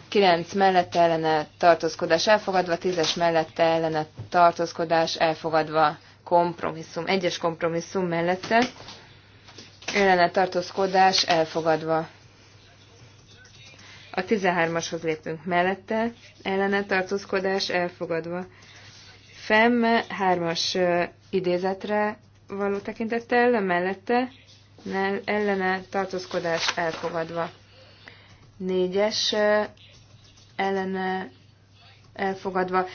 9 mellette ellene tartózkodás elfogadva, 10-es mellette ellene tartózkodás elfogadva, kompromisszum, egyes kompromisszum mellette ellene tartózkodás elfogadva. A 13-ashoz lépünk mellette, ellene tartózkodás elfogadva. Fem 3-as idézetre való tekintettel, mellette ellene tartózkodás elfogadva. Négyes ellene elfogadva,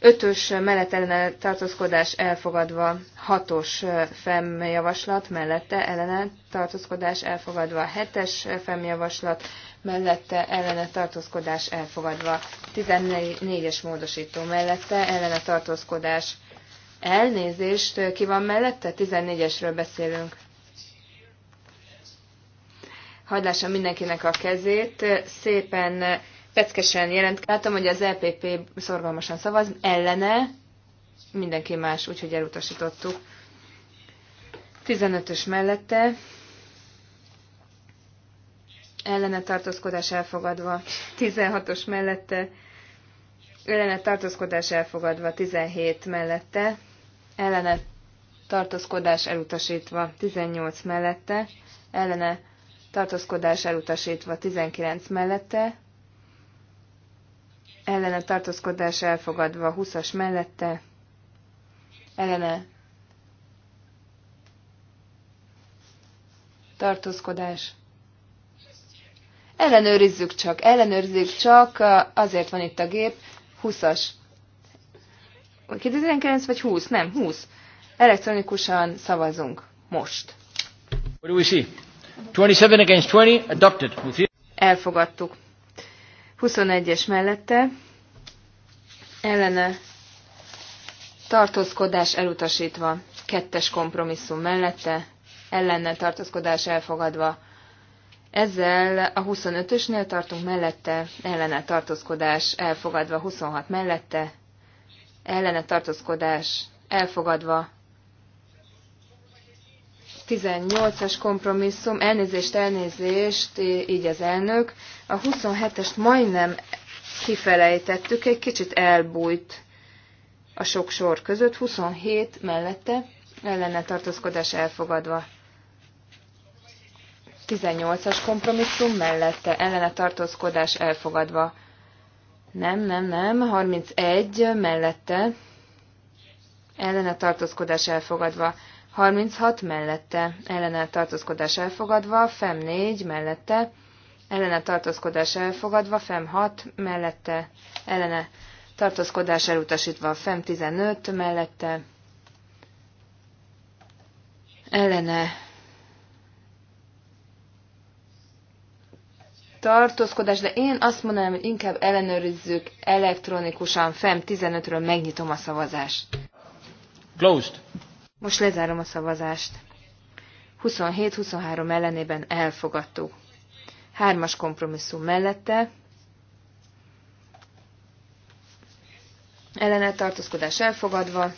ötös mellett ellene tartózkodás elfogadva, hatos FEM javaslat mellette ellene tartózkodás elfogadva, hetes FEM javaslat mellette ellene tartózkodás elfogadva, 14-es módosító mellette ellene tartózkodás elnézést, ki van mellette? 14-esről beszélünk. Hagylásom mindenkinek a kezét, szépen Peckesen jelentkeztem, hogy az EPP szorgalmasan szavaz, ellene mindenki más, úgyhogy elutasítottuk. 15-ös mellette ellene tartózkodás elfogadva, 16-os mellette ellene tartózkodás elfogadva, 17 mellette ellene tartózkodás elutasítva, 18 mellette ellene tartózkodás elutasítva, 19 mellette ellene tartózkodás elfogadva, 20-as mellette, ellene tartózkodás. Ellenőrizzük csak, ellenőrizzük csak, azért van itt a gép, 20-as. 2019 vagy 20? Nem, 20. Elektronikusan szavazunk. Most. What do we see? 27 against 20, adopted. Elfogadtuk. 21-es mellette ellene tartózkodás elutasítva, kettes kompromisszum mellette ellene tartózkodás elfogadva. Ezzel a 25-ösnél tartunk mellette, ellene tartózkodás elfogadva, 26 mellette, ellene tartózkodás elfogadva, 18-as kompromisszum, elnézést, elnézést, így az elnök. A 27-est majdnem kifelejtettük, egy kicsit elbújt a sok sor között, 27 mellette ellene tartózkodás elfogadva. 18-as kompromisszum mellette ellene tartózkodás elfogadva. Nem, nem, nem, 31 mellette ellene tartózkodás elfogadva. 36 mellette ellene tartózkodás elfogadva, FEM 4 mellette ellene tartózkodás elfogadva, FEM 6 mellette ellene tartózkodás elutasítva, FEM 15 mellette ellene tartózkodás, de én azt mondanám, hogy inkább ellenőrizzük elektronikusan FEM 15-ről megnyitom a szavazást. Closed. Most lezárom a szavazást. 27-23 ellenében elfogadtuk. Hármas kompromisszum mellette. Ellenet tartózkodás elfogadva.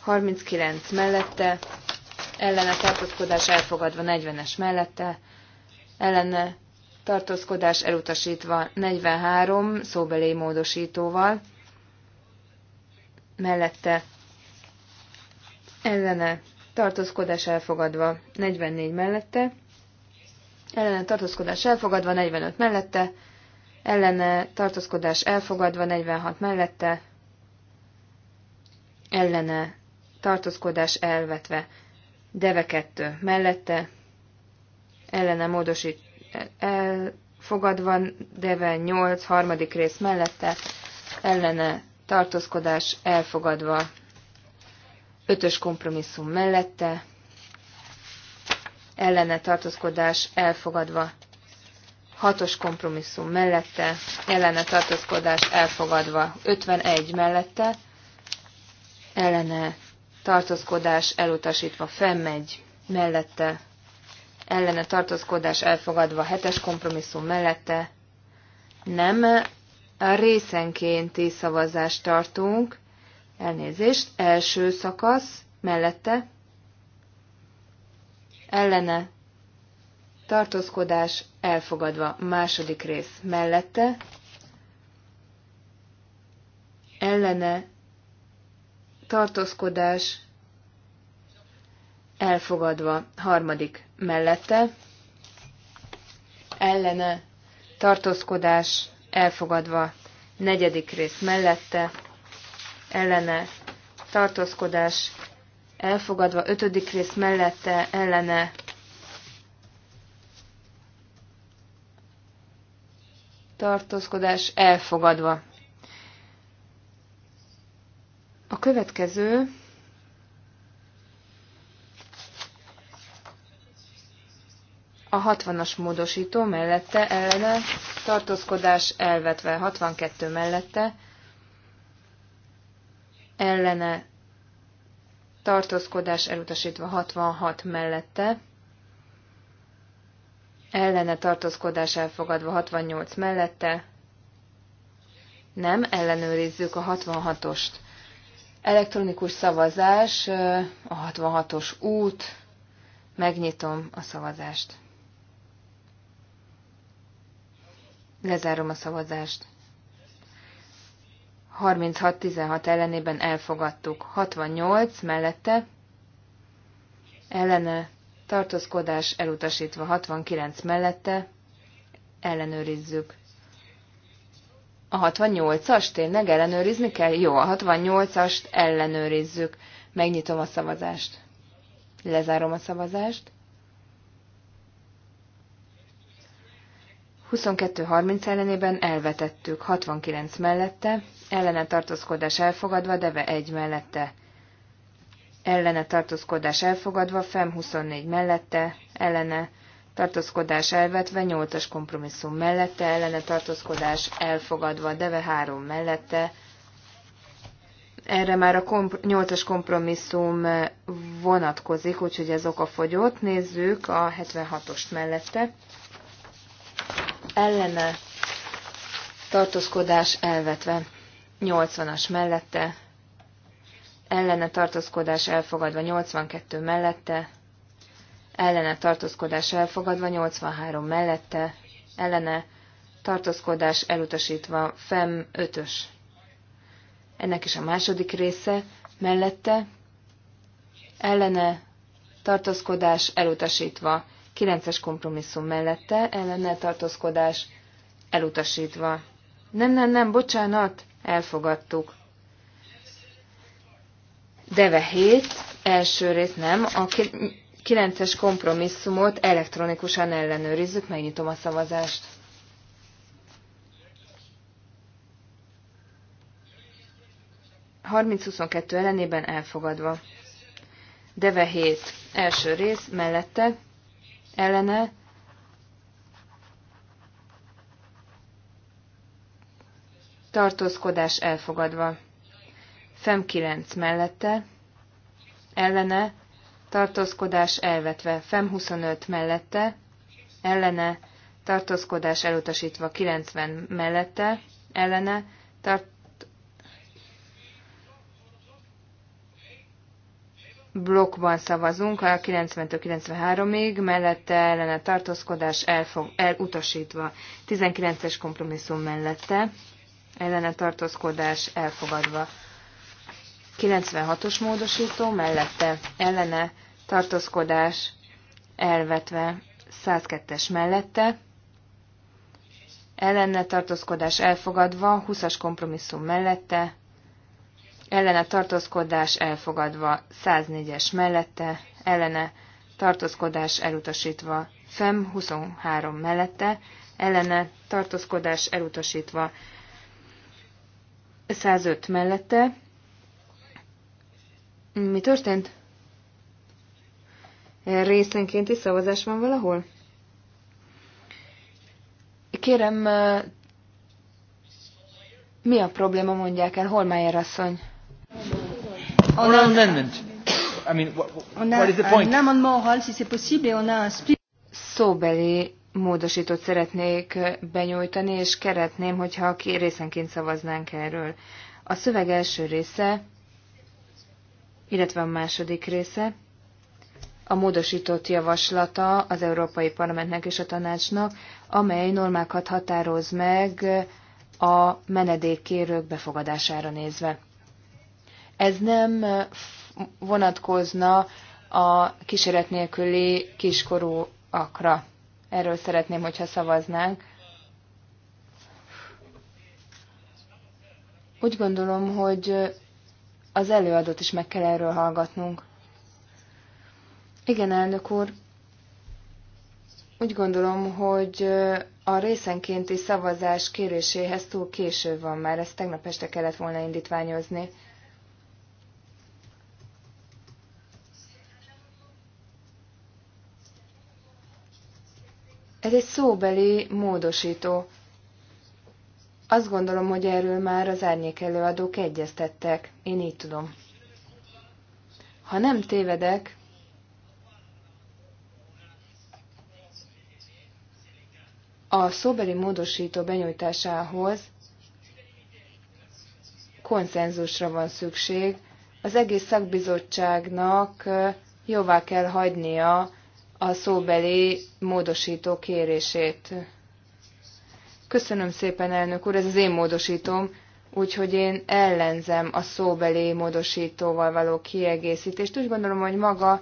39 mellette. Ellene tartózkodás elfogadva 40-es mellette. Ellene tartózkodás elutasítva 43 szóbeli módosítóval mellette ellene tartózkodás elfogadva 44 mellette, ellene tartózkodás elfogadva 45 mellette, ellene tartózkodás elfogadva 46 mellette, ellene tartózkodás elvetve deve 2 mellette, ellene módosít elfogadva deve 8 harmadik rész mellette, ellene tartózkodás elfogadva, ötös kompromisszum mellette, ellene tartózkodás elfogadva, hatos kompromisszum mellette, ellene tartózkodás elfogadva, 51 mellette, ellene tartózkodás elutasítva, fennmegy mellette, ellene tartózkodás elfogadva, hetes kompromisszum mellette, nem, részenkénti szavazást tartunk. Elnézést, első szakasz, mellette, ellene, tartózkodás, elfogadva, második rész, mellette, ellene, tartózkodás, elfogadva, harmadik, mellette, ellene, tartózkodás, elfogadva. Negyedik rész mellette, ellene, tartózkodás, elfogadva. Ötödik rész mellette, ellene, tartózkodás, elfogadva. A következő a 60-as módosító mellette ellene tartózkodás elvetve 62 mellette ellene tartózkodás elutasítva 66 mellette ellene tartózkodás elfogadva 68 mellette nem, ellenőrizzük a 66-ost. Elektronikus szavazás, a 66-os út, megnyitom a szavazást. Lezárom a szavazást. 36-16 ellenében elfogadtuk. 68 mellette ellene tartózkodás elutasítva 69 mellette ellenőrizzük. A 68-as tényleg ellenőrizni kell? Jó, a 68-ast ellenőrizzük. Megnyitom a szavazást. Lezárom a szavazást. 22-30 ellenében elvetettük, 69 mellette, ellene tartózkodás elfogadva, deve 1 mellette. Ellene tartózkodás elfogadva, fem 24 mellette, ellene tartózkodás elvetve, 8-as kompromisszum mellette, ellene tartózkodás elfogadva, deve 3 mellette. Erre már a 8-as kompromisszum vonatkozik, úgyhogy ez okafogyott. Nézzük a 76-ost mellette ellene tartózkodás elvetve, 80-as mellette, ellene tartózkodás elfogadva, 82 mellette, ellene tartózkodás elfogadva, 83 mellette, ellene tartózkodás elutasítva, FEM 5-ös. Ennek is a második része, mellette, ellene tartózkodás elutasítva, Kilences kompromisszum mellette ellenne tartózkodás elutasítva. Nem, nem, nem, bocsánat, elfogadtuk. Deve 7, első rész nem, a 9-es kompromisszumot elektronikusan ellenőrizzük, megnyitom a szavazást. ...30-22 ellenében elfogadva. Deve 7. Első rész mellette ellene tartózkodás elfogadva. Fem 9 mellette, ellene, tartózkodás elvetve. Fem 25 mellette, ellene, tartózkodás elutasítva. 90 mellette, ellene, tart blokkban szavazunk a 90-től 93-ig, mellette ellene tartózkodás elfog, elutasítva. 19-es kompromisszum mellette ellene tartózkodás elfogadva. 96-os módosító mellette ellene tartózkodás elvetve. 102-es mellette ellene tartózkodás elfogadva, 20-as kompromisszum mellette, ellene tartózkodás elfogadva, 104-es mellette, ellene tartózkodás elutasítva, FEM 23 mellette, ellene tartózkodás elutasítva, 105 mellette. Mi történt? Részenkénti szavazás van valahol? Kérem, eh, mi a probléma, mondják el, Holmeyer asszony? On a amendment. I mean, what, what is the point? Un amendement oral, si c'est possible, et on a un split. Szóbeli módosítót szeretnék benyújtani, és keretném, hogyha részenként szavaznánk erről. A szöveg első része, illetve a második része, a módosított javaslata az Európai Parlamentnek és a Tanácsnak, amely normákat határoz meg a menedékkérők befogadására nézve. Ez nem vonatkozna a kíséret nélküli kiskorúakra. Erről szeretném, hogyha szavaznánk. Úgy gondolom, hogy az előadót is meg kell erről hallgatnunk. Igen, elnök úr. Úgy gondolom, hogy a részenkénti szavazás kéréséhez túl késő van már, ezt tegnap este kellett volna indítványozni. Ez egy szóbeli módosító. Azt gondolom, hogy erről már az árnyék előadók egyeztettek. Én így tudom. Ha nem tévedek, a szóbeli módosító benyújtásához konszenzusra van szükség. Az egész szakbizottságnak jóvá kell hagynia a szóbeli módosító kérését. Köszönöm szépen, elnök úr, ez az én módosítom, úgyhogy én ellenzem a szóbeli módosítóval való kiegészítést. Úgy gondolom, hogy maga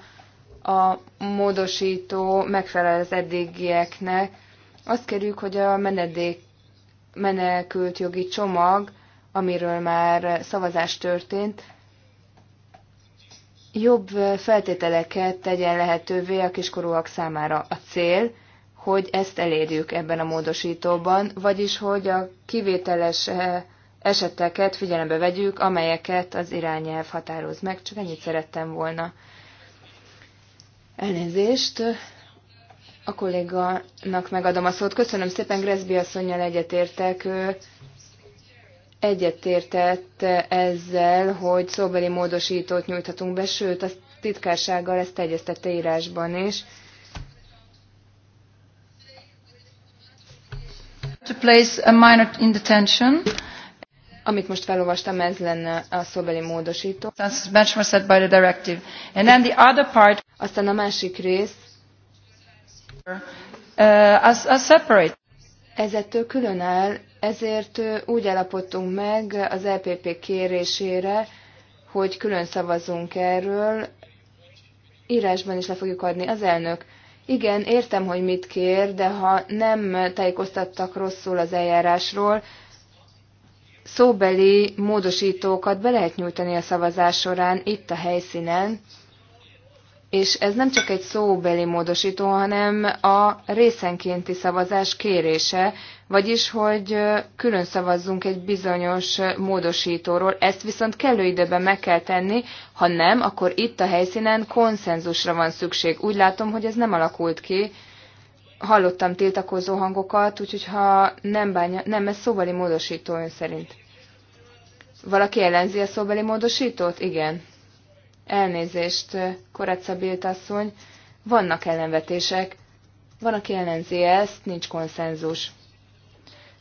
a módosító megfelel az eddigieknek. Azt kérjük, hogy a menedék, menekült jogi csomag, amiről már szavazás történt, jobb feltételeket tegyen lehetővé a kiskorúak számára. A cél, hogy ezt elérjük ebben a módosítóban, vagyis hogy a kivételes eh, eseteket figyelembe vegyük, amelyeket az irányelv határoz meg. Csak ennyit szerettem volna. Elnézést. A kolléganak megadom a szót. Köszönöm szépen, Greszbi asszonynal egyetértek egyetértett ezzel, hogy szóbeli módosítót nyújthatunk be, sőt, a titkársággal ezt egyeztette írásban is. To place a minor in detention. Amit most felolvastam, ez lenne a szóbeli módosító. set by the directive. And then the other part. Aztán a másik rész. Uh, as, as separate. Ez ettől külön áll, ezért úgy állapodtunk meg az EPP kérésére, hogy külön szavazunk erről, írásban is le fogjuk adni az elnök. Igen, értem, hogy mit kér, de ha nem tájékoztattak rosszul az eljárásról, szóbeli módosítókat be lehet nyújtani a szavazás során itt a helyszínen, és ez nem csak egy szóbeli módosító, hanem a részenkénti szavazás kérése, vagyis, hogy külön szavazzunk egy bizonyos módosítóról. Ezt viszont kellő időben meg kell tenni, ha nem, akkor itt a helyszínen konszenzusra van szükség. Úgy látom, hogy ez nem alakult ki. Hallottam tiltakozó hangokat, úgyhogy ha nem bánja, nem, ez szóbeli módosító ön szerint. Valaki ellenzi a szóbeli módosítót? Igen. Elnézést, Koreca asszony. Vannak ellenvetések. Van, aki ellenzi ezt, nincs konszenzus.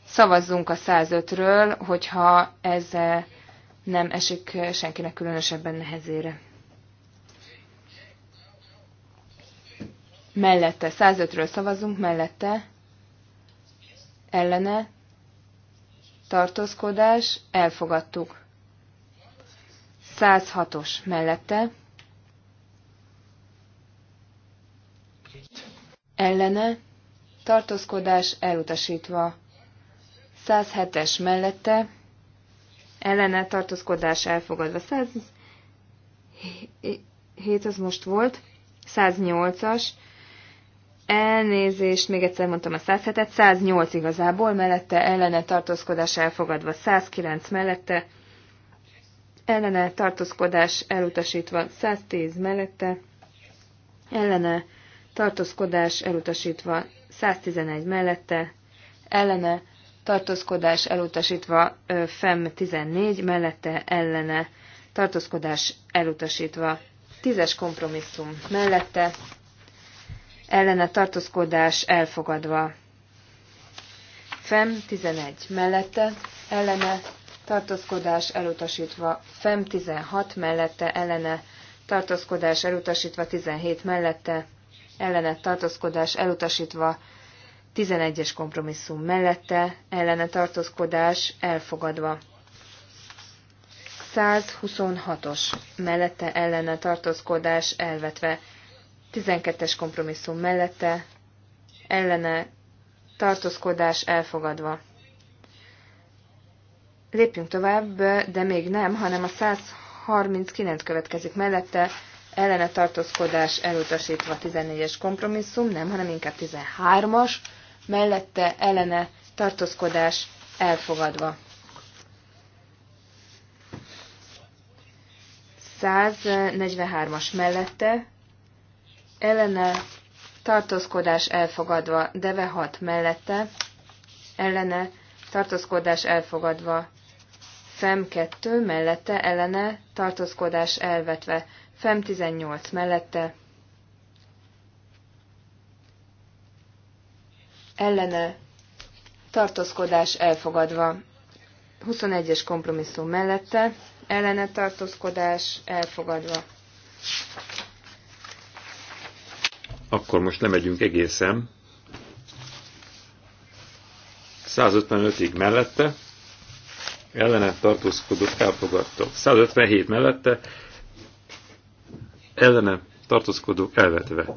Szavazzunk a 105-ről, hogyha ez nem esik senkinek különösebben nehezére. Mellette, 105-ről szavazunk, mellette, ellene, tartózkodás, elfogadtuk. 106-os mellette. Ellene. Tartózkodás elutasítva. 107-es mellette. Ellene tartózkodás elfogadva. 107 az most volt. 108-as. Elnézést, még egyszer mondtam a 107-et, 108 igazából, mellette ellene tartózkodás elfogadva, 109 mellette, ellene tartózkodás elutasítva 110 mellette, ellene tartózkodás elutasítva 111 mellette, ellene tartózkodás elutasítva FEM 14 mellette, ellene tartózkodás elutasítva 10-es kompromisszum mellette, ellene tartózkodás elfogadva. FEM 11 mellette, ellene tartózkodás elutasítva, FEM 16 mellette ellene, tartózkodás elutasítva 17 mellette, ellene tartózkodás elutasítva 11-es kompromisszum mellette, ellene tartózkodás elfogadva. 126-os mellette ellene tartózkodás elvetve, 12-es kompromisszum mellette, ellene tartózkodás elfogadva. Lépjünk tovább, de még nem, hanem a 139 következik mellette, ellene tartózkodás elutasítva 14-es kompromisszum, nem, hanem inkább 13-as, mellette ellene tartózkodás elfogadva. 143-as mellette ellene tartózkodás elfogadva, deve 6 mellette ellene tartózkodás elfogadva, FEM 2 mellette ellene tartózkodás elvetve. FEM 18 mellette ellene tartózkodás elfogadva. 21-es kompromisszum mellette ellene tartózkodás elfogadva. Akkor most nem megyünk egészen. 155-ig mellette ellene tartózkodott elfogadta. 157 mellette ellene tartózkodó elvetve.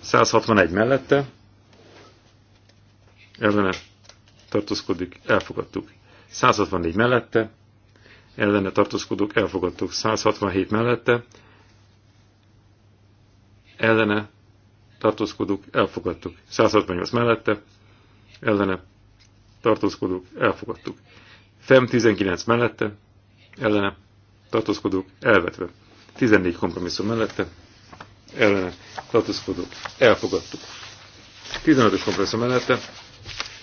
161 mellette ellene tartózkodik, elfogadtuk. 164 mellette ellene tartózkodók elfogadtuk. 167 mellette ellene tartózkodók elfogadtuk. 168 mellette ellene tartózkodók elfogadtuk. FEM 19 mellette, ellene, tartózkodók, elvetve. 14 kompromisszum mellette, ellene, tartózkodók, elfogadtuk. 15-ös kompromisszum mellette,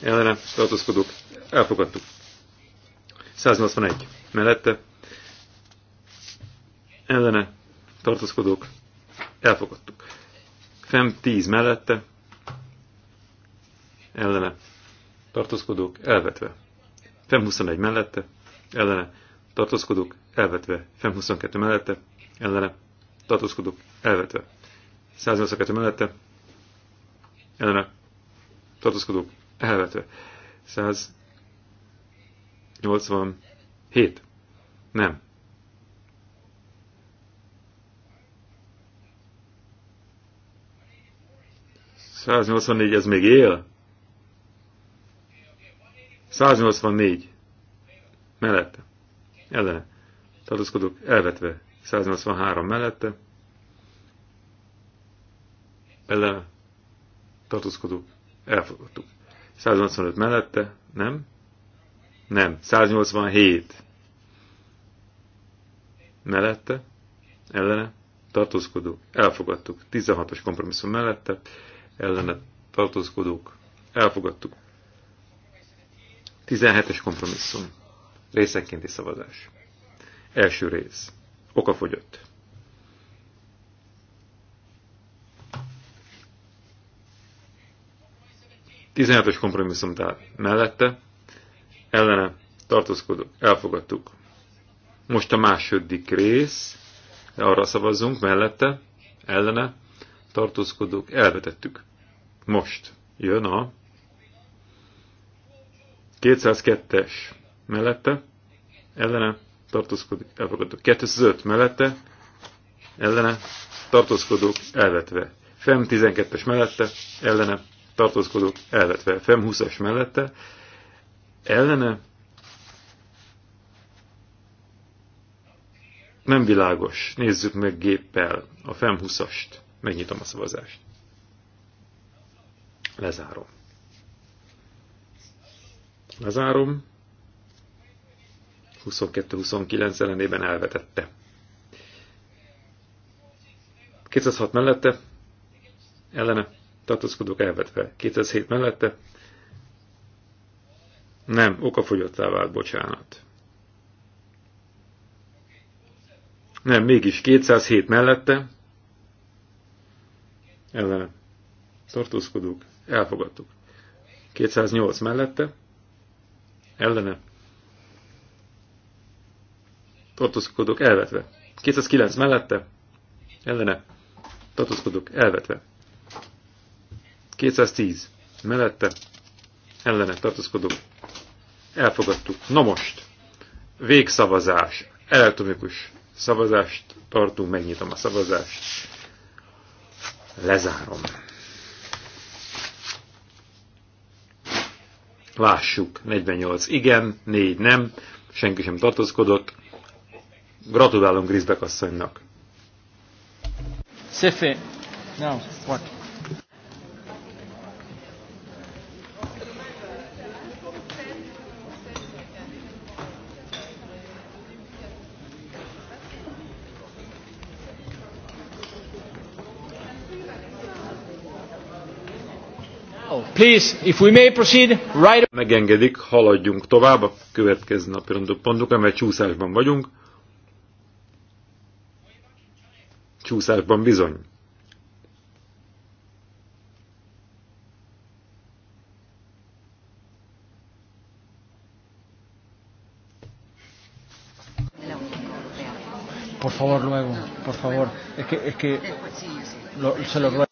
ellene, tartózkodók, elfogadtuk. 181 mellette, ellene, tartózkodók, elfogadtuk. FEM 10 mellette, ellene, tartózkodók, elvetve. FEM 21 mellette, ellene, tartózkodók, elvetve. FEM 22 mellette, ellene, tartózkodók, elvetve. 182 mellette, ellene, tartózkodók, elvetve. 187. Nem. Száznyolcvannégy, ez még él? 184 mellette, ellene, tartózkodók elvetve, 183 mellette, ellene, tartózkodók elfogadtuk. 185 mellette, nem? Nem, 187 mellette, ellene, tartózkodók, elfogadtuk. 16-os kompromisszum mellette, ellene, tartózkodók, elfogadtuk. 17-es kompromisszum. Részenkénti szavazás. Első rész. Oka fogyott. Tizenhetes kompromisszum tehát mellette, ellene tartózkodok, elfogadtuk. Most a második rész, arra szavazzunk, mellette, ellene tartózkodók, elvetettük. Most jön a 202-es mellette, ellene tartózkodik, elfogadó. 205 mellette, ellene tartózkodók elvetve. FEM 12-es mellette, ellene tartózkodók elvetve. FEM 20 es mellette, ellene nem világos. Nézzük meg géppel a FEM 20-ast. Megnyitom a szavazást. Lezárom. Lezárom. 22-29 ellenében elvetette. 206 mellette, ellene, tartózkodók elvetve. 207 mellette, nem, okafogyottá vált, bocsánat. Nem, mégis 207 mellette, ellene, tartózkodók, elfogadtuk. 208 mellette, ellene tartózkodok elvetve. 209 mellette ellene tartózkodok elvetve. 210 mellette ellene tartózkodok elfogadtuk. Na most, végszavazás, elektronikus szavazást tartunk, megnyitom a szavazást, lezárom. Lássuk, 48 igen, 4 nem, senki sem tartozkodott. Gratulálunk Grisbek asszonynak. C'est fait. Now, what? Please, if we may proceed, right... Megengedik, haladjunk tovább a következő napi pontokra, mert csúszásban vagyunk. Csúszásban bizony. Por favor, luego, por favor. Es que, es que lo, se lo ruego.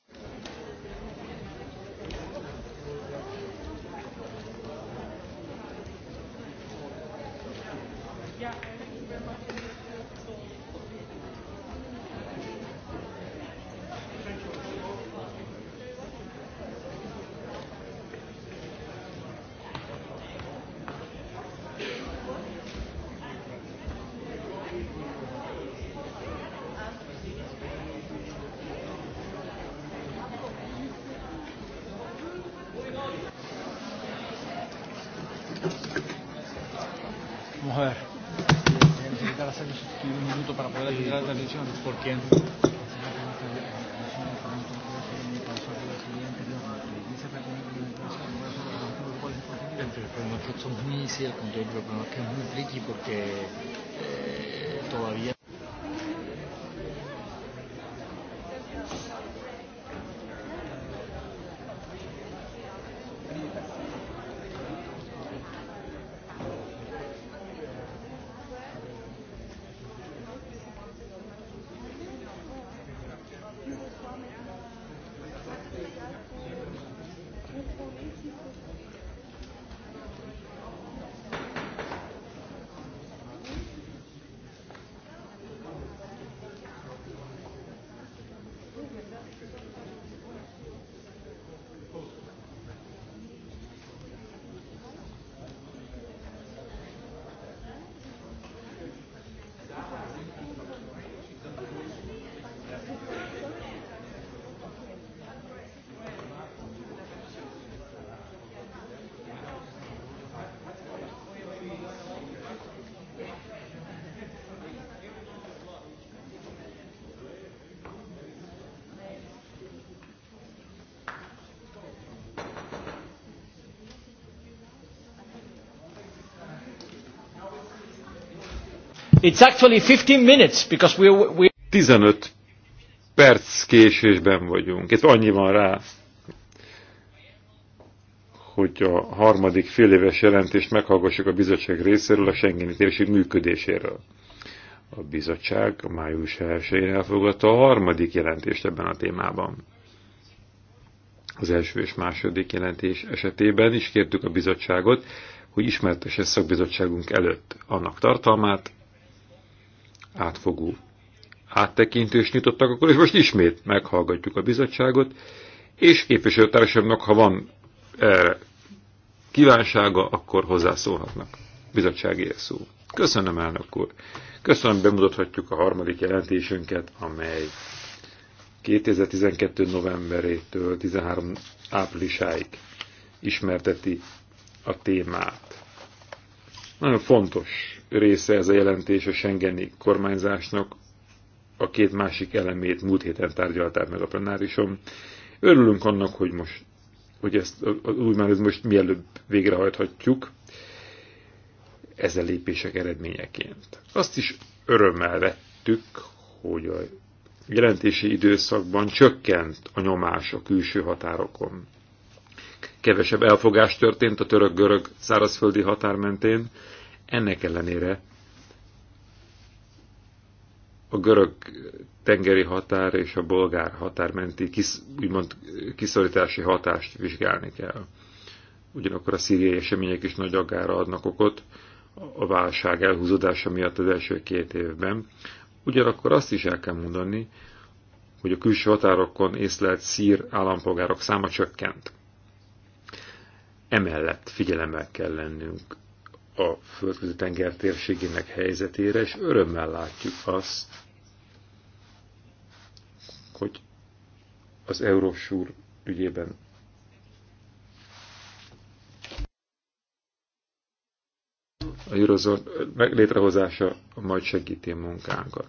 15 perc késésben vagyunk. Itt annyi van rá, hogy a harmadik féléves jelentést meghallgassuk a bizottság részéről a Schengeni térség működéséről. A bizottság május 1-én elfogadta a harmadik jelentést ebben a témában. Az első és második jelentés esetében is kértük a bizottságot, hogy ismertesse szakbizottságunk előtt annak tartalmát, átfogó áttekintés nyitottak, akkor és most ismét meghallgatjuk a bizottságot, és képviselőtársamnak, ha van erre eh, kívánsága, akkor hozzászólhatnak. Bizottsági szó. Köszönöm, elnök úr. Köszönöm, bemutathatjuk a harmadik jelentésünket, amely 2012. novemberétől 13. áprilisáig ismerteti a témát. Nagyon fontos része ez a jelentés a Schengeni kormányzásnak, a két másik elemét múlt héten tárgyalták meg a plenárison. Örülünk annak, hogy most hogy ezt az új most mielőbb végrehajthatjuk ezen lépések eredményeként. Azt is örömmel vettük, hogy a jelentési időszakban csökkent a nyomás a külső határokon. Kevesebb elfogás történt a török-görög szárazföldi határ mentén, ennek ellenére a görög tengeri határ és a bolgár határ menti kisz, úgymond kiszorítási hatást vizsgálni kell. Ugyanakkor a szíriai események is nagy aggára adnak okot a válság elhúzódása miatt az első két évben. Ugyanakkor azt is el kell mondani, hogy a külső határokon észlelt szír állampolgárok száma csökkent. Emellett figyelemmel kell lennünk a földközi tenger térségének helyzetére, és örömmel látjuk azt, hogy az Eurósúr ügyében a Eurozone létrehozása majd segíti munkánkat.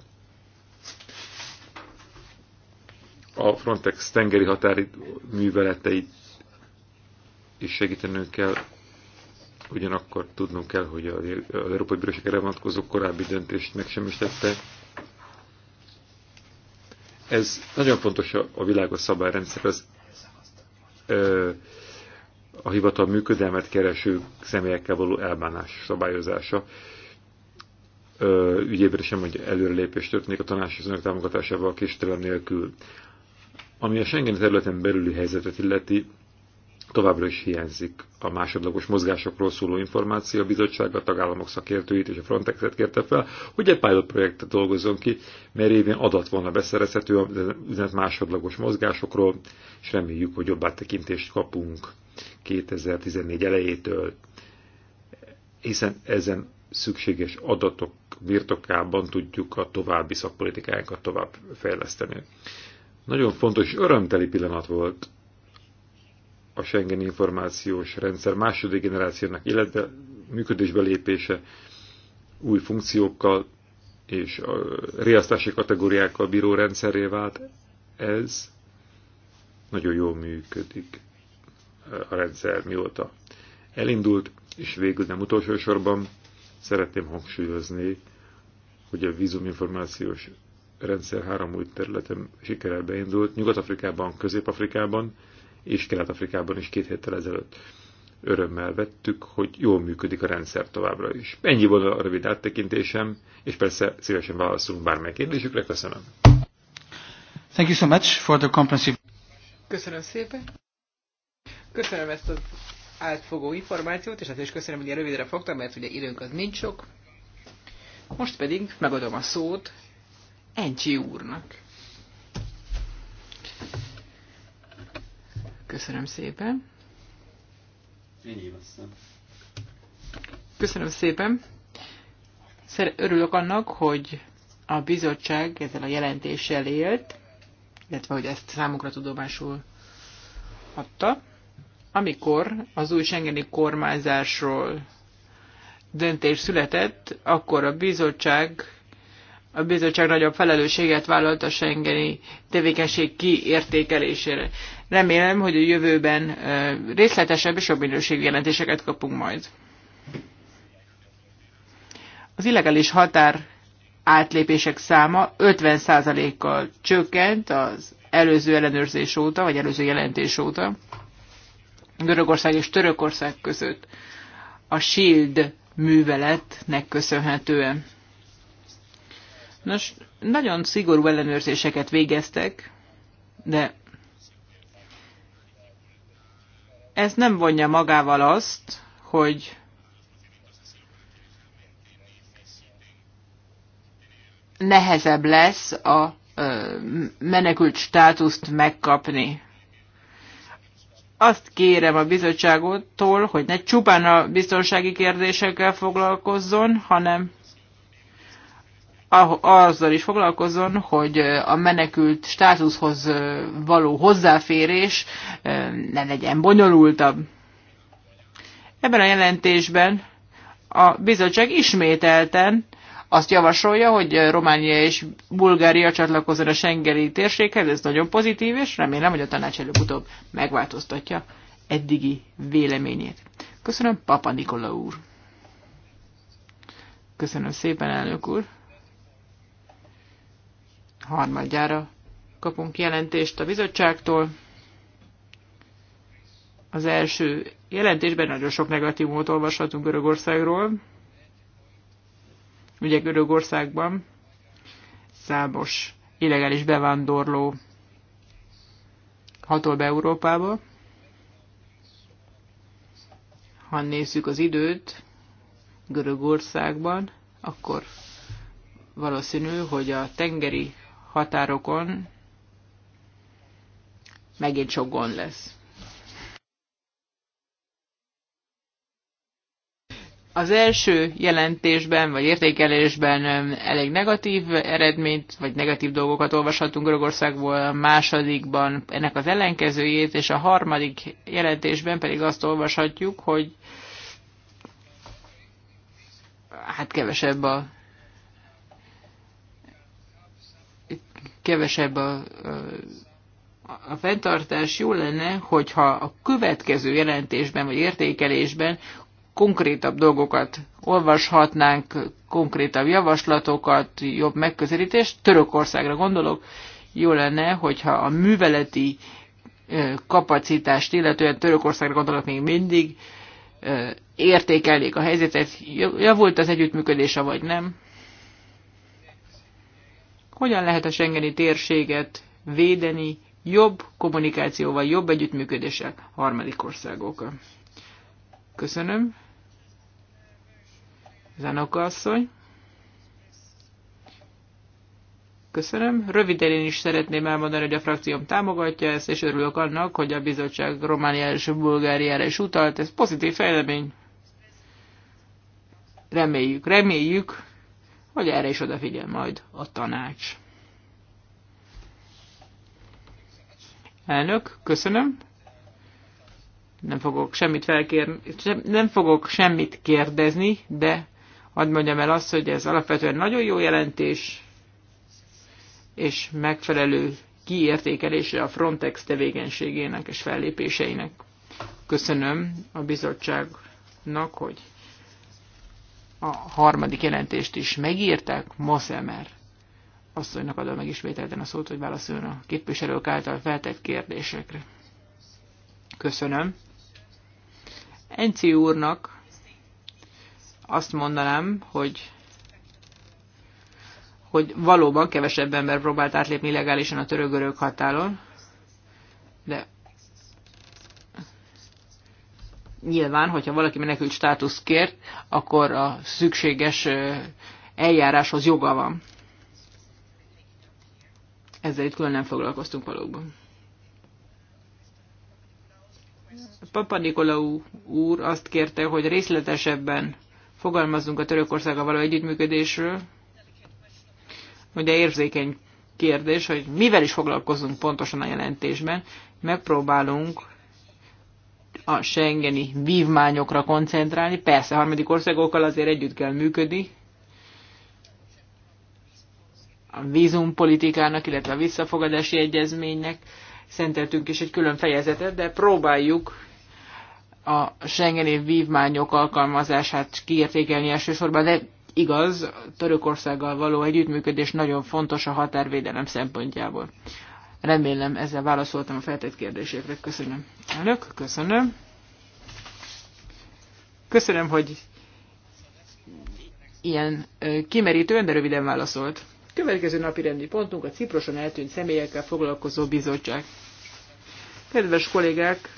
A Frontex tengeri határi műveleteit is segítenünk kell Ugyanakkor tudnunk kell, hogy az Európai Bíróság erre vonatkozó korábbi döntést megsemmisítette. Ez nagyon fontos a világos szabályrendszer, az ö, a hivatal működelmet kereső személyekkel való elbánás szabályozása ügyében sem, hogy előrelépés történik a az önök támogatásával a nélkül. Ami a Schengen területen belüli helyzetet illeti, Továbbra is hiányzik a másodlagos mozgásokról szóló információ. A bizottság a tagállamok szakértőit és a Frontexet kérte fel, hogy egy pilot projektet dolgozzon ki, mert révén adat volna beszerezhető az üzenet másodlagos mozgásokról, és reméljük, hogy jobb áttekintést kapunk 2014 elejétől, hiszen ezen szükséges adatok birtokában tudjuk a további szakpolitikánkat tovább fejleszteni. Nagyon fontos örömteli pillanat volt a Schengen információs rendszer második generációnak illetve működésbe lépése új funkciókkal és a riasztási kategóriákkal bíró rendszeré vált, ez nagyon jól működik a rendszer mióta elindult, és végül nem utolsó sorban szeretném hangsúlyozni, hogy a vízuminformációs rendszer három új területen sikerrel beindult, Nyugat-Afrikában, Közép-Afrikában, és Kelet-Afrikában is két héttel ezelőtt. Örömmel vettük, hogy jól működik a rendszer továbbra is. Ennyi volt a rövid áttekintésem, és persze szívesen válaszolunk bármely kérdésükre. Köszönöm. Thank you so much for the comprehensive... Köszönöm szépen. Köszönöm ezt az átfogó információt, és hát is köszönöm, hogy ilyen rövidre fogtam, mert ugye időnk az nincs sok. Most pedig megadom a szót Encsi úrnak. Köszönöm szépen. Én aztán. Köszönöm szépen. Örülök annak, hogy a bizottság ezzel a jelentéssel élt, illetve hogy ezt számukra tudomásul adta. Amikor az új Schengeni kormányzásról döntés született, akkor a bizottság a bizottság nagyobb felelősséget vállalt a Schengeni tevékenység kiértékelésére. Remélem, hogy a jövőben részletesebb és jobb minőségű jelentéseket kapunk majd. Az illegális határ átlépések száma 50%-kal csökkent az előző ellenőrzés óta, vagy előző jelentés óta Görögország és Törökország között a SHIELD műveletnek köszönhetően. Nos, nagyon szigorú ellenőrzéseket végeztek, de ez nem vonja magával azt, hogy nehezebb lesz a menekült státuszt megkapni. Azt kérem a bizottságottól, hogy ne csupán a biztonsági kérdésekkel foglalkozzon, hanem Ah, azzal is foglalkozzon, hogy a menekült státuszhoz való hozzáférés ne legyen bonyolultabb. Ebben a jelentésben a bizottság ismételten azt javasolja, hogy Románia és Bulgária csatlakozzon a Schengeni térséghez, ez nagyon pozitív, és remélem, hogy a tanács előbb-utóbb megváltoztatja eddigi véleményét. Köszönöm, Papa Nikola úr! Köszönöm szépen, elnök úr! harmadjára kapunk jelentést a bizottságtól. Az első jelentésben nagyon sok negatívumot olvashatunk Görögországról. Ugye Görögországban számos illegális bevándorló hatol be Európába. Ha nézzük az időt Görögországban, akkor valószínű, hogy a tengeri határokon megint sok gond lesz. Az első jelentésben vagy értékelésben um, elég negatív eredményt, vagy negatív dolgokat olvashatunk Görögországból, a másodikban ennek az ellenkezőjét, és a harmadik jelentésben pedig azt olvashatjuk, hogy hát kevesebb a kevesebb a, a, a fenntartás. Jó lenne, hogyha a következő jelentésben vagy értékelésben konkrétabb dolgokat olvashatnánk, konkrétabb javaslatokat, jobb megközelítést. Törökországra gondolok, jó lenne, hogyha a műveleti kapacitást, illetően Törökországra gondolok még mindig, értékelik a helyzetet, javult az együttműködése vagy nem. Hogyan lehet a Schengeni térséget védeni jobb kommunikációval, jobb együttműködéssel harmadik országokkal? Köszönöm. Zanoka asszony. Köszönöm. Röviden én is szeretném elmondani, hogy a frakcióm támogatja ezt, és örülök annak, hogy a bizottság Romániára és Bulgáriára is utalt. Ez pozitív fejlemény. Reméljük, reméljük, hogy erre is odafigyel majd a tanács. Elnök, köszönöm. Nem fogok semmit felkérni, nem fogok semmit kérdezni, de hadd mondjam el azt, hogy ez alapvetően nagyon jó jelentés, és megfelelő kiértékelése a Frontex tevékenységének és fellépéseinek. Köszönöm a bizottságnak, hogy a harmadik jelentést is megírták, Moszemer asszonynak adom meg ismételten a szót, hogy válaszoljon a képviselők által feltett kérdésekre. Köszönöm. Enci úrnak azt mondanám, hogy hogy valóban kevesebb ember próbált átlépni legálisan a török határon, nyilván, hogyha valaki menekült státusz kért, akkor a szükséges eljáráshoz joga van. Ezzel itt külön nem foglalkoztunk valóban. Papa Nikolaou úr azt kérte, hogy részletesebben fogalmazzunk a Törökországgal való együttműködésről. Ugye érzékeny kérdés, hogy mivel is foglalkozunk pontosan a jelentésben. Megpróbálunk a Schengeni vívmányokra koncentrálni. Persze, harmadik országokkal azért együtt kell működni. A vízumpolitikának, illetve a visszafogadási egyezménynek szenteltünk is egy külön fejezetet, de próbáljuk a Schengeni vívmányok alkalmazását kiértékelni elsősorban, de igaz, Törökországgal való együttműködés nagyon fontos a határvédelem szempontjából. Remélem ezzel válaszoltam a feltett kérdésekre. Köszönöm. Elnök, köszönöm. Köszönöm, hogy ilyen kimerítően, de röviden válaszolt. Következő napi rendi pontunk a Ciproson eltűnt személyekkel foglalkozó bizottság. Kedves kollégák,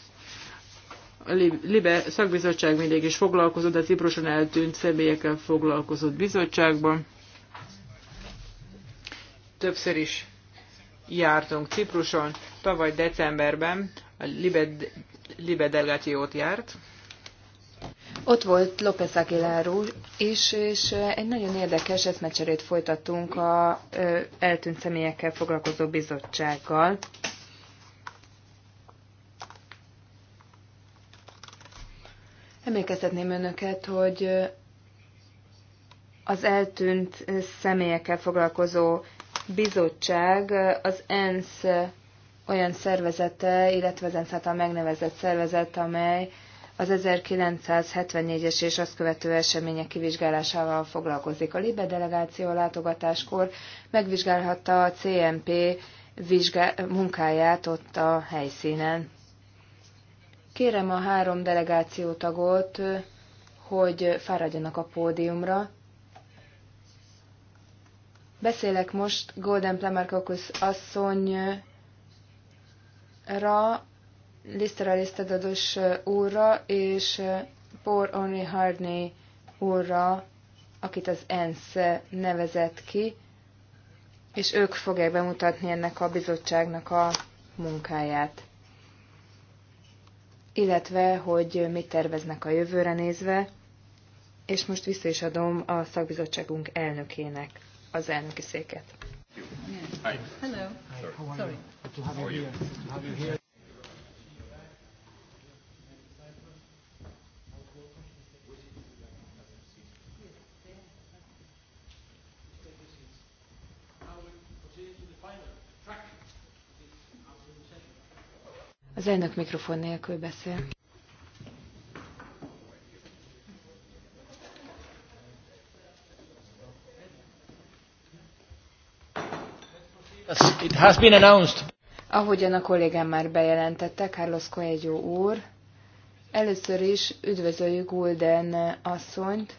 a Libe szakbizottság mindig is foglalkozott a Ciproson eltűnt személyekkel foglalkozott bizottságban. Többször is jártunk Cipruson, tavaly decemberben a Libe, Libe delegációt járt. Ott volt López Aguilar is, és egy nagyon érdekes eszmecserét folytattunk a eltűnt személyekkel foglalkozó bizottsággal. Emlékeztetném önöket, hogy az eltűnt személyekkel foglalkozó bizottság eh, az ENSZ eh, olyan szervezete, illetve az ENSZ által megnevezett szervezet, amely az 1974-es és azt követő események kivizsgálásával foglalkozik. A Libe delegáció látogatáskor megvizsgálhatta a CMP vizsgá- munkáját ott a helyszínen. Kérem a három delegáció tagot, eh, hogy fáradjanak a pódiumra, Beszélek most Golden Plemarkokus asszonyra, Lister Lisztadadus úrra és Paul Only Hardney úrra, akit az ENSZ nevezett ki, és ők fogják bemutatni ennek a bizottságnak a munkáját. Illetve, hogy mit terveznek a jövőre nézve, és most vissza is adom a szakbizottságunk elnökének az elnöki széket. Az elnök mikrofon nélkül beszél. It has been announced. Ahogyan a kollégám már bejelentette, Carlos Coelho úr, először is üdvözöljük Gulden asszonyt.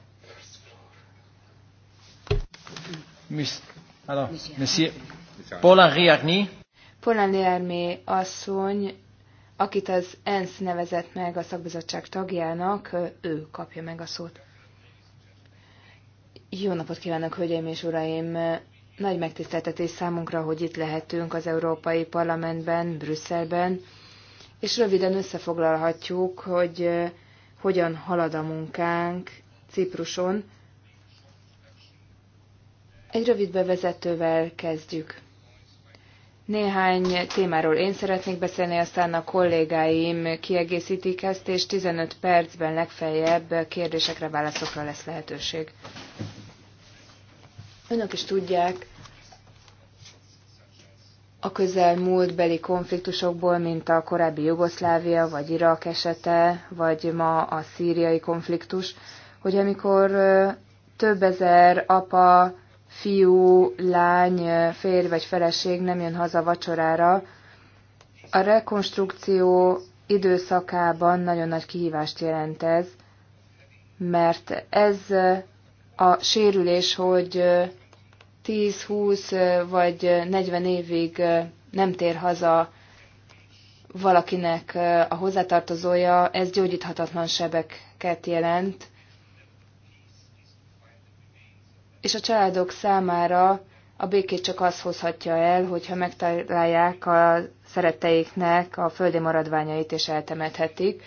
Polan alors, Riarni asszony, akit az ENSZ nevezett meg a szakbizottság tagjának, ő kapja meg a szót. Jó napot kívánok, hölgyeim és uraim! Nagy megtiszteltetés számunkra, hogy itt lehetünk az Európai Parlamentben, Brüsszelben, és röviden összefoglalhatjuk, hogy hogyan halad a munkánk Cipruson. Egy rövid bevezetővel kezdjük. Néhány témáról én szeretnék beszélni, aztán a kollégáim kiegészítik ezt, és 15 percben legfeljebb kérdésekre, válaszokra lesz lehetőség. Önök is tudják, a közelmúltbeli konfliktusokból, mint a korábbi Jugoszlávia, vagy Irak esete, vagy ma a szíriai konfliktus, hogy amikor több ezer apa, fiú, lány, férj vagy feleség nem jön haza vacsorára, a rekonstrukció időszakában nagyon nagy kihívást jelent ez, mert ez a sérülés, hogy 10-20 vagy 40 évig nem tér haza valakinek a hozzátartozója, ez gyógyíthatatlan sebeket jelent, és a családok számára a békét csak az hozhatja el, hogyha megtalálják a szeretteiknek a földi maradványait és eltemethetik.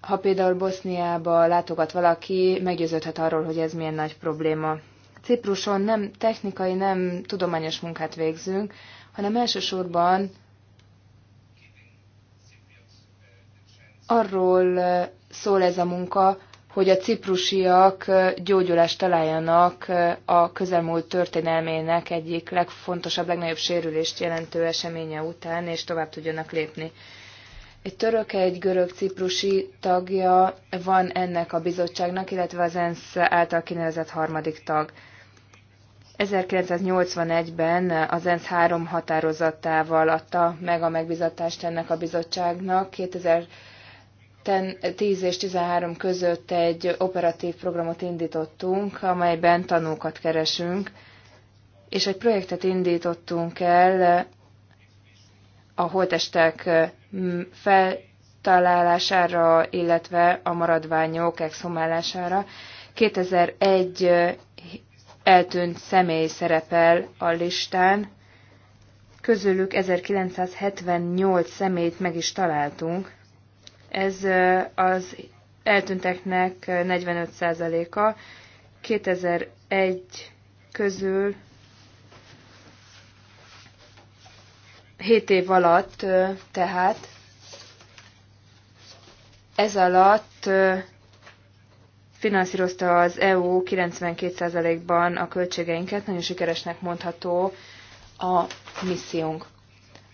Ha például Boszniába látogat valaki, meggyőződhet arról, hogy ez milyen nagy probléma. Cipruson nem technikai, nem tudományos munkát végzünk, hanem elsősorban arról szól ez a munka, hogy a ciprusiak gyógyulást találjanak a közelmúlt történelmének egyik legfontosabb, legnagyobb sérülést jelentő eseménye után, és tovább tudjanak lépni. Egy török, egy görög-ciprusi tagja van ennek a bizottságnak, illetve az ENSZ által kinevezett harmadik tag. 1981-ben az ENSZ három határozatával adta meg a megbizatást ennek a bizottságnak. 2010 és 13 között egy operatív programot indítottunk, amelyben tanúkat keresünk, és egy projektet indítottunk el a holtestek mm, feltalálására, illetve a maradványok exhumálására. 2001 eltűnt személy szerepel a listán. Közülük 1978 személyt meg is találtunk. Ez az eltűnteknek 45%-a. 2001 közül 7 év alatt, tehát ez alatt finanszírozta az EU 92%-ban a költségeinket, nagyon sikeresnek mondható a missziónk.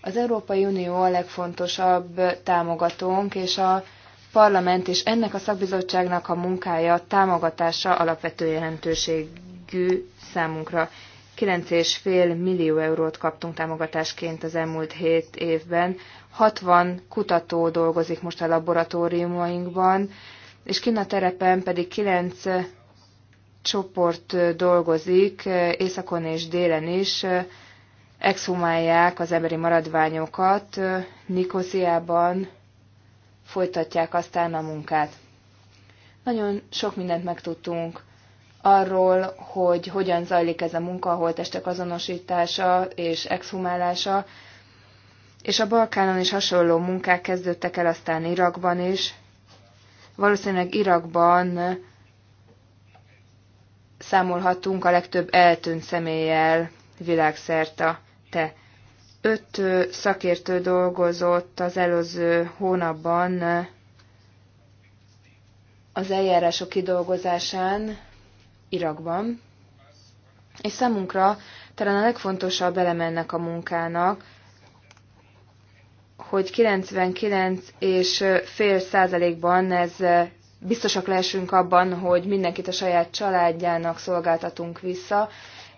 Az Európai Unió a legfontosabb támogatónk, és a parlament és ennek a szakbizottságnak a munkája, támogatása alapvető jelentőségű számunkra. 9,5 millió eurót kaptunk támogatásként az elmúlt 7 évben. 60 kutató dolgozik most a laboratóriumainkban, és Kína terepen pedig kilenc csoport dolgozik, északon és délen is, exhumálják az emberi maradványokat, Nikosziában folytatják aztán a munkát. Nagyon sok mindent megtudtunk arról, hogy hogyan zajlik ez a munka, holtestek azonosítása és exhumálása, és a Balkánon is hasonló munkák kezdődtek el, aztán Irakban is, Valószínűleg Irakban számolhatunk a legtöbb eltűnt személlyel világszerte. Te. Öt szakértő dolgozott az előző hónapban az eljárások kidolgozásán Irakban, és számunkra talán a legfontosabb elemennek a munkának hogy 99 és fél százalékban ez eh, biztosak lehessünk abban, hogy mindenkit a saját családjának szolgáltatunk vissza.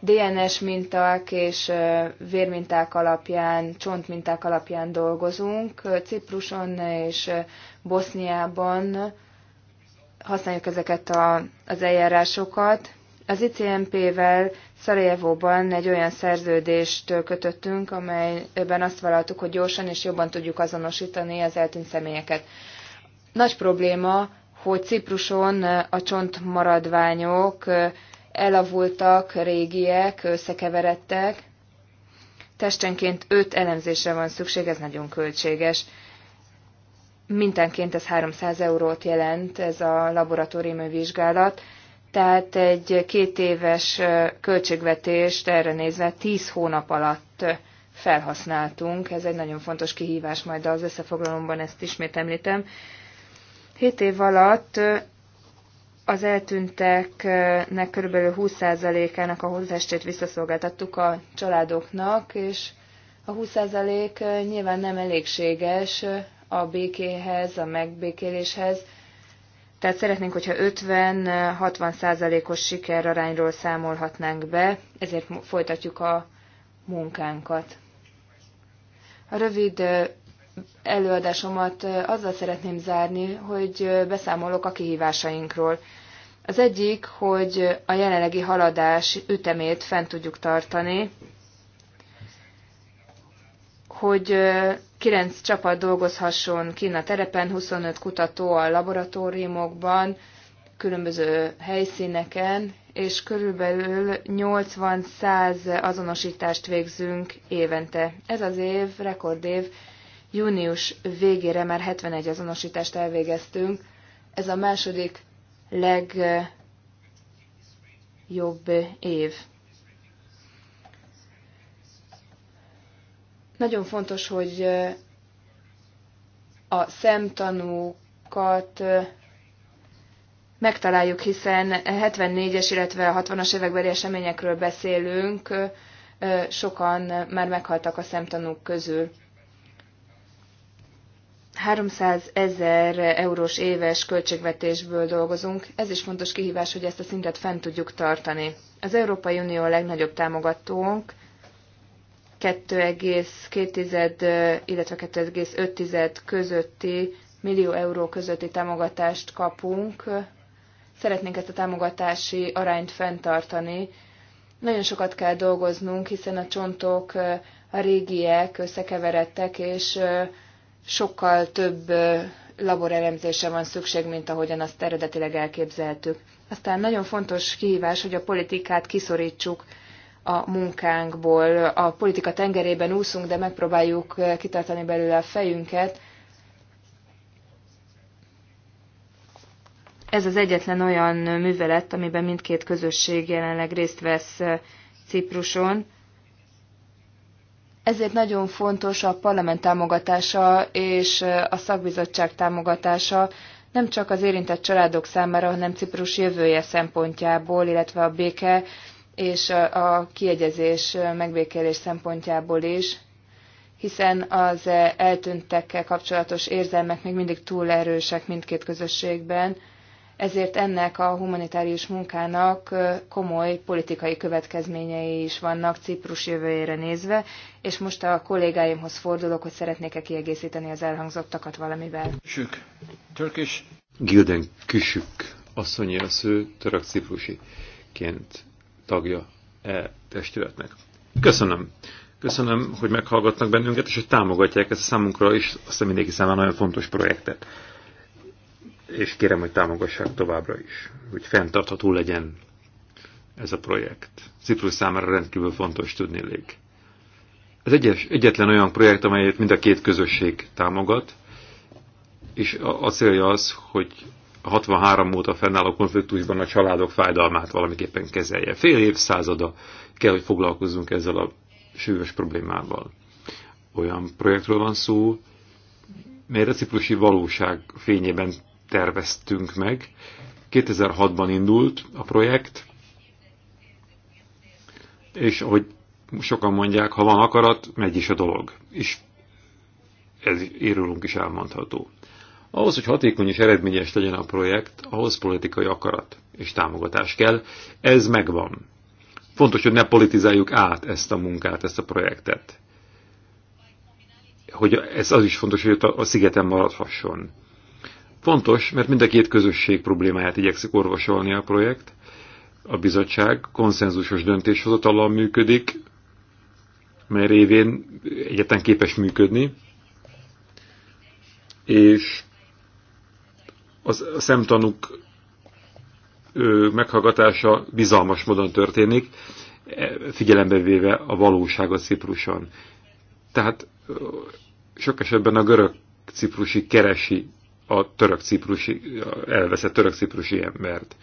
DNS minták és eh, vérminták alapján, csontminták alapján dolgozunk. Cipruson és eh, Boszniában használjuk ezeket a, az eljárásokat. Az ICMP-vel Szarajevóban egy olyan szerződést kötöttünk, amelyben azt vállaltuk, hogy gyorsan és jobban tudjuk azonosítani az eltűnt személyeket. Nagy probléma, hogy Cipruson a csontmaradványok elavultak, régiek, összekeveredtek. Testenként öt elemzésre van szükség, ez nagyon költséges. Mindenként ez 300 eurót jelent, ez a laboratóriumi vizsgálat tehát egy két éves költségvetést erre nézve tíz hónap alatt felhasználtunk. Ez egy nagyon fontos kihívás, majd az összefoglalomban ezt ismét említem. Hét év alatt az eltűnteknek kb. 20%-ának a hozzástét visszaszolgáltattuk a családoknak, és a 20% nyilván nem elégséges a békéhez, a megbékéléshez, tehát szeretnénk, hogyha 50-60 százalékos sikerarányról számolhatnánk be, ezért folytatjuk a munkánkat. A rövid előadásomat azzal szeretném zárni, hogy beszámolok a kihívásainkról. Az egyik, hogy a jelenlegi haladás ütemét fent tudjuk tartani, hogy kilenc csapat dolgozhasson kint a terepen, 25 kutató a laboratóriumokban, különböző helyszíneken, és körülbelül 80-100 azonosítást végzünk évente. Ez az év, rekordév, június végére már 71 azonosítást elvégeztünk. Ez a második legjobb év. Nagyon fontos, hogy a szemtanúkat megtaláljuk, hiszen 74-es, illetve 60-as évekbeli eseményekről beszélünk, sokan már meghaltak a szemtanúk közül. 300 ezer eurós éves költségvetésből dolgozunk, ez is fontos kihívás, hogy ezt a szintet fent tudjuk tartani. Az Európai Unió a legnagyobb támogatónk, 2,2, illetve 2,5 közötti millió euró közötti támogatást kapunk. Szeretnénk ezt a támogatási arányt fenntartani. Nagyon sokat kell dolgoznunk, hiszen a csontok a régiek összekeveredtek, és sokkal több laborelemzésre van szükség, mint ahogyan azt eredetileg elképzeltük. Aztán nagyon fontos kihívás, hogy a politikát kiszorítsuk a munkánkból. A politika tengerében úszunk, de megpróbáljuk kitartani belőle a fejünket. Ez az egyetlen olyan művelet, amiben mindkét közösség jelenleg részt vesz eh, Cipruson. Ezért nagyon fontos a parlament támogatása és eh, a szakbizottság támogatása, nem csak az érintett családok számára, hanem Ciprus jövője szempontjából, illetve a béke és a kiegyezés megbékélés szempontjából is, hiszen az eltűntekkel kapcsolatos érzelmek még mindig túl erősek mindkét közösségben, ezért ennek a humanitárius munkának komoly politikai következményei is vannak Ciprus jövőjére nézve, és most a kollégáimhoz fordulok, hogy szeretnék-e kiegészíteni az elhangzottakat valamivel. Sük. Turkish. Gilden Küsük, asszonyi a sző, török ciprusiként tagja e testületnek. Köszönöm. Köszönöm, hogy meghallgatnak bennünket, és hogy támogatják ezt a számunkra is, azt a mindenki számára nagyon fontos projektet. És kérem, hogy támogassák továbbra is, hogy fenntartható legyen ez a projekt. Ciprus számára rendkívül fontos tudni lég. Ez egyes, egyetlen olyan projekt, amelyet mind a két közösség támogat, és a, a célja az, hogy 63 óta fennálló konfliktusban a családok fájdalmát valamiképpen kezelje. Fél évszázada kell, hogy foglalkozzunk ezzel a sűrűs problémával. Olyan projektről van szó, mely reciprusi valóság fényében terveztünk meg. 2006-ban indult a projekt, és ahogy sokan mondják, ha van akarat, megy is a dolog. És ez írulunk is elmondható. Ahhoz, hogy hatékony és eredményes legyen a projekt, ahhoz politikai akarat és támogatás kell. Ez megvan. Fontos, hogy ne politizáljuk át ezt a munkát, ezt a projektet. Hogy ez az is fontos, hogy a szigeten maradhasson. Fontos, mert mind a két közösség problémáját igyekszik orvosolni a projekt. A bizottság konszenzusos döntéshozatalan működik, mert révén egyetlen képes működni, és az, a szemtanúk meghallgatása bizalmas módon történik, e, figyelembe véve a valóságot Cipruson. Tehát sok esetben a görög-ciprusi keresi a török-ciprusi, elveszett török-ciprusi embert.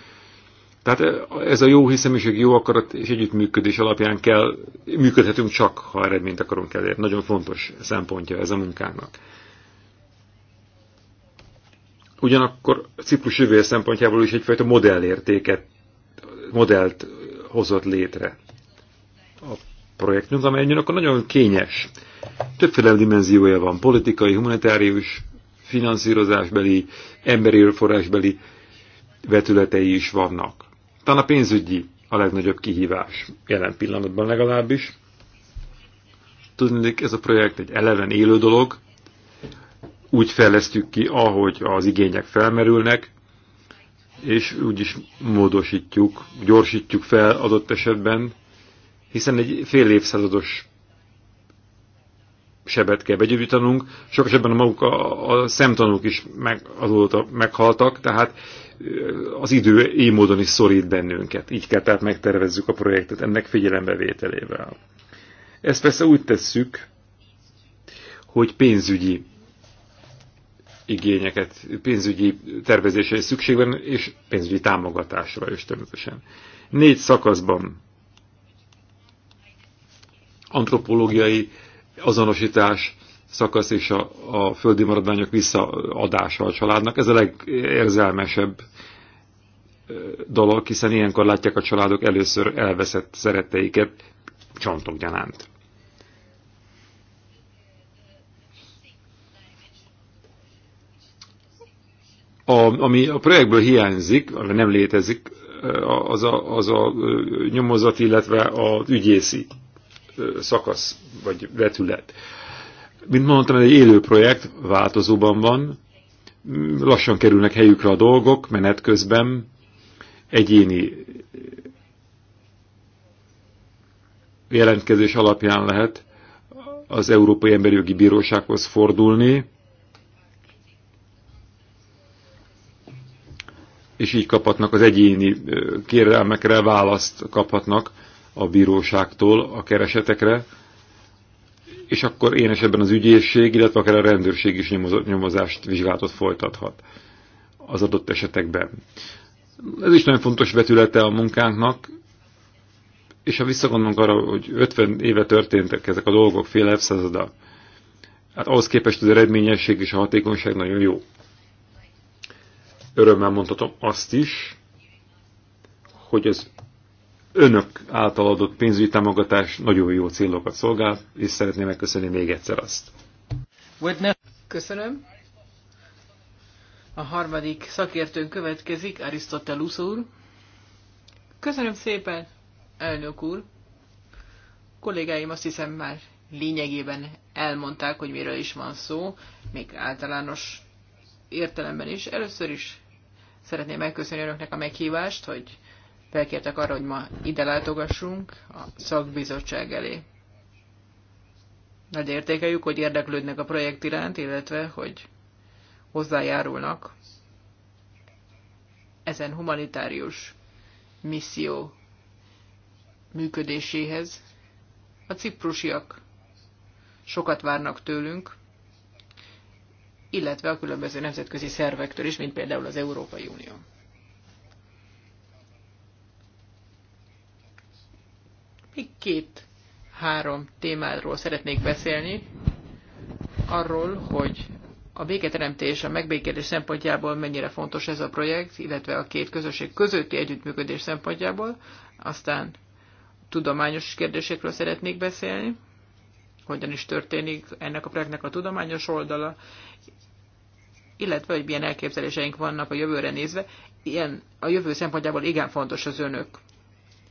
Tehát ez a jó hiszeműség, jó akarat és együttműködés alapján kell, működhetünk csak, ha eredményt akarunk elérni. Nagyon fontos szempontja ez a munkának ugyanakkor Ciprus jövője szempontjából is egyfajta modellértéket, modellt hozott létre a projektünk, amely akkor nagyon kényes. Többféle dimenziója van, politikai, humanitárius, finanszírozásbeli, emberi erőforrásbeli vetületei is vannak. Talán a pénzügyi a legnagyobb kihívás, jelen pillanatban legalábbis. Tudni, ez a projekt egy eleven élő dolog, úgy fejlesztjük ki, ahogy az igények felmerülnek, és úgy is módosítjuk, gyorsítjuk fel adott esetben, hiszen egy fél évszázados sebet kell begyűjtanunk, sok esetben a maguk a, a szemtanúk is meg, azóta meghaltak, tehát az idő így módon is szorít bennünket. Így kell tehát megtervezzük a projektet ennek figyelembevételével. Ezt persze úgy tesszük, hogy pénzügyi igényeket, pénzügyi tervezésre is szükség van, és pénzügyi támogatásra is természetesen. Négy szakaszban antropológiai azonosítás szakasz és a, a földi maradványok visszaadása a családnak. Ez a legérzelmesebb dolog, hiszen ilyenkor látják a családok először elveszett szeretteiket csontokgyanánt. a, ami a projektből hiányzik, ami nem létezik, az a, az a nyomozat, illetve az ügyészi szakasz, vagy vetület. Mint mondtam, ez egy élő projekt, változóban van, lassan kerülnek helyükre a dolgok, menet közben egyéni jelentkezés alapján lehet az Európai Emberi Jogi Bírósághoz fordulni, és így kaphatnak az egyéni kérelmekre választ kaphatnak a bíróságtól a keresetekre, és akkor én esetben az ügyészség, illetve akár a rendőrség is nyomozást, vizsgálatot folytathat az adott esetekben. Ez is nagyon fontos vetülete a munkánknak, és ha visszagondolunk arra, hogy 50 éve történtek ezek a dolgok, fél évszázada, hát ahhoz képest az eredményesség és a hatékonyság nagyon jó. Örömmel mondhatom azt is, hogy az önök által adott pénzügyi támogatás nagyon jó célokat szolgál, és szeretném megköszönni még egyszer azt. Köszönöm. A harmadik szakértőn következik, Arisztotelusz úr. Köszönöm szépen, elnök úr. Kollégáim azt hiszem már lényegében elmondták, hogy miről is van szó, még általános értelemben is. Először is szeretném megköszönni önöknek a meghívást, hogy felkértek arra, hogy ma ide látogassunk a szakbizottság elé. Nagy értékeljük, hogy érdeklődnek a projekt iránt, illetve hogy hozzájárulnak ezen humanitárius misszió működéséhez. A ciprusiak sokat várnak tőlünk, illetve a különböző nemzetközi szervektől is, mint például az Európai Unió. Még két-három témáról szeretnék beszélni. Arról, hogy a béketeremtés, a megbékélés szempontjából mennyire fontos ez a projekt, illetve a két közösség közötti együttműködés szempontjából. Aztán tudományos kérdésekről szeretnék beszélni hogyan is történik ennek a projektnek a tudományos oldala, illetve hogy milyen elképzeléseink vannak a jövőre nézve. Ilyen a jövő szempontjából igen fontos az önök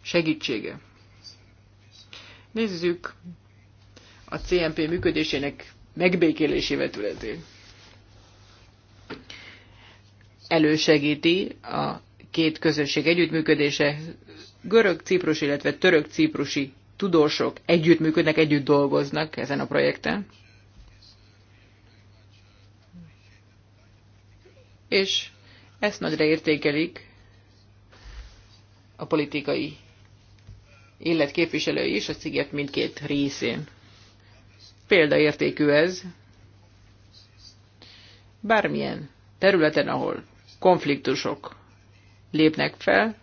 segítsége. Nézzük a CMP működésének megbékélési vetületét. Elősegíti a két közösség együttműködése görög-ciprus, illetve török-ciprusi tudósok együttműködnek, együtt dolgoznak ezen a projekten. És ezt nagyra értékelik a politikai élet képviselői is a sziget mindkét részén. Példaértékű ez. Bármilyen területen, ahol konfliktusok lépnek fel,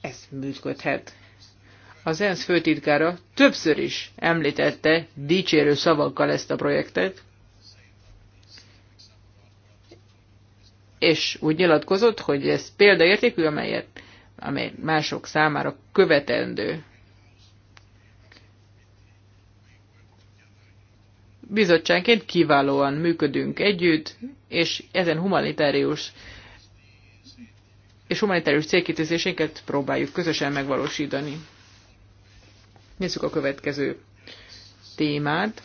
ez működhet az ENSZ főtitkára többször is említette dicsérő szavakkal ezt a projektet, és úgy nyilatkozott, hogy ez példaértékű, amelyet, amely mások számára követendő. Bizottságként kiválóan működünk együtt, és ezen humanitárius és humanitárius célkitűzésénket próbáljuk közösen megvalósítani. Nézzük a következő témát.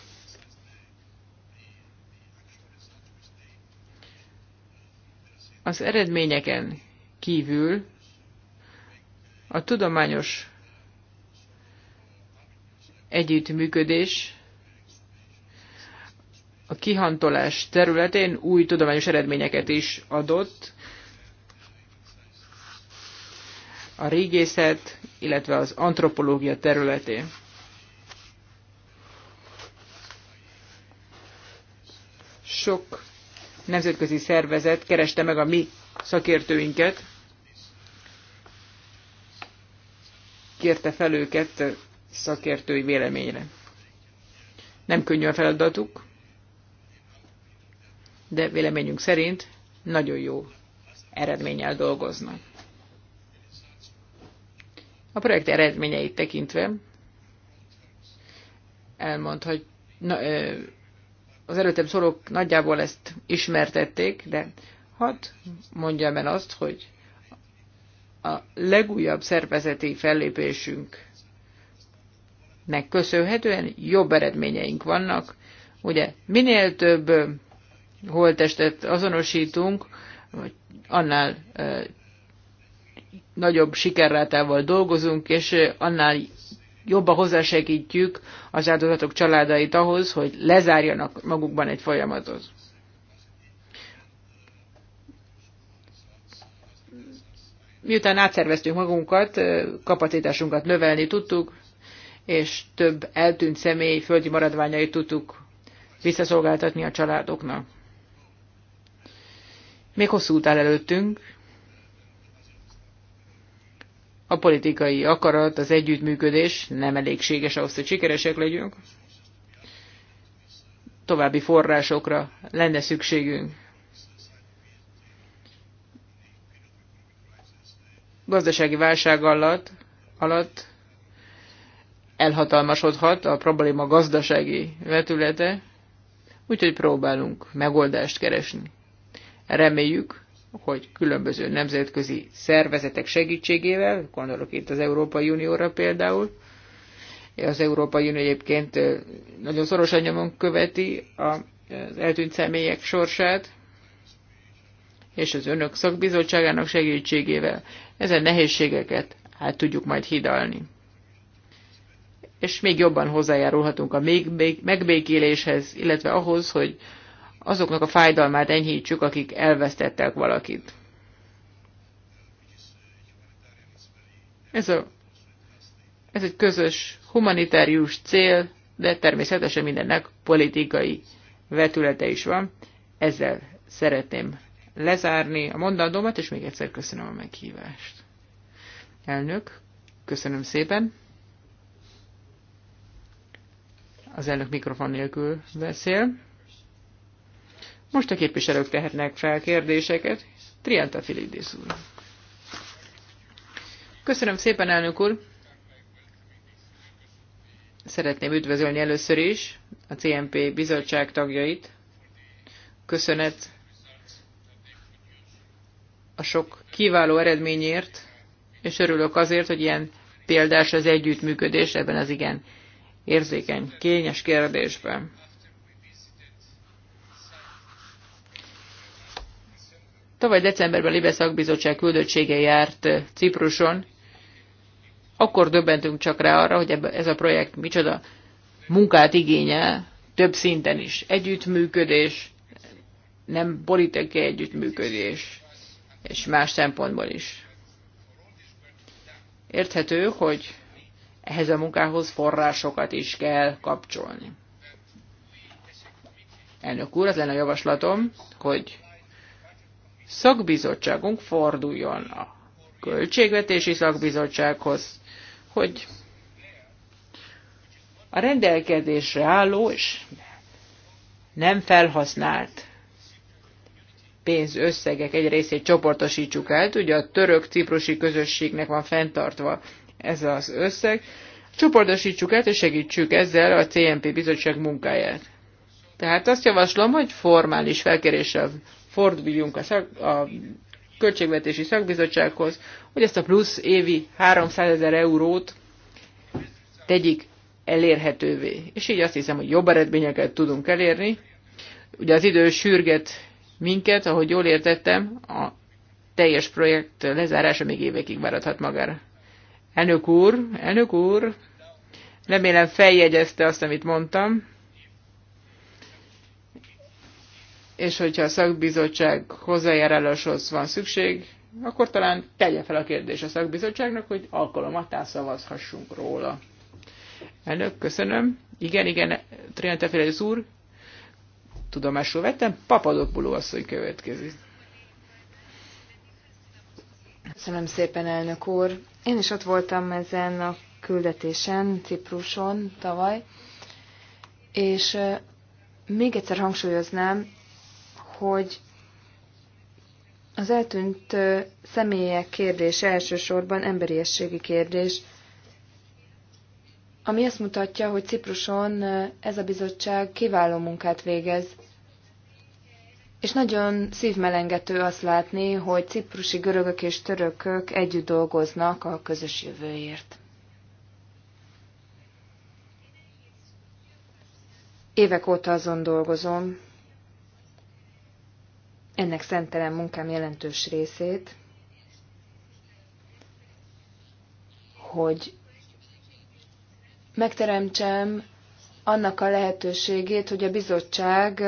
Az eredményeken kívül a tudományos együttműködés a kihantolás területén új tudományos eredményeket is adott. A régészet, illetve az antropológia területén. Sok nemzetközi szervezet kereste meg a mi szakértőinket, kérte fel őket szakértői véleményre. Nem könnyű a feladatuk, de véleményünk szerint nagyon jó eredménnyel dolgoznak. A projekt eredményeit tekintve hogy na, az előttem szorok nagyjából ezt ismertették, de hadd mondjam el azt, hogy a legújabb szervezeti fellépésünknek köszönhetően jobb eredményeink vannak. Ugye minél több holttestet azonosítunk, annál nagyobb sikerrátával dolgozunk, és annál jobban hozzásegítjük az áldozatok családait ahhoz, hogy lezárjanak magukban egy folyamatot. Miután átszerveztünk magunkat, kapacitásunkat növelni tudtuk, és több eltűnt személy földi maradványait tudtuk visszaszolgáltatni a családoknak. Még hosszú út áll előttünk, a politikai akarat, az együttműködés nem elégséges ahhoz, hogy sikeresek legyünk. További forrásokra lenne szükségünk. Gazdasági válság alatt, alatt elhatalmasodhat a probléma gazdasági vetülete, úgyhogy próbálunk megoldást keresni. Reméljük, hogy különböző nemzetközi szervezetek segítségével, gondolok itt az Európai Unióra például, az Európai Unió egyébként nagyon szoros anyagon követi az eltűnt személyek sorsát, és az önök szakbizottságának segítségével ezen nehézségeket hát tudjuk majd hidalni. És még jobban hozzájárulhatunk a megbékéléshez, illetve ahhoz, hogy azoknak a fájdalmát enyhítsük, akik elvesztettek valakit. Ez, a, ez egy közös humanitárius cél, de természetesen mindennek politikai vetülete is van. Ezzel szeretném lezárni a mondandómat, és még egyszer köszönöm a meghívást. Elnök, köszönöm szépen. Az elnök mikrofon nélkül beszél. Most a képviselők tehetnek fel kérdéseket. Trianta Filidis úr. Köszönöm szépen, elnök úr! Szeretném üdvözölni először is a CMP bizottság tagjait. Köszönet a sok kiváló eredményért, és örülök azért, hogy ilyen példás az együttműködés ebben az igen érzékeny, kényes kérdésben. Tavaly decemberben a Libe szakbizottság küldöttsége járt eh, Cipruson. Akkor döbbentünk csak rá arra, hogy ez a projekt micsoda munkát igényel, több szinten is. Együttműködés, nem politikai együttműködés, és más szempontból is. Érthető, hogy ehhez a munkához forrásokat is kell kapcsolni. Elnök úr, az lenne a javaslatom, hogy szakbizottságunk forduljon a költségvetési szakbizottsághoz, hogy a rendelkezésre álló és nem felhasznált pénzösszegek egy részét csoportosítsuk át. Ugye a török-ciprusi közösségnek van fenntartva ez az összeg. Csoportosítsuk át és segítsük ezzel a CNP bizottság munkáját. Tehát azt javaslom, hogy formális felkéréssel forduljunk a, szak, a költségvetési szakbizottsághoz, hogy ezt a plusz évi 300 ezer eurót tegyik elérhetővé. És így azt hiszem, hogy jobb eredményeket tudunk elérni. Ugye az idő sürget minket, ahogy jól értettem, a teljes projekt lezárása még évekig maradhat magára. Elnök úr, elnök úr, remélem feljegyezte azt, amit mondtam. és hogyha a szakbizottság hozzájáráláshoz van szükség, akkor talán tegye fel a kérdés a szakbizottságnak, hogy alkalomattá szavazhassunk róla. Elnök, köszönöm. Igen, igen, Tefélez úr, tudomásul vettem, Papadopuló asszony következik. Köszönöm szépen, elnök úr. Én is ott voltam ezen a küldetésen, Cipruson tavaly, és még egyszer hangsúlyoznám, hogy az eltűnt személyek kérdése elsősorban emberiességi kérdés, ami azt mutatja, hogy Cipruson ez a bizottság kiváló munkát végez. És nagyon szívmelengető azt látni, hogy ciprusi görögök és törökök együtt dolgoznak a közös jövőért. Évek óta azon dolgozom, ennek szentelen munkám jelentős részét, hogy megteremtsem annak a lehetőségét, hogy a bizottság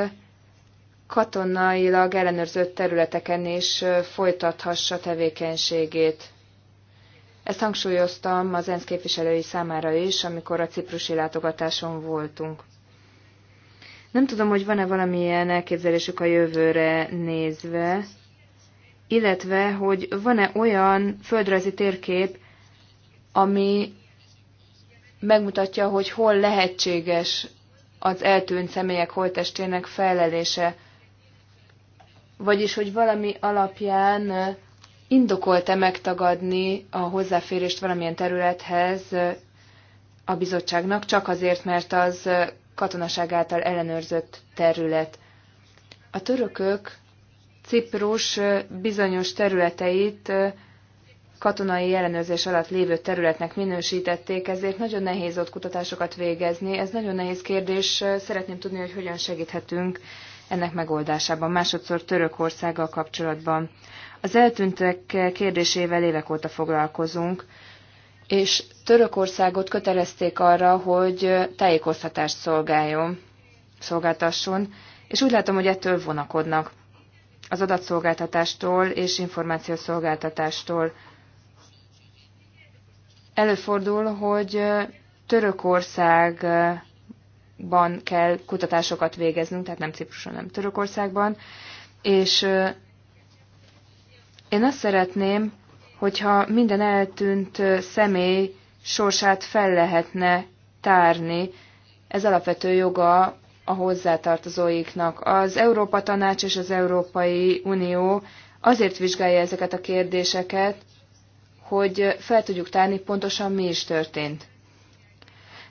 katonailag ellenőrzött területeken is folytathassa tevékenységét. Ezt hangsúlyoztam az ENSZ képviselői számára is, amikor a ciprusi látogatáson voltunk. Nem tudom, hogy van-e valamilyen elképzelésük a jövőre nézve, illetve, hogy van-e olyan földrajzi térkép, ami megmutatja, hogy hol lehetséges az eltűnt személyek holtestének felelése. Vagyis, hogy valami alapján indokolta megtagadni a hozzáférést valamilyen területhez a bizottságnak, csak azért, mert az katonaság által ellenőrzött terület. A törökök Ciprus bizonyos területeit katonai ellenőrzés alatt lévő területnek minősítették, ezért nagyon nehéz ott kutatásokat végezni. Ez nagyon nehéz kérdés, szeretném tudni, hogy hogyan segíthetünk ennek megoldásában. Másodszor Törökországgal kapcsolatban. Az eltűntek kérdésével évek óta foglalkozunk, és Törökországot kötelezték arra, hogy tájékoztatást szolgáljon, szolgáltasson, és úgy látom, hogy ettől vonakodnak az adatszolgáltatástól és információszolgáltatástól. Előfordul, hogy Törökországban kell kutatásokat végeznünk, tehát nem Cipruson, nem Törökországban, és én azt szeretném, hogyha minden eltűnt személy sorsát fel lehetne tárni. Ez alapvető joga a hozzátartozóiknak. Az Európa Tanács és az Európai Unió azért vizsgálja ezeket a kérdéseket, hogy fel tudjuk tárni pontosan mi is történt.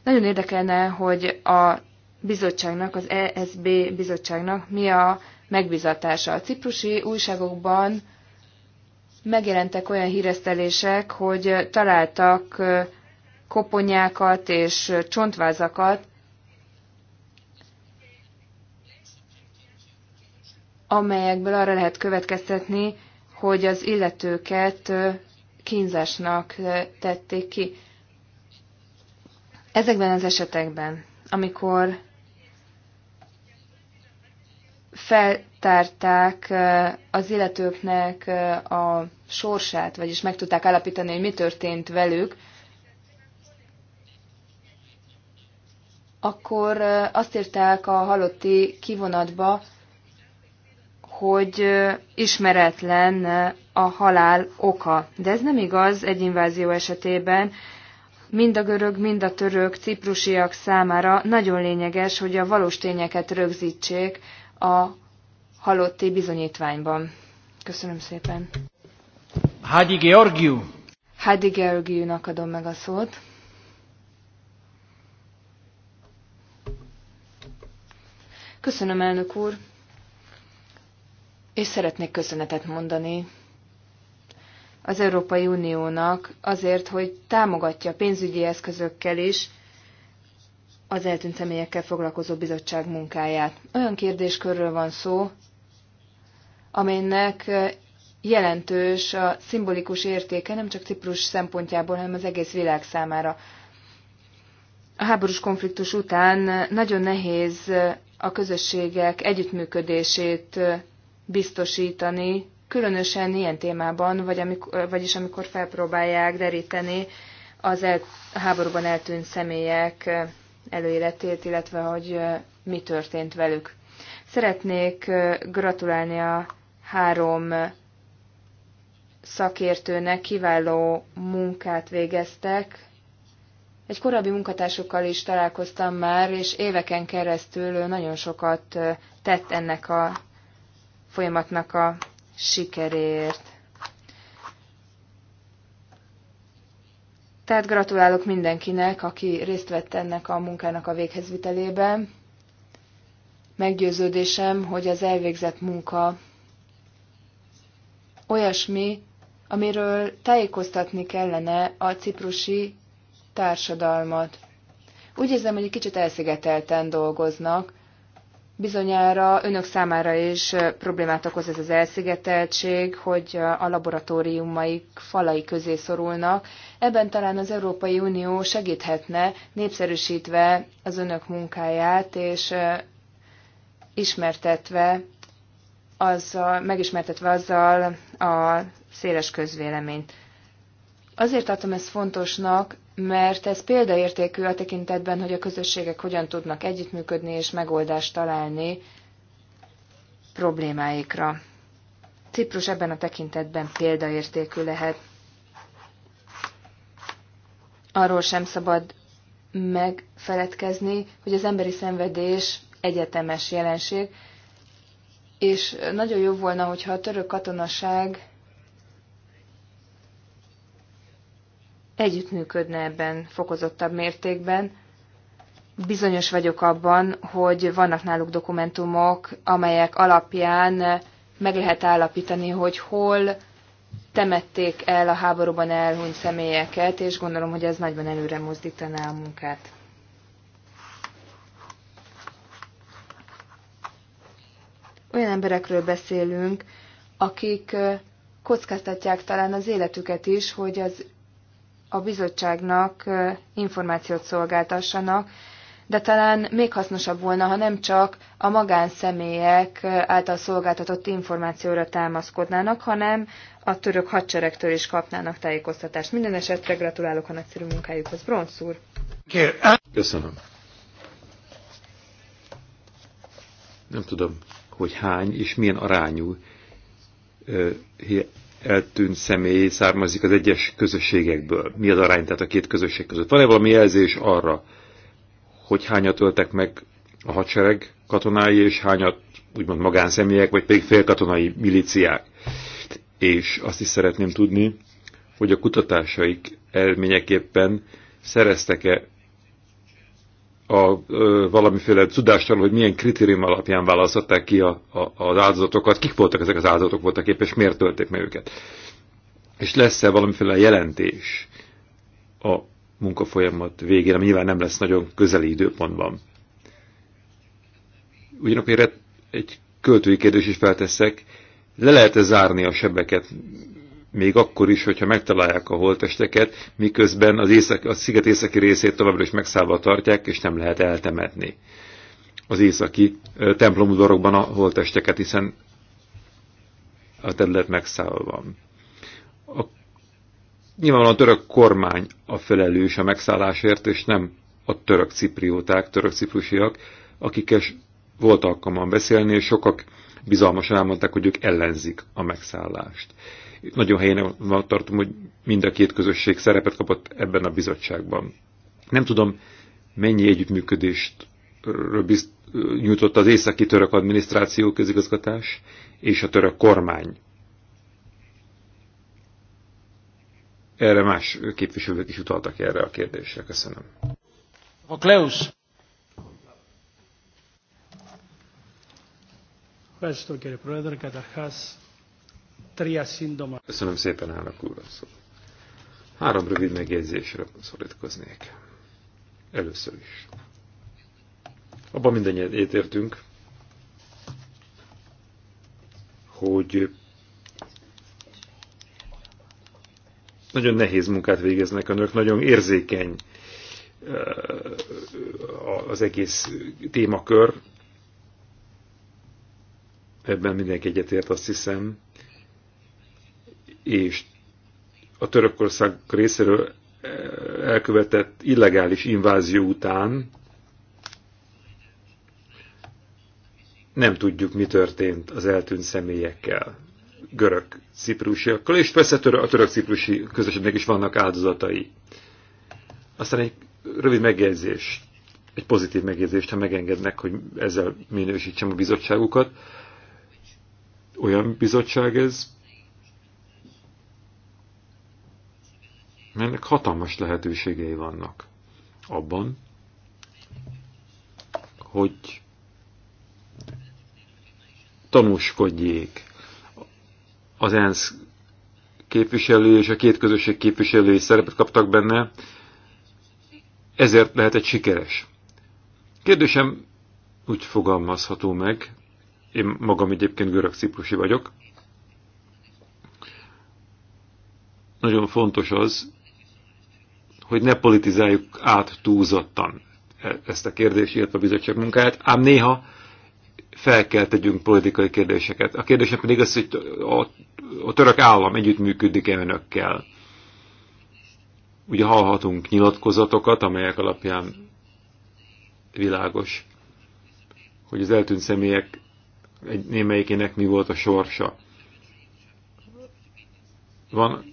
Nagyon érdekelne, hogy a bizottságnak, az ESB bizottságnak mi a megbizatása. A ciprusi újságokban megjelentek olyan híresztelések, hogy találtak koponyákat és csontvázakat, amelyekből arra lehet következtetni, hogy az illetőket kínzásnak tették ki. Ezekben az esetekben, amikor feltárták az illetőknek a sorsát, vagyis meg tudták állapítani, hogy mi történt velük, akkor azt írták a halotti kivonatba, hogy ismeretlen a halál oka. De ez nem igaz egy invázió esetében. Mind a görög, mind a török, ciprusiak számára nagyon lényeges, hogy a valós tényeket rögzítsék a halotti bizonyítványban. Köszönöm szépen. Hadi Georgiú. Hadi Georgiúnak adom meg a szót. Köszönöm, elnök úr, és szeretnék köszönetet mondani az Európai Uniónak azért, hogy támogatja pénzügyi eszközökkel is az eltűnt személyekkel foglalkozó bizottság munkáját. Olyan kérdéskörről van szó, amelynek eh, jelentős a szimbolikus értéke nem csak Ciprus szempontjából, hanem az egész világ számára. A háborús konfliktus után eh, nagyon nehéz eh, a közösségek együttműködését biztosítani, különösen ilyen témában, vagy amikor, vagyis amikor felpróbálják deríteni az el, a háborúban eltűnt személyek előéletét, illetve hogy mi történt velük. Szeretnék gratulálni a három szakértőnek, kiváló munkát végeztek, egy korábbi munkatársukkal is találkoztam már, és éveken keresztül ő nagyon sokat tett ennek a folyamatnak a sikerért. Tehát gratulálok mindenkinek, aki részt vett ennek a munkának a véghezvitelében. Meggyőződésem, hogy az elvégzett munka olyasmi, amiről tájékoztatni kellene a ciprusi társadalmat. Úgy érzem, hogy egy kicsit elszigetelten dolgoznak. Bizonyára önök számára is problémát okoz ez az elszigeteltség, hogy a laboratóriumaik falai közé szorulnak. Ebben talán az Európai Unió segíthetne, népszerűsítve az önök munkáját, és ismertetve azzal, megismertetve azzal a széles közvéleményt. Azért tartom ezt fontosnak, mert ez példaértékű a tekintetben, hogy a közösségek hogyan tudnak együttműködni és megoldást találni problémáikra. Ciprus ebben a tekintetben példaértékű lehet. Arról sem szabad megfeledkezni, hogy az emberi szenvedés egyetemes jelenség, és nagyon jó volna, hogyha a török katonaság együttműködne ebben fokozottabb mértékben. Bizonyos vagyok abban, hogy vannak náluk dokumentumok, amelyek alapján meg lehet állapítani, hogy hol temették el a háborúban elhunyt személyeket, és gondolom, hogy ez nagyban előre mozdítaná a munkát. Olyan emberekről beszélünk, akik kockáztatják talán az életüket is, hogy az a bizottságnak információt szolgáltassanak, de talán még hasznosabb volna, ha nem csak a magánszemélyek által szolgáltatott információra támaszkodnának, hanem a török hadseregtől is kapnának tájékoztatást. Minden esetre gratulálok a nagyszerű munkájukhoz. Bronsz úr! Köszönöm. Nem tudom, hogy hány és milyen arányú eltűnt személy származik az egyes közösségekből? Mi az arány tehát a két közösség között? Van-e valami jelzés arra, hogy hányat öltek meg a hadsereg katonái, és hányat úgymond magánszemélyek, vagy pedig félkatonai milíciák? És azt is szeretném tudni, hogy a kutatásaik elményeképpen szereztek-e a, ö, valamiféle tudással, hogy milyen kritérium alapján választották ki a, a, az áldozatokat, kik voltak ezek az áldozatok voltak épp, és miért tölték meg őket. És lesz-e valamiféle jelentés a munkafolyamat végén, ami nyilván nem lesz nagyon közeli időpontban. Ugyanakkor egy költői kérdés is felteszek, le lehet-e zárni a sebeket még akkor is, hogyha megtalálják a holtesteket, miközben az észak, a sziget északi részét továbbra is megszállva tartják, és nem lehet eltemetni az északi templomudvarokban a holtesteket, hiszen a terület megszállva van. A, nyilvánvalóan a török kormány a felelős a megszállásért, és nem a török ciprióták, török ciprusiak, akikkel volt alkalman beszélni, és sokak bizalmasan elmondták, hogy ők ellenzik a megszállást. Nagyon helyén tartom, hogy mind a két közösség szerepet kapott ebben a bizottságban. Nem tudom, mennyi együttműködést bizt, nyújtott az északi török adminisztráció közigazgatás és a török kormány. Erre más képviselők is utaltak erre a kérdésre. Köszönöm. A Kleusz. Ευχαριστώ κύριε Köszönöm szépen, állnak úr. Három rövid megjegyzésre szorítkoznék. Először is. Abban mindannyian értünk, hogy nagyon nehéz munkát végeznek önök, nagyon érzékeny eh, az egész témakör. Ebben mindenki egyetért, azt hiszem és a Törökország részéről eh, elkövetett illegális invázió után nem tudjuk, mi történt az eltűnt személyekkel, görög ciprusiakkal, és persze a török ciprusi közösségnek is vannak áldozatai. Aztán egy rövid megjegyzés, egy pozitív megjegyzést, ha megengednek, hogy ezzel minősítsem a bizottságukat. Olyan bizottság ez, Mennek hatalmas lehetőségei vannak abban, hogy tanúskodjék az ENSZ képviselő és a két közösség képviselői szerepet kaptak benne, ezért lehet egy sikeres. Kérdésem úgy fogalmazható meg, én magam egyébként görög-ciprusi vagyok, nagyon fontos az, hogy ne politizáljuk át túlzottan e- ezt a kérdést, illetve a bizottság munkáját, ám néha fel kell tegyünk politikai kérdéseket. A kérdésem pedig az, hogy a, a török állam együttműködik-e önökkel. Ugye hallhatunk nyilatkozatokat, amelyek alapján világos, hogy az eltűnt személyek egy, némelyikének mi volt a sorsa. Van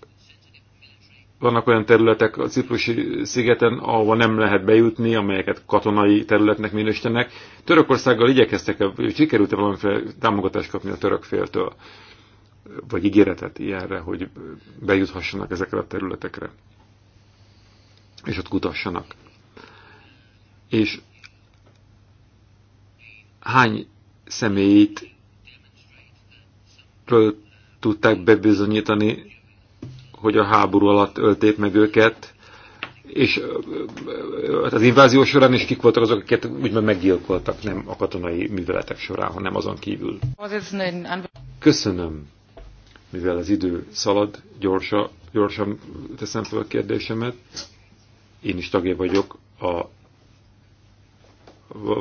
vannak olyan területek a Ciprusi szigeten, ahova nem lehet bejutni, amelyeket katonai területnek minősítenek. Törökországgal igyekeztek -e, sikerült-e valamiféle támogatást kapni a török féltől? Vagy ígéretet ilyenre, hogy bejuthassanak ezekre a területekre? És ott kutassanak. És hány személyt tudták bebizonyítani hogy a háború alatt ölték meg őket, és hát az invázió során is kik voltak azok, akiket úgymond meggyilkoltak, nem a katonai műveletek során, hanem azon kívül. Köszönöm, mivel az idő szalad, gyorsa, gyorsan teszem fel a kérdésemet. Én is tagja vagyok a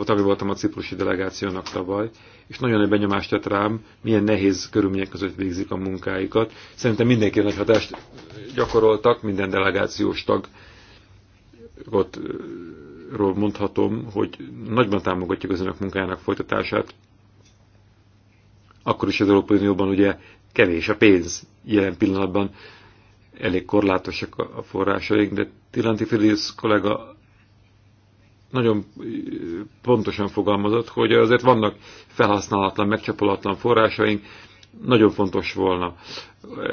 tagja voltam a ciprusi delegációnak tavaly, és nagyon nagy benyomást tett rám, milyen nehéz körülmények között végzik a munkáikat. Szerintem mindenki nagy hatást gyakoroltak, minden delegációs tag ott ról mondhatom, hogy nagyban támogatjuk az önök munkájának folytatását. Akkor is az Európai Unióban ugye kevés a pénz jelen pillanatban, elég korlátosak a forrásaink, de Tilanti Félix kollega nagyon pontosan fogalmazott, hogy azért vannak felhasználatlan, megcsapolatlan forrásaink, nagyon fontos volna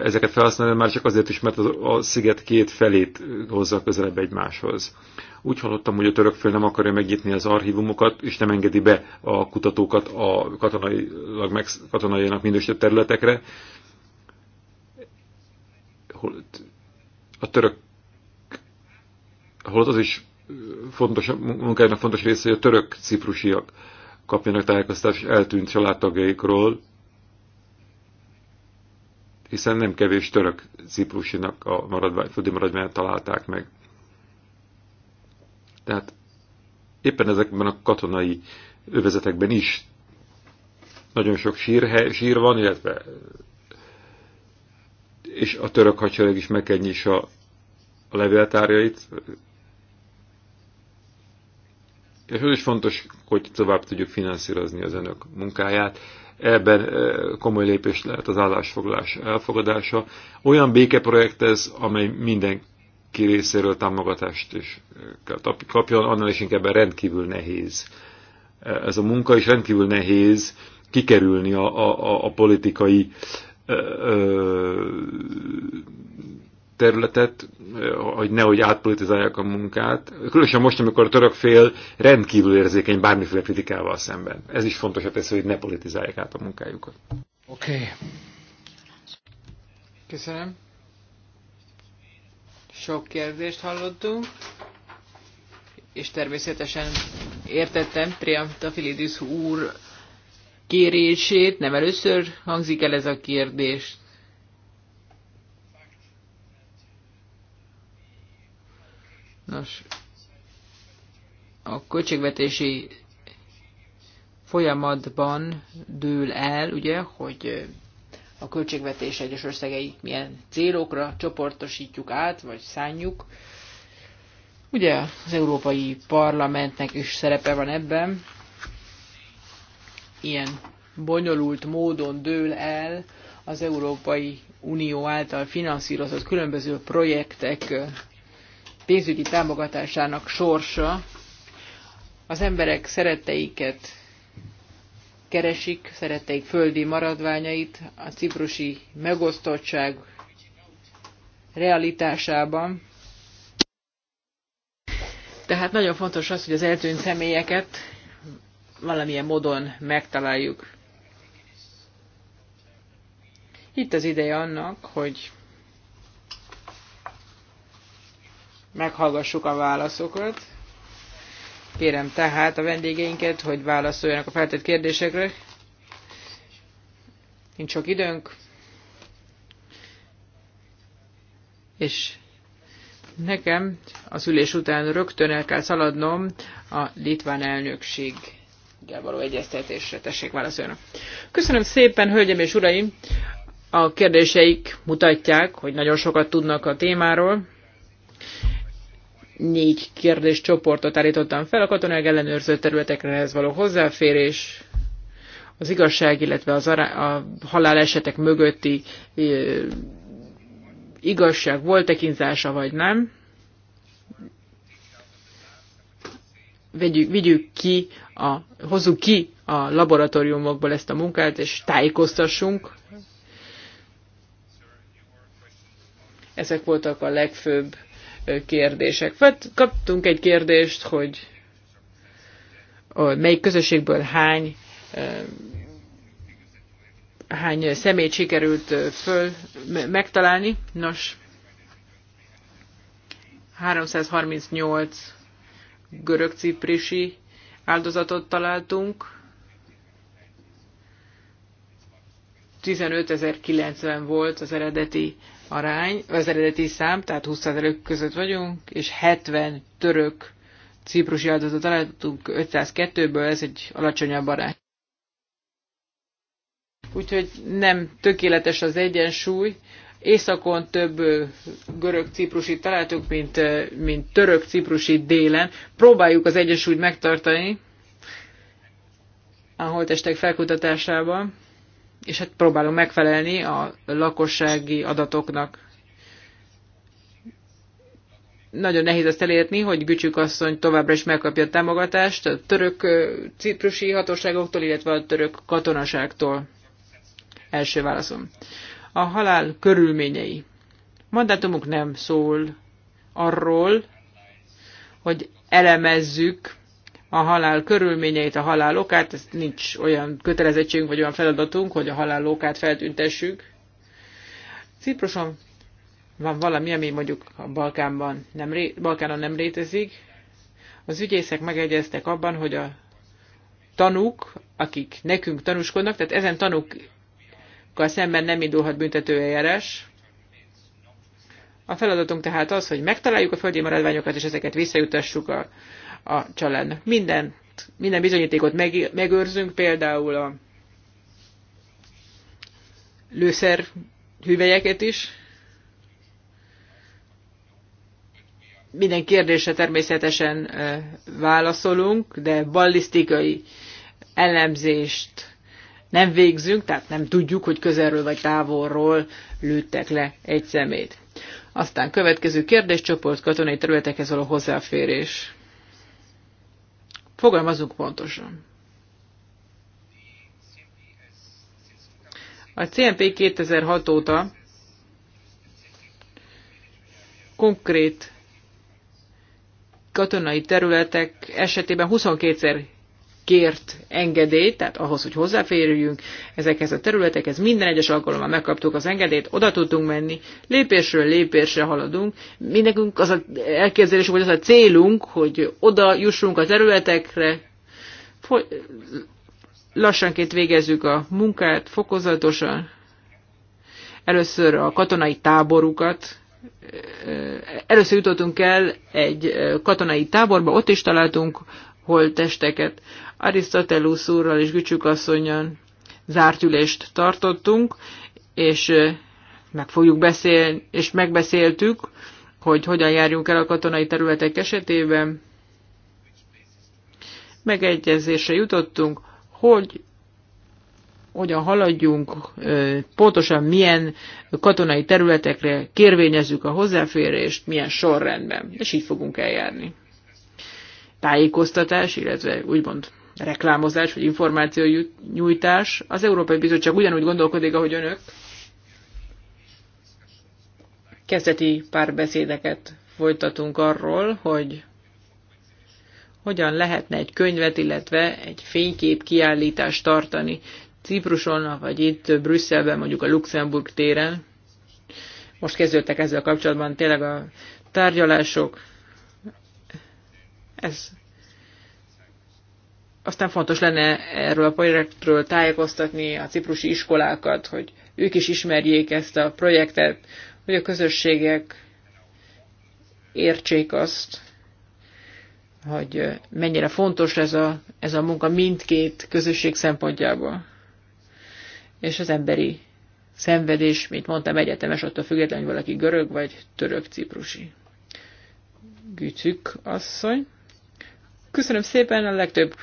ezeket felhasználni, már csak azért is, mert a sziget két felét hozza közelebb egymáshoz. Úgy hallottam, hogy a török föl nem akarja megnyitni az archívumokat, és nem engedi be a kutatókat a katonailag, meg, katonailag minősített területekre. a török holott az is fontos, munkájának fontos része, hogy a török ciprusiak kapjanak tájékoztatást eltűnt családtagjaikról, hiszen nem kevés török ciprusinak a földi maradványát találták meg. Tehát éppen ezekben a katonai övezetekben is nagyon sok sír, sír van, illetve és a török hadsereg is megkenyíts a, a levéltárjait, és az is fontos, hogy tovább tudjuk finanszírozni az önök munkáját. Ebben eh, komoly lépés lehet az állásfoglalás elfogadása. Olyan békeprojekt ez, amely mindenki részéről támogatást is eh, kell kapjon, annál is inkább rendkívül nehéz. Eh, ez a munka is rendkívül nehéz kikerülni a, a, a politikai területet, eh, hogy nehogy átpolitizálják a munkát. Különösen most, amikor a török fél rendkívül érzékeny bármiféle kritikával szemben. Ez is fontos, hogy hát tesz, hogy ne politizálják át a munkájukat. Oké. Okay. Köszönöm. Sok kérdést hallottunk, és természetesen értettem Priam tafilidis úr kérését, nem először hangzik el ez a kérdés, Nos, a költségvetési folyamatban dől el, ugye, hogy a költségvetés egyes összegeit milyen célokra csoportosítjuk át, vagy szánjuk. Ugye az Európai Parlamentnek is szerepe van ebben. Ilyen bonyolult módon dől el az Európai Unió által finanszírozott különböző projektek pénzügyi támogatásának sorsa. Az emberek szeretteiket keresik, szeretteik földi maradványait a ciprusi megosztottság realitásában. Tehát nagyon fontos az, hogy az eltűnt személyeket valamilyen módon megtaláljuk. Itt az ideje annak, hogy meghallgassuk a válaszokat. Kérem tehát a vendégeinket, hogy válaszoljanak a feltett kérdésekre. Nincs sok időnk. És nekem az ülés után rögtön el kell szaladnom a litván elnökség való egyeztetésre. Tessék válaszoljanak. Köszönöm szépen, hölgyem és uraim! A kérdéseik mutatják, hogy nagyon sokat tudnak a témáról négy kérdéscsoportot állítottam fel, a katonák ellenőrző területekhez való hozzáférés, az igazság, illetve az ará, a halálesetek mögötti e, igazság volt-e kínzása, vagy nem. Vegyük, vigyük ki, a, hozzuk ki a laboratóriumokból ezt a munkát, és tájékoztassunk. Ezek voltak a legfőbb kérdések. Hát kaptunk egy kérdést, hogy melyik közösségből hány hány személyt sikerült föl megtalálni. Nos, 338 görög-ciprisi áldozatot találtunk, 15.090 volt az eredeti arány, az eredeti szám, tehát 20% között vagyunk, és 70 török ciprusi áldozatot találtunk 502-ből, ez egy alacsonyabb arány. Úgyhogy nem tökéletes az egyensúly. Északon több görög-ciprusi találtunk, mint, mint török-ciprusi délen. Próbáljuk az egyensúlyt megtartani a holtestek felkutatásában és hát próbálunk megfelelni a lakossági adatoknak. Nagyon nehéz ezt elérni, hogy Gücsük asszony továbbra is megkapja a támogatást a török ciprusi hatóságoktól, illetve a török katonaságtól. Első válaszom. A halál körülményei. Mandátumunk nem szól arról, hogy elemezzük a halál körülményeit, a halál okát, ezt nincs olyan kötelezettségünk vagy olyan feladatunk, hogy a halál okát feltüntessük. Cipruson van valami, ami mondjuk a Balkánban nem, Balkánon nem létezik. Az ügyészek megegyeztek abban, hogy a tanúk, akik nekünk tanúskodnak, tehát ezen tanúkkal szemben nem indulhat büntetőeljárás. A feladatunk tehát az, hogy megtaláljuk a földi maradványokat, és ezeket visszajutassuk a a családnak. Minden, minden bizonyítékot meg, megőrzünk, például a lőszer hüvelyeket is. Minden kérdésre természetesen válaszolunk, de ballisztikai elemzést nem végzünk, tehát nem tudjuk, hogy közelről vagy távolról lőttek le egy szemét. Aztán következő kérdéscsoport katonai területekhez való hozzáférés. Fogalmazunk pontosan. A CNP 2006 óta konkrét katonai területek esetében 22-szer kért engedélyt, tehát ahhoz, hogy hozzáférjünk ezekhez a területekhez. Minden egyes alkalommal megkaptuk az engedélyt, oda tudtunk menni, lépésről lépésre haladunk. Mindenkünk az a elképzelés, vagy az a célunk, hogy oda jussunk a területekre, lassanként végezzük a munkát, fokozatosan. Először a katonai táborukat először jutottunk el egy katonai táborba, ott is találtunk holtesteket, Arisztotelusz úrral és Gücsük asszonyon zárt ülést tartottunk, és meg fogjuk beszélni, és megbeszéltük, hogy hogyan járjunk el a katonai területek esetében. Megegyezésre jutottunk, hogy hogyan haladjunk, pontosan milyen katonai területekre kérvényezzük a hozzáférést, milyen sorrendben, és így fogunk eljárni. Tájékoztatás, illetve úgymond reklámozás vagy információ nyújtás. Az Európai Bizottság ugyanúgy gondolkodik, ahogy önök. Kezdeti párbeszédeket folytatunk arról, hogy hogyan lehetne egy könyvet, illetve egy fénykép kiállítást tartani Cipruson, vagy itt Brüsszelben, mondjuk a Luxemburg téren. Most kezdődtek ezzel kapcsolatban tényleg a tárgyalások. Ez aztán fontos lenne erről a projektről tájékoztatni a ciprusi iskolákat, hogy ők is ismerjék ezt a projektet, hogy a közösségek értsék azt, hogy mennyire fontos ez a, ez a munka mindkét közösség szempontjából. És az emberi szenvedés, mint mondtam, egyetemes attól függetlenül, hogy valaki görög vagy török-ciprusi. Gücük asszony. Köszönöm szépen, a legtöbb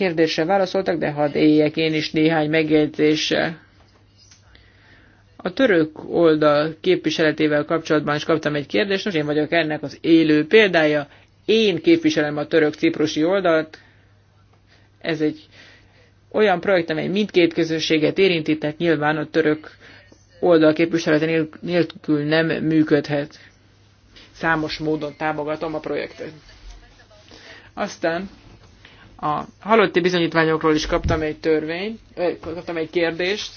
kérdésre válaszoltak, de hadd éljek én is néhány megjegyzéssel. A török oldal képviseletével kapcsolatban is kaptam egy kérdést, most én vagyok ennek az élő példája. Én képviselem a török-ciprusi oldalt. Ez egy olyan projekt, amely mindkét közösséget érinti, tehát nyilván a török oldal képviselete nélkül nem működhet. Számos módon támogatom a projektet. Aztán a halotti bizonyítványokról is kaptam egy törvény, kaptam egy kérdést.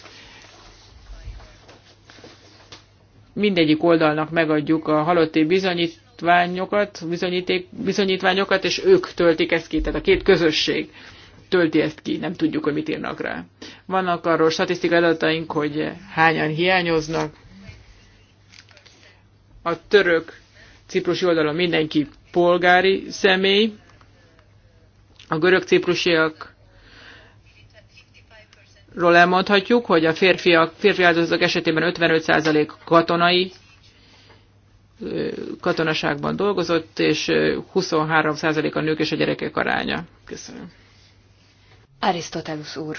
Mindegyik oldalnak megadjuk a halotti bizonyítványokat, bizonyíték, bizonyítványokat, és ők töltik ezt ki, tehát a két közösség tölti ezt ki, nem tudjuk, hogy mit írnak rá. Vannak arról statisztikai adataink, hogy hányan hiányoznak. A török ciprusi oldalon mindenki polgári személy, a görög ciprusiak ról elmondhatjuk, hogy a férfiak, férfi áldozatok esetében 55% katonai katonaságban dolgozott, és 23% a nők és a gyerekek aránya. Köszönöm. Arisztotelusz úr.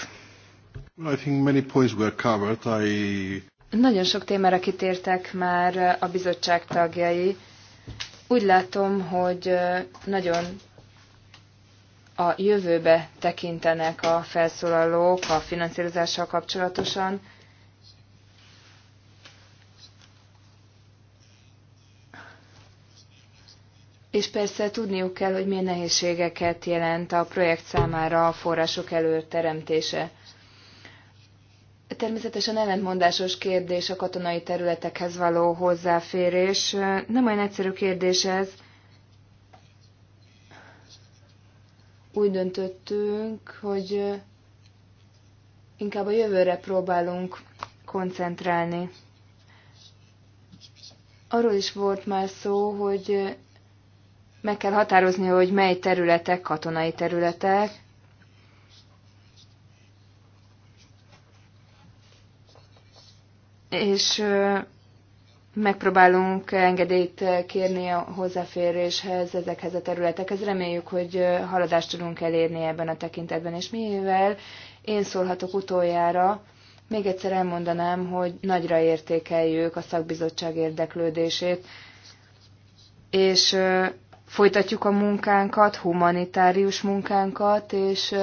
I think many points were covered. I... Nagyon sok témára kitértek már a bizottság tagjai. Úgy látom, hogy nagyon a jövőbe tekintenek a felszólalók a finanszírozással kapcsolatosan. És persze tudniuk kell, hogy milyen nehézségeket jelent a projekt számára a források előteremtése. Természetesen ellentmondásos kérdés a katonai területekhez való hozzáférés. Nem olyan egyszerű kérdés ez, úgy döntöttünk, hogy inkább a jövőre próbálunk koncentrálni. Arról is volt már szó, hogy meg kell határozni, hogy mely területek katonai területek, és megpróbálunk engedélyt kérni a hozzáféréshez ezekhez a területekhez. Reméljük, hogy haladást tudunk elérni ebben a tekintetben, és mivel én szólhatok utoljára, még egyszer elmondanám, hogy nagyra értékeljük a szakbizottság érdeklődését, és folytatjuk a munkánkat, humanitárius munkánkat, és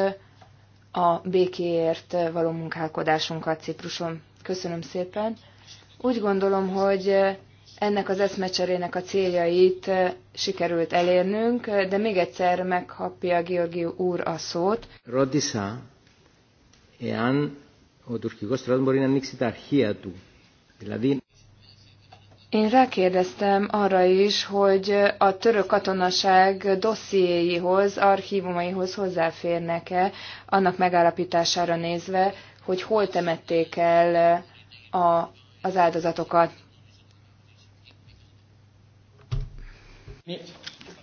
a békéért való munkálkodásunkat Cipruson. Köszönöm szépen! Úgy gondolom, hogy eh, ennek az eszmecserének a céljait eh, sikerült elérnünk, eh, de még egyszer megkapja Georgi úr a szót. Rodisa, ean ο τουρκικός Strasbourg in να ανοίξει τα Én rákérdeztem arra is, hogy a török katonaság dossziéihoz, archívumaihoz hozzáférnek-e, annak megállapítására nézve, hogy hol temették el a az áldozatokat.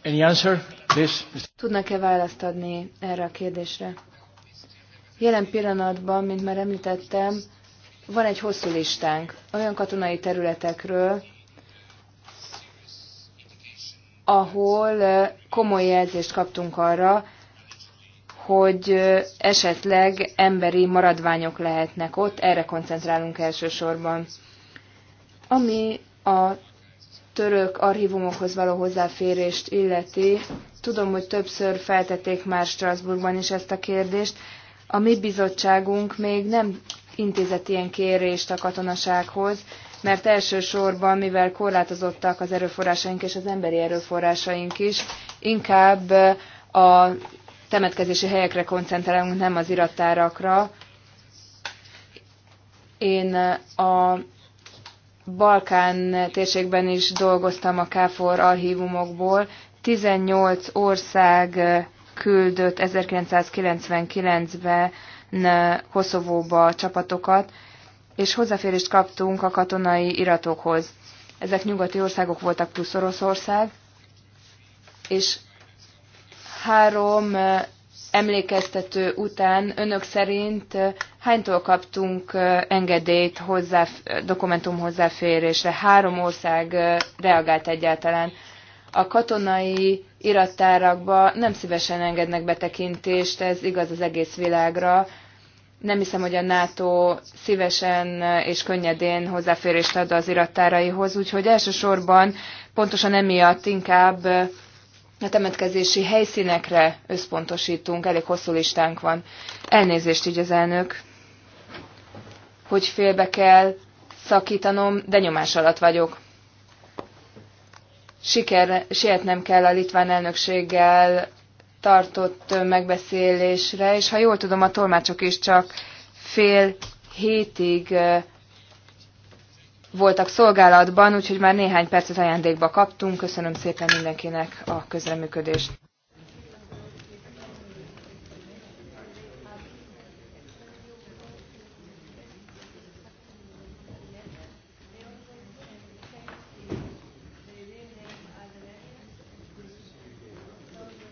Any answer, please? Tudnak-e választ adni erre a kérdésre? Jelen pillanatban, mint már említettem, van egy hosszú listánk olyan katonai területekről, ahol komoly jelzést kaptunk arra, hogy esetleg emberi maradványok lehetnek ott, erre koncentrálunk elsősorban. Ami a török archívumokhoz való hozzáférést illeti, tudom, hogy többször feltették már Strasbourgban is ezt a kérdést. A mi bizottságunk még nem intézett ilyen kérést a katonasághoz, mert elsősorban, mivel korlátozottak az erőforrásaink és az emberi erőforrásaink is, inkább a temetkezési helyekre koncentrálunk, nem az irattárakra. Én a Balkán térségben is dolgoztam a KFOR archívumokból. 18 ország küldött 1999-ben Koszovóba csapatokat, és hozzáférést kaptunk a katonai iratokhoz. Ezek nyugati országok voltak plusz Oroszország, és három emlékeztető után önök szerint eh, hánytól kaptunk eh, engedélyt hozzá, dokumentum hozzáférésre? Három ország eh, reagált egyáltalán. A katonai irattárakba nem szívesen engednek betekintést, ez igaz az egész világra. Nem hiszem, hogy a NATO szívesen és könnyedén hozzáférést ad az irattáraihoz, úgyhogy elsősorban pontosan emiatt inkább a temetkezési helyszínekre összpontosítunk, elég hosszú listánk van. Elnézést így az elnök, hogy félbe kell szakítanom, de nyomás alatt vagyok. Siker, sietnem kell a litván elnökséggel tartott megbeszélésre, és ha jól tudom, a tolmácsok is csak fél hétig voltak szolgálatban, úgyhogy már néhány percet ajándékba kaptunk. Köszönöm szépen mindenkinek a közreműködést.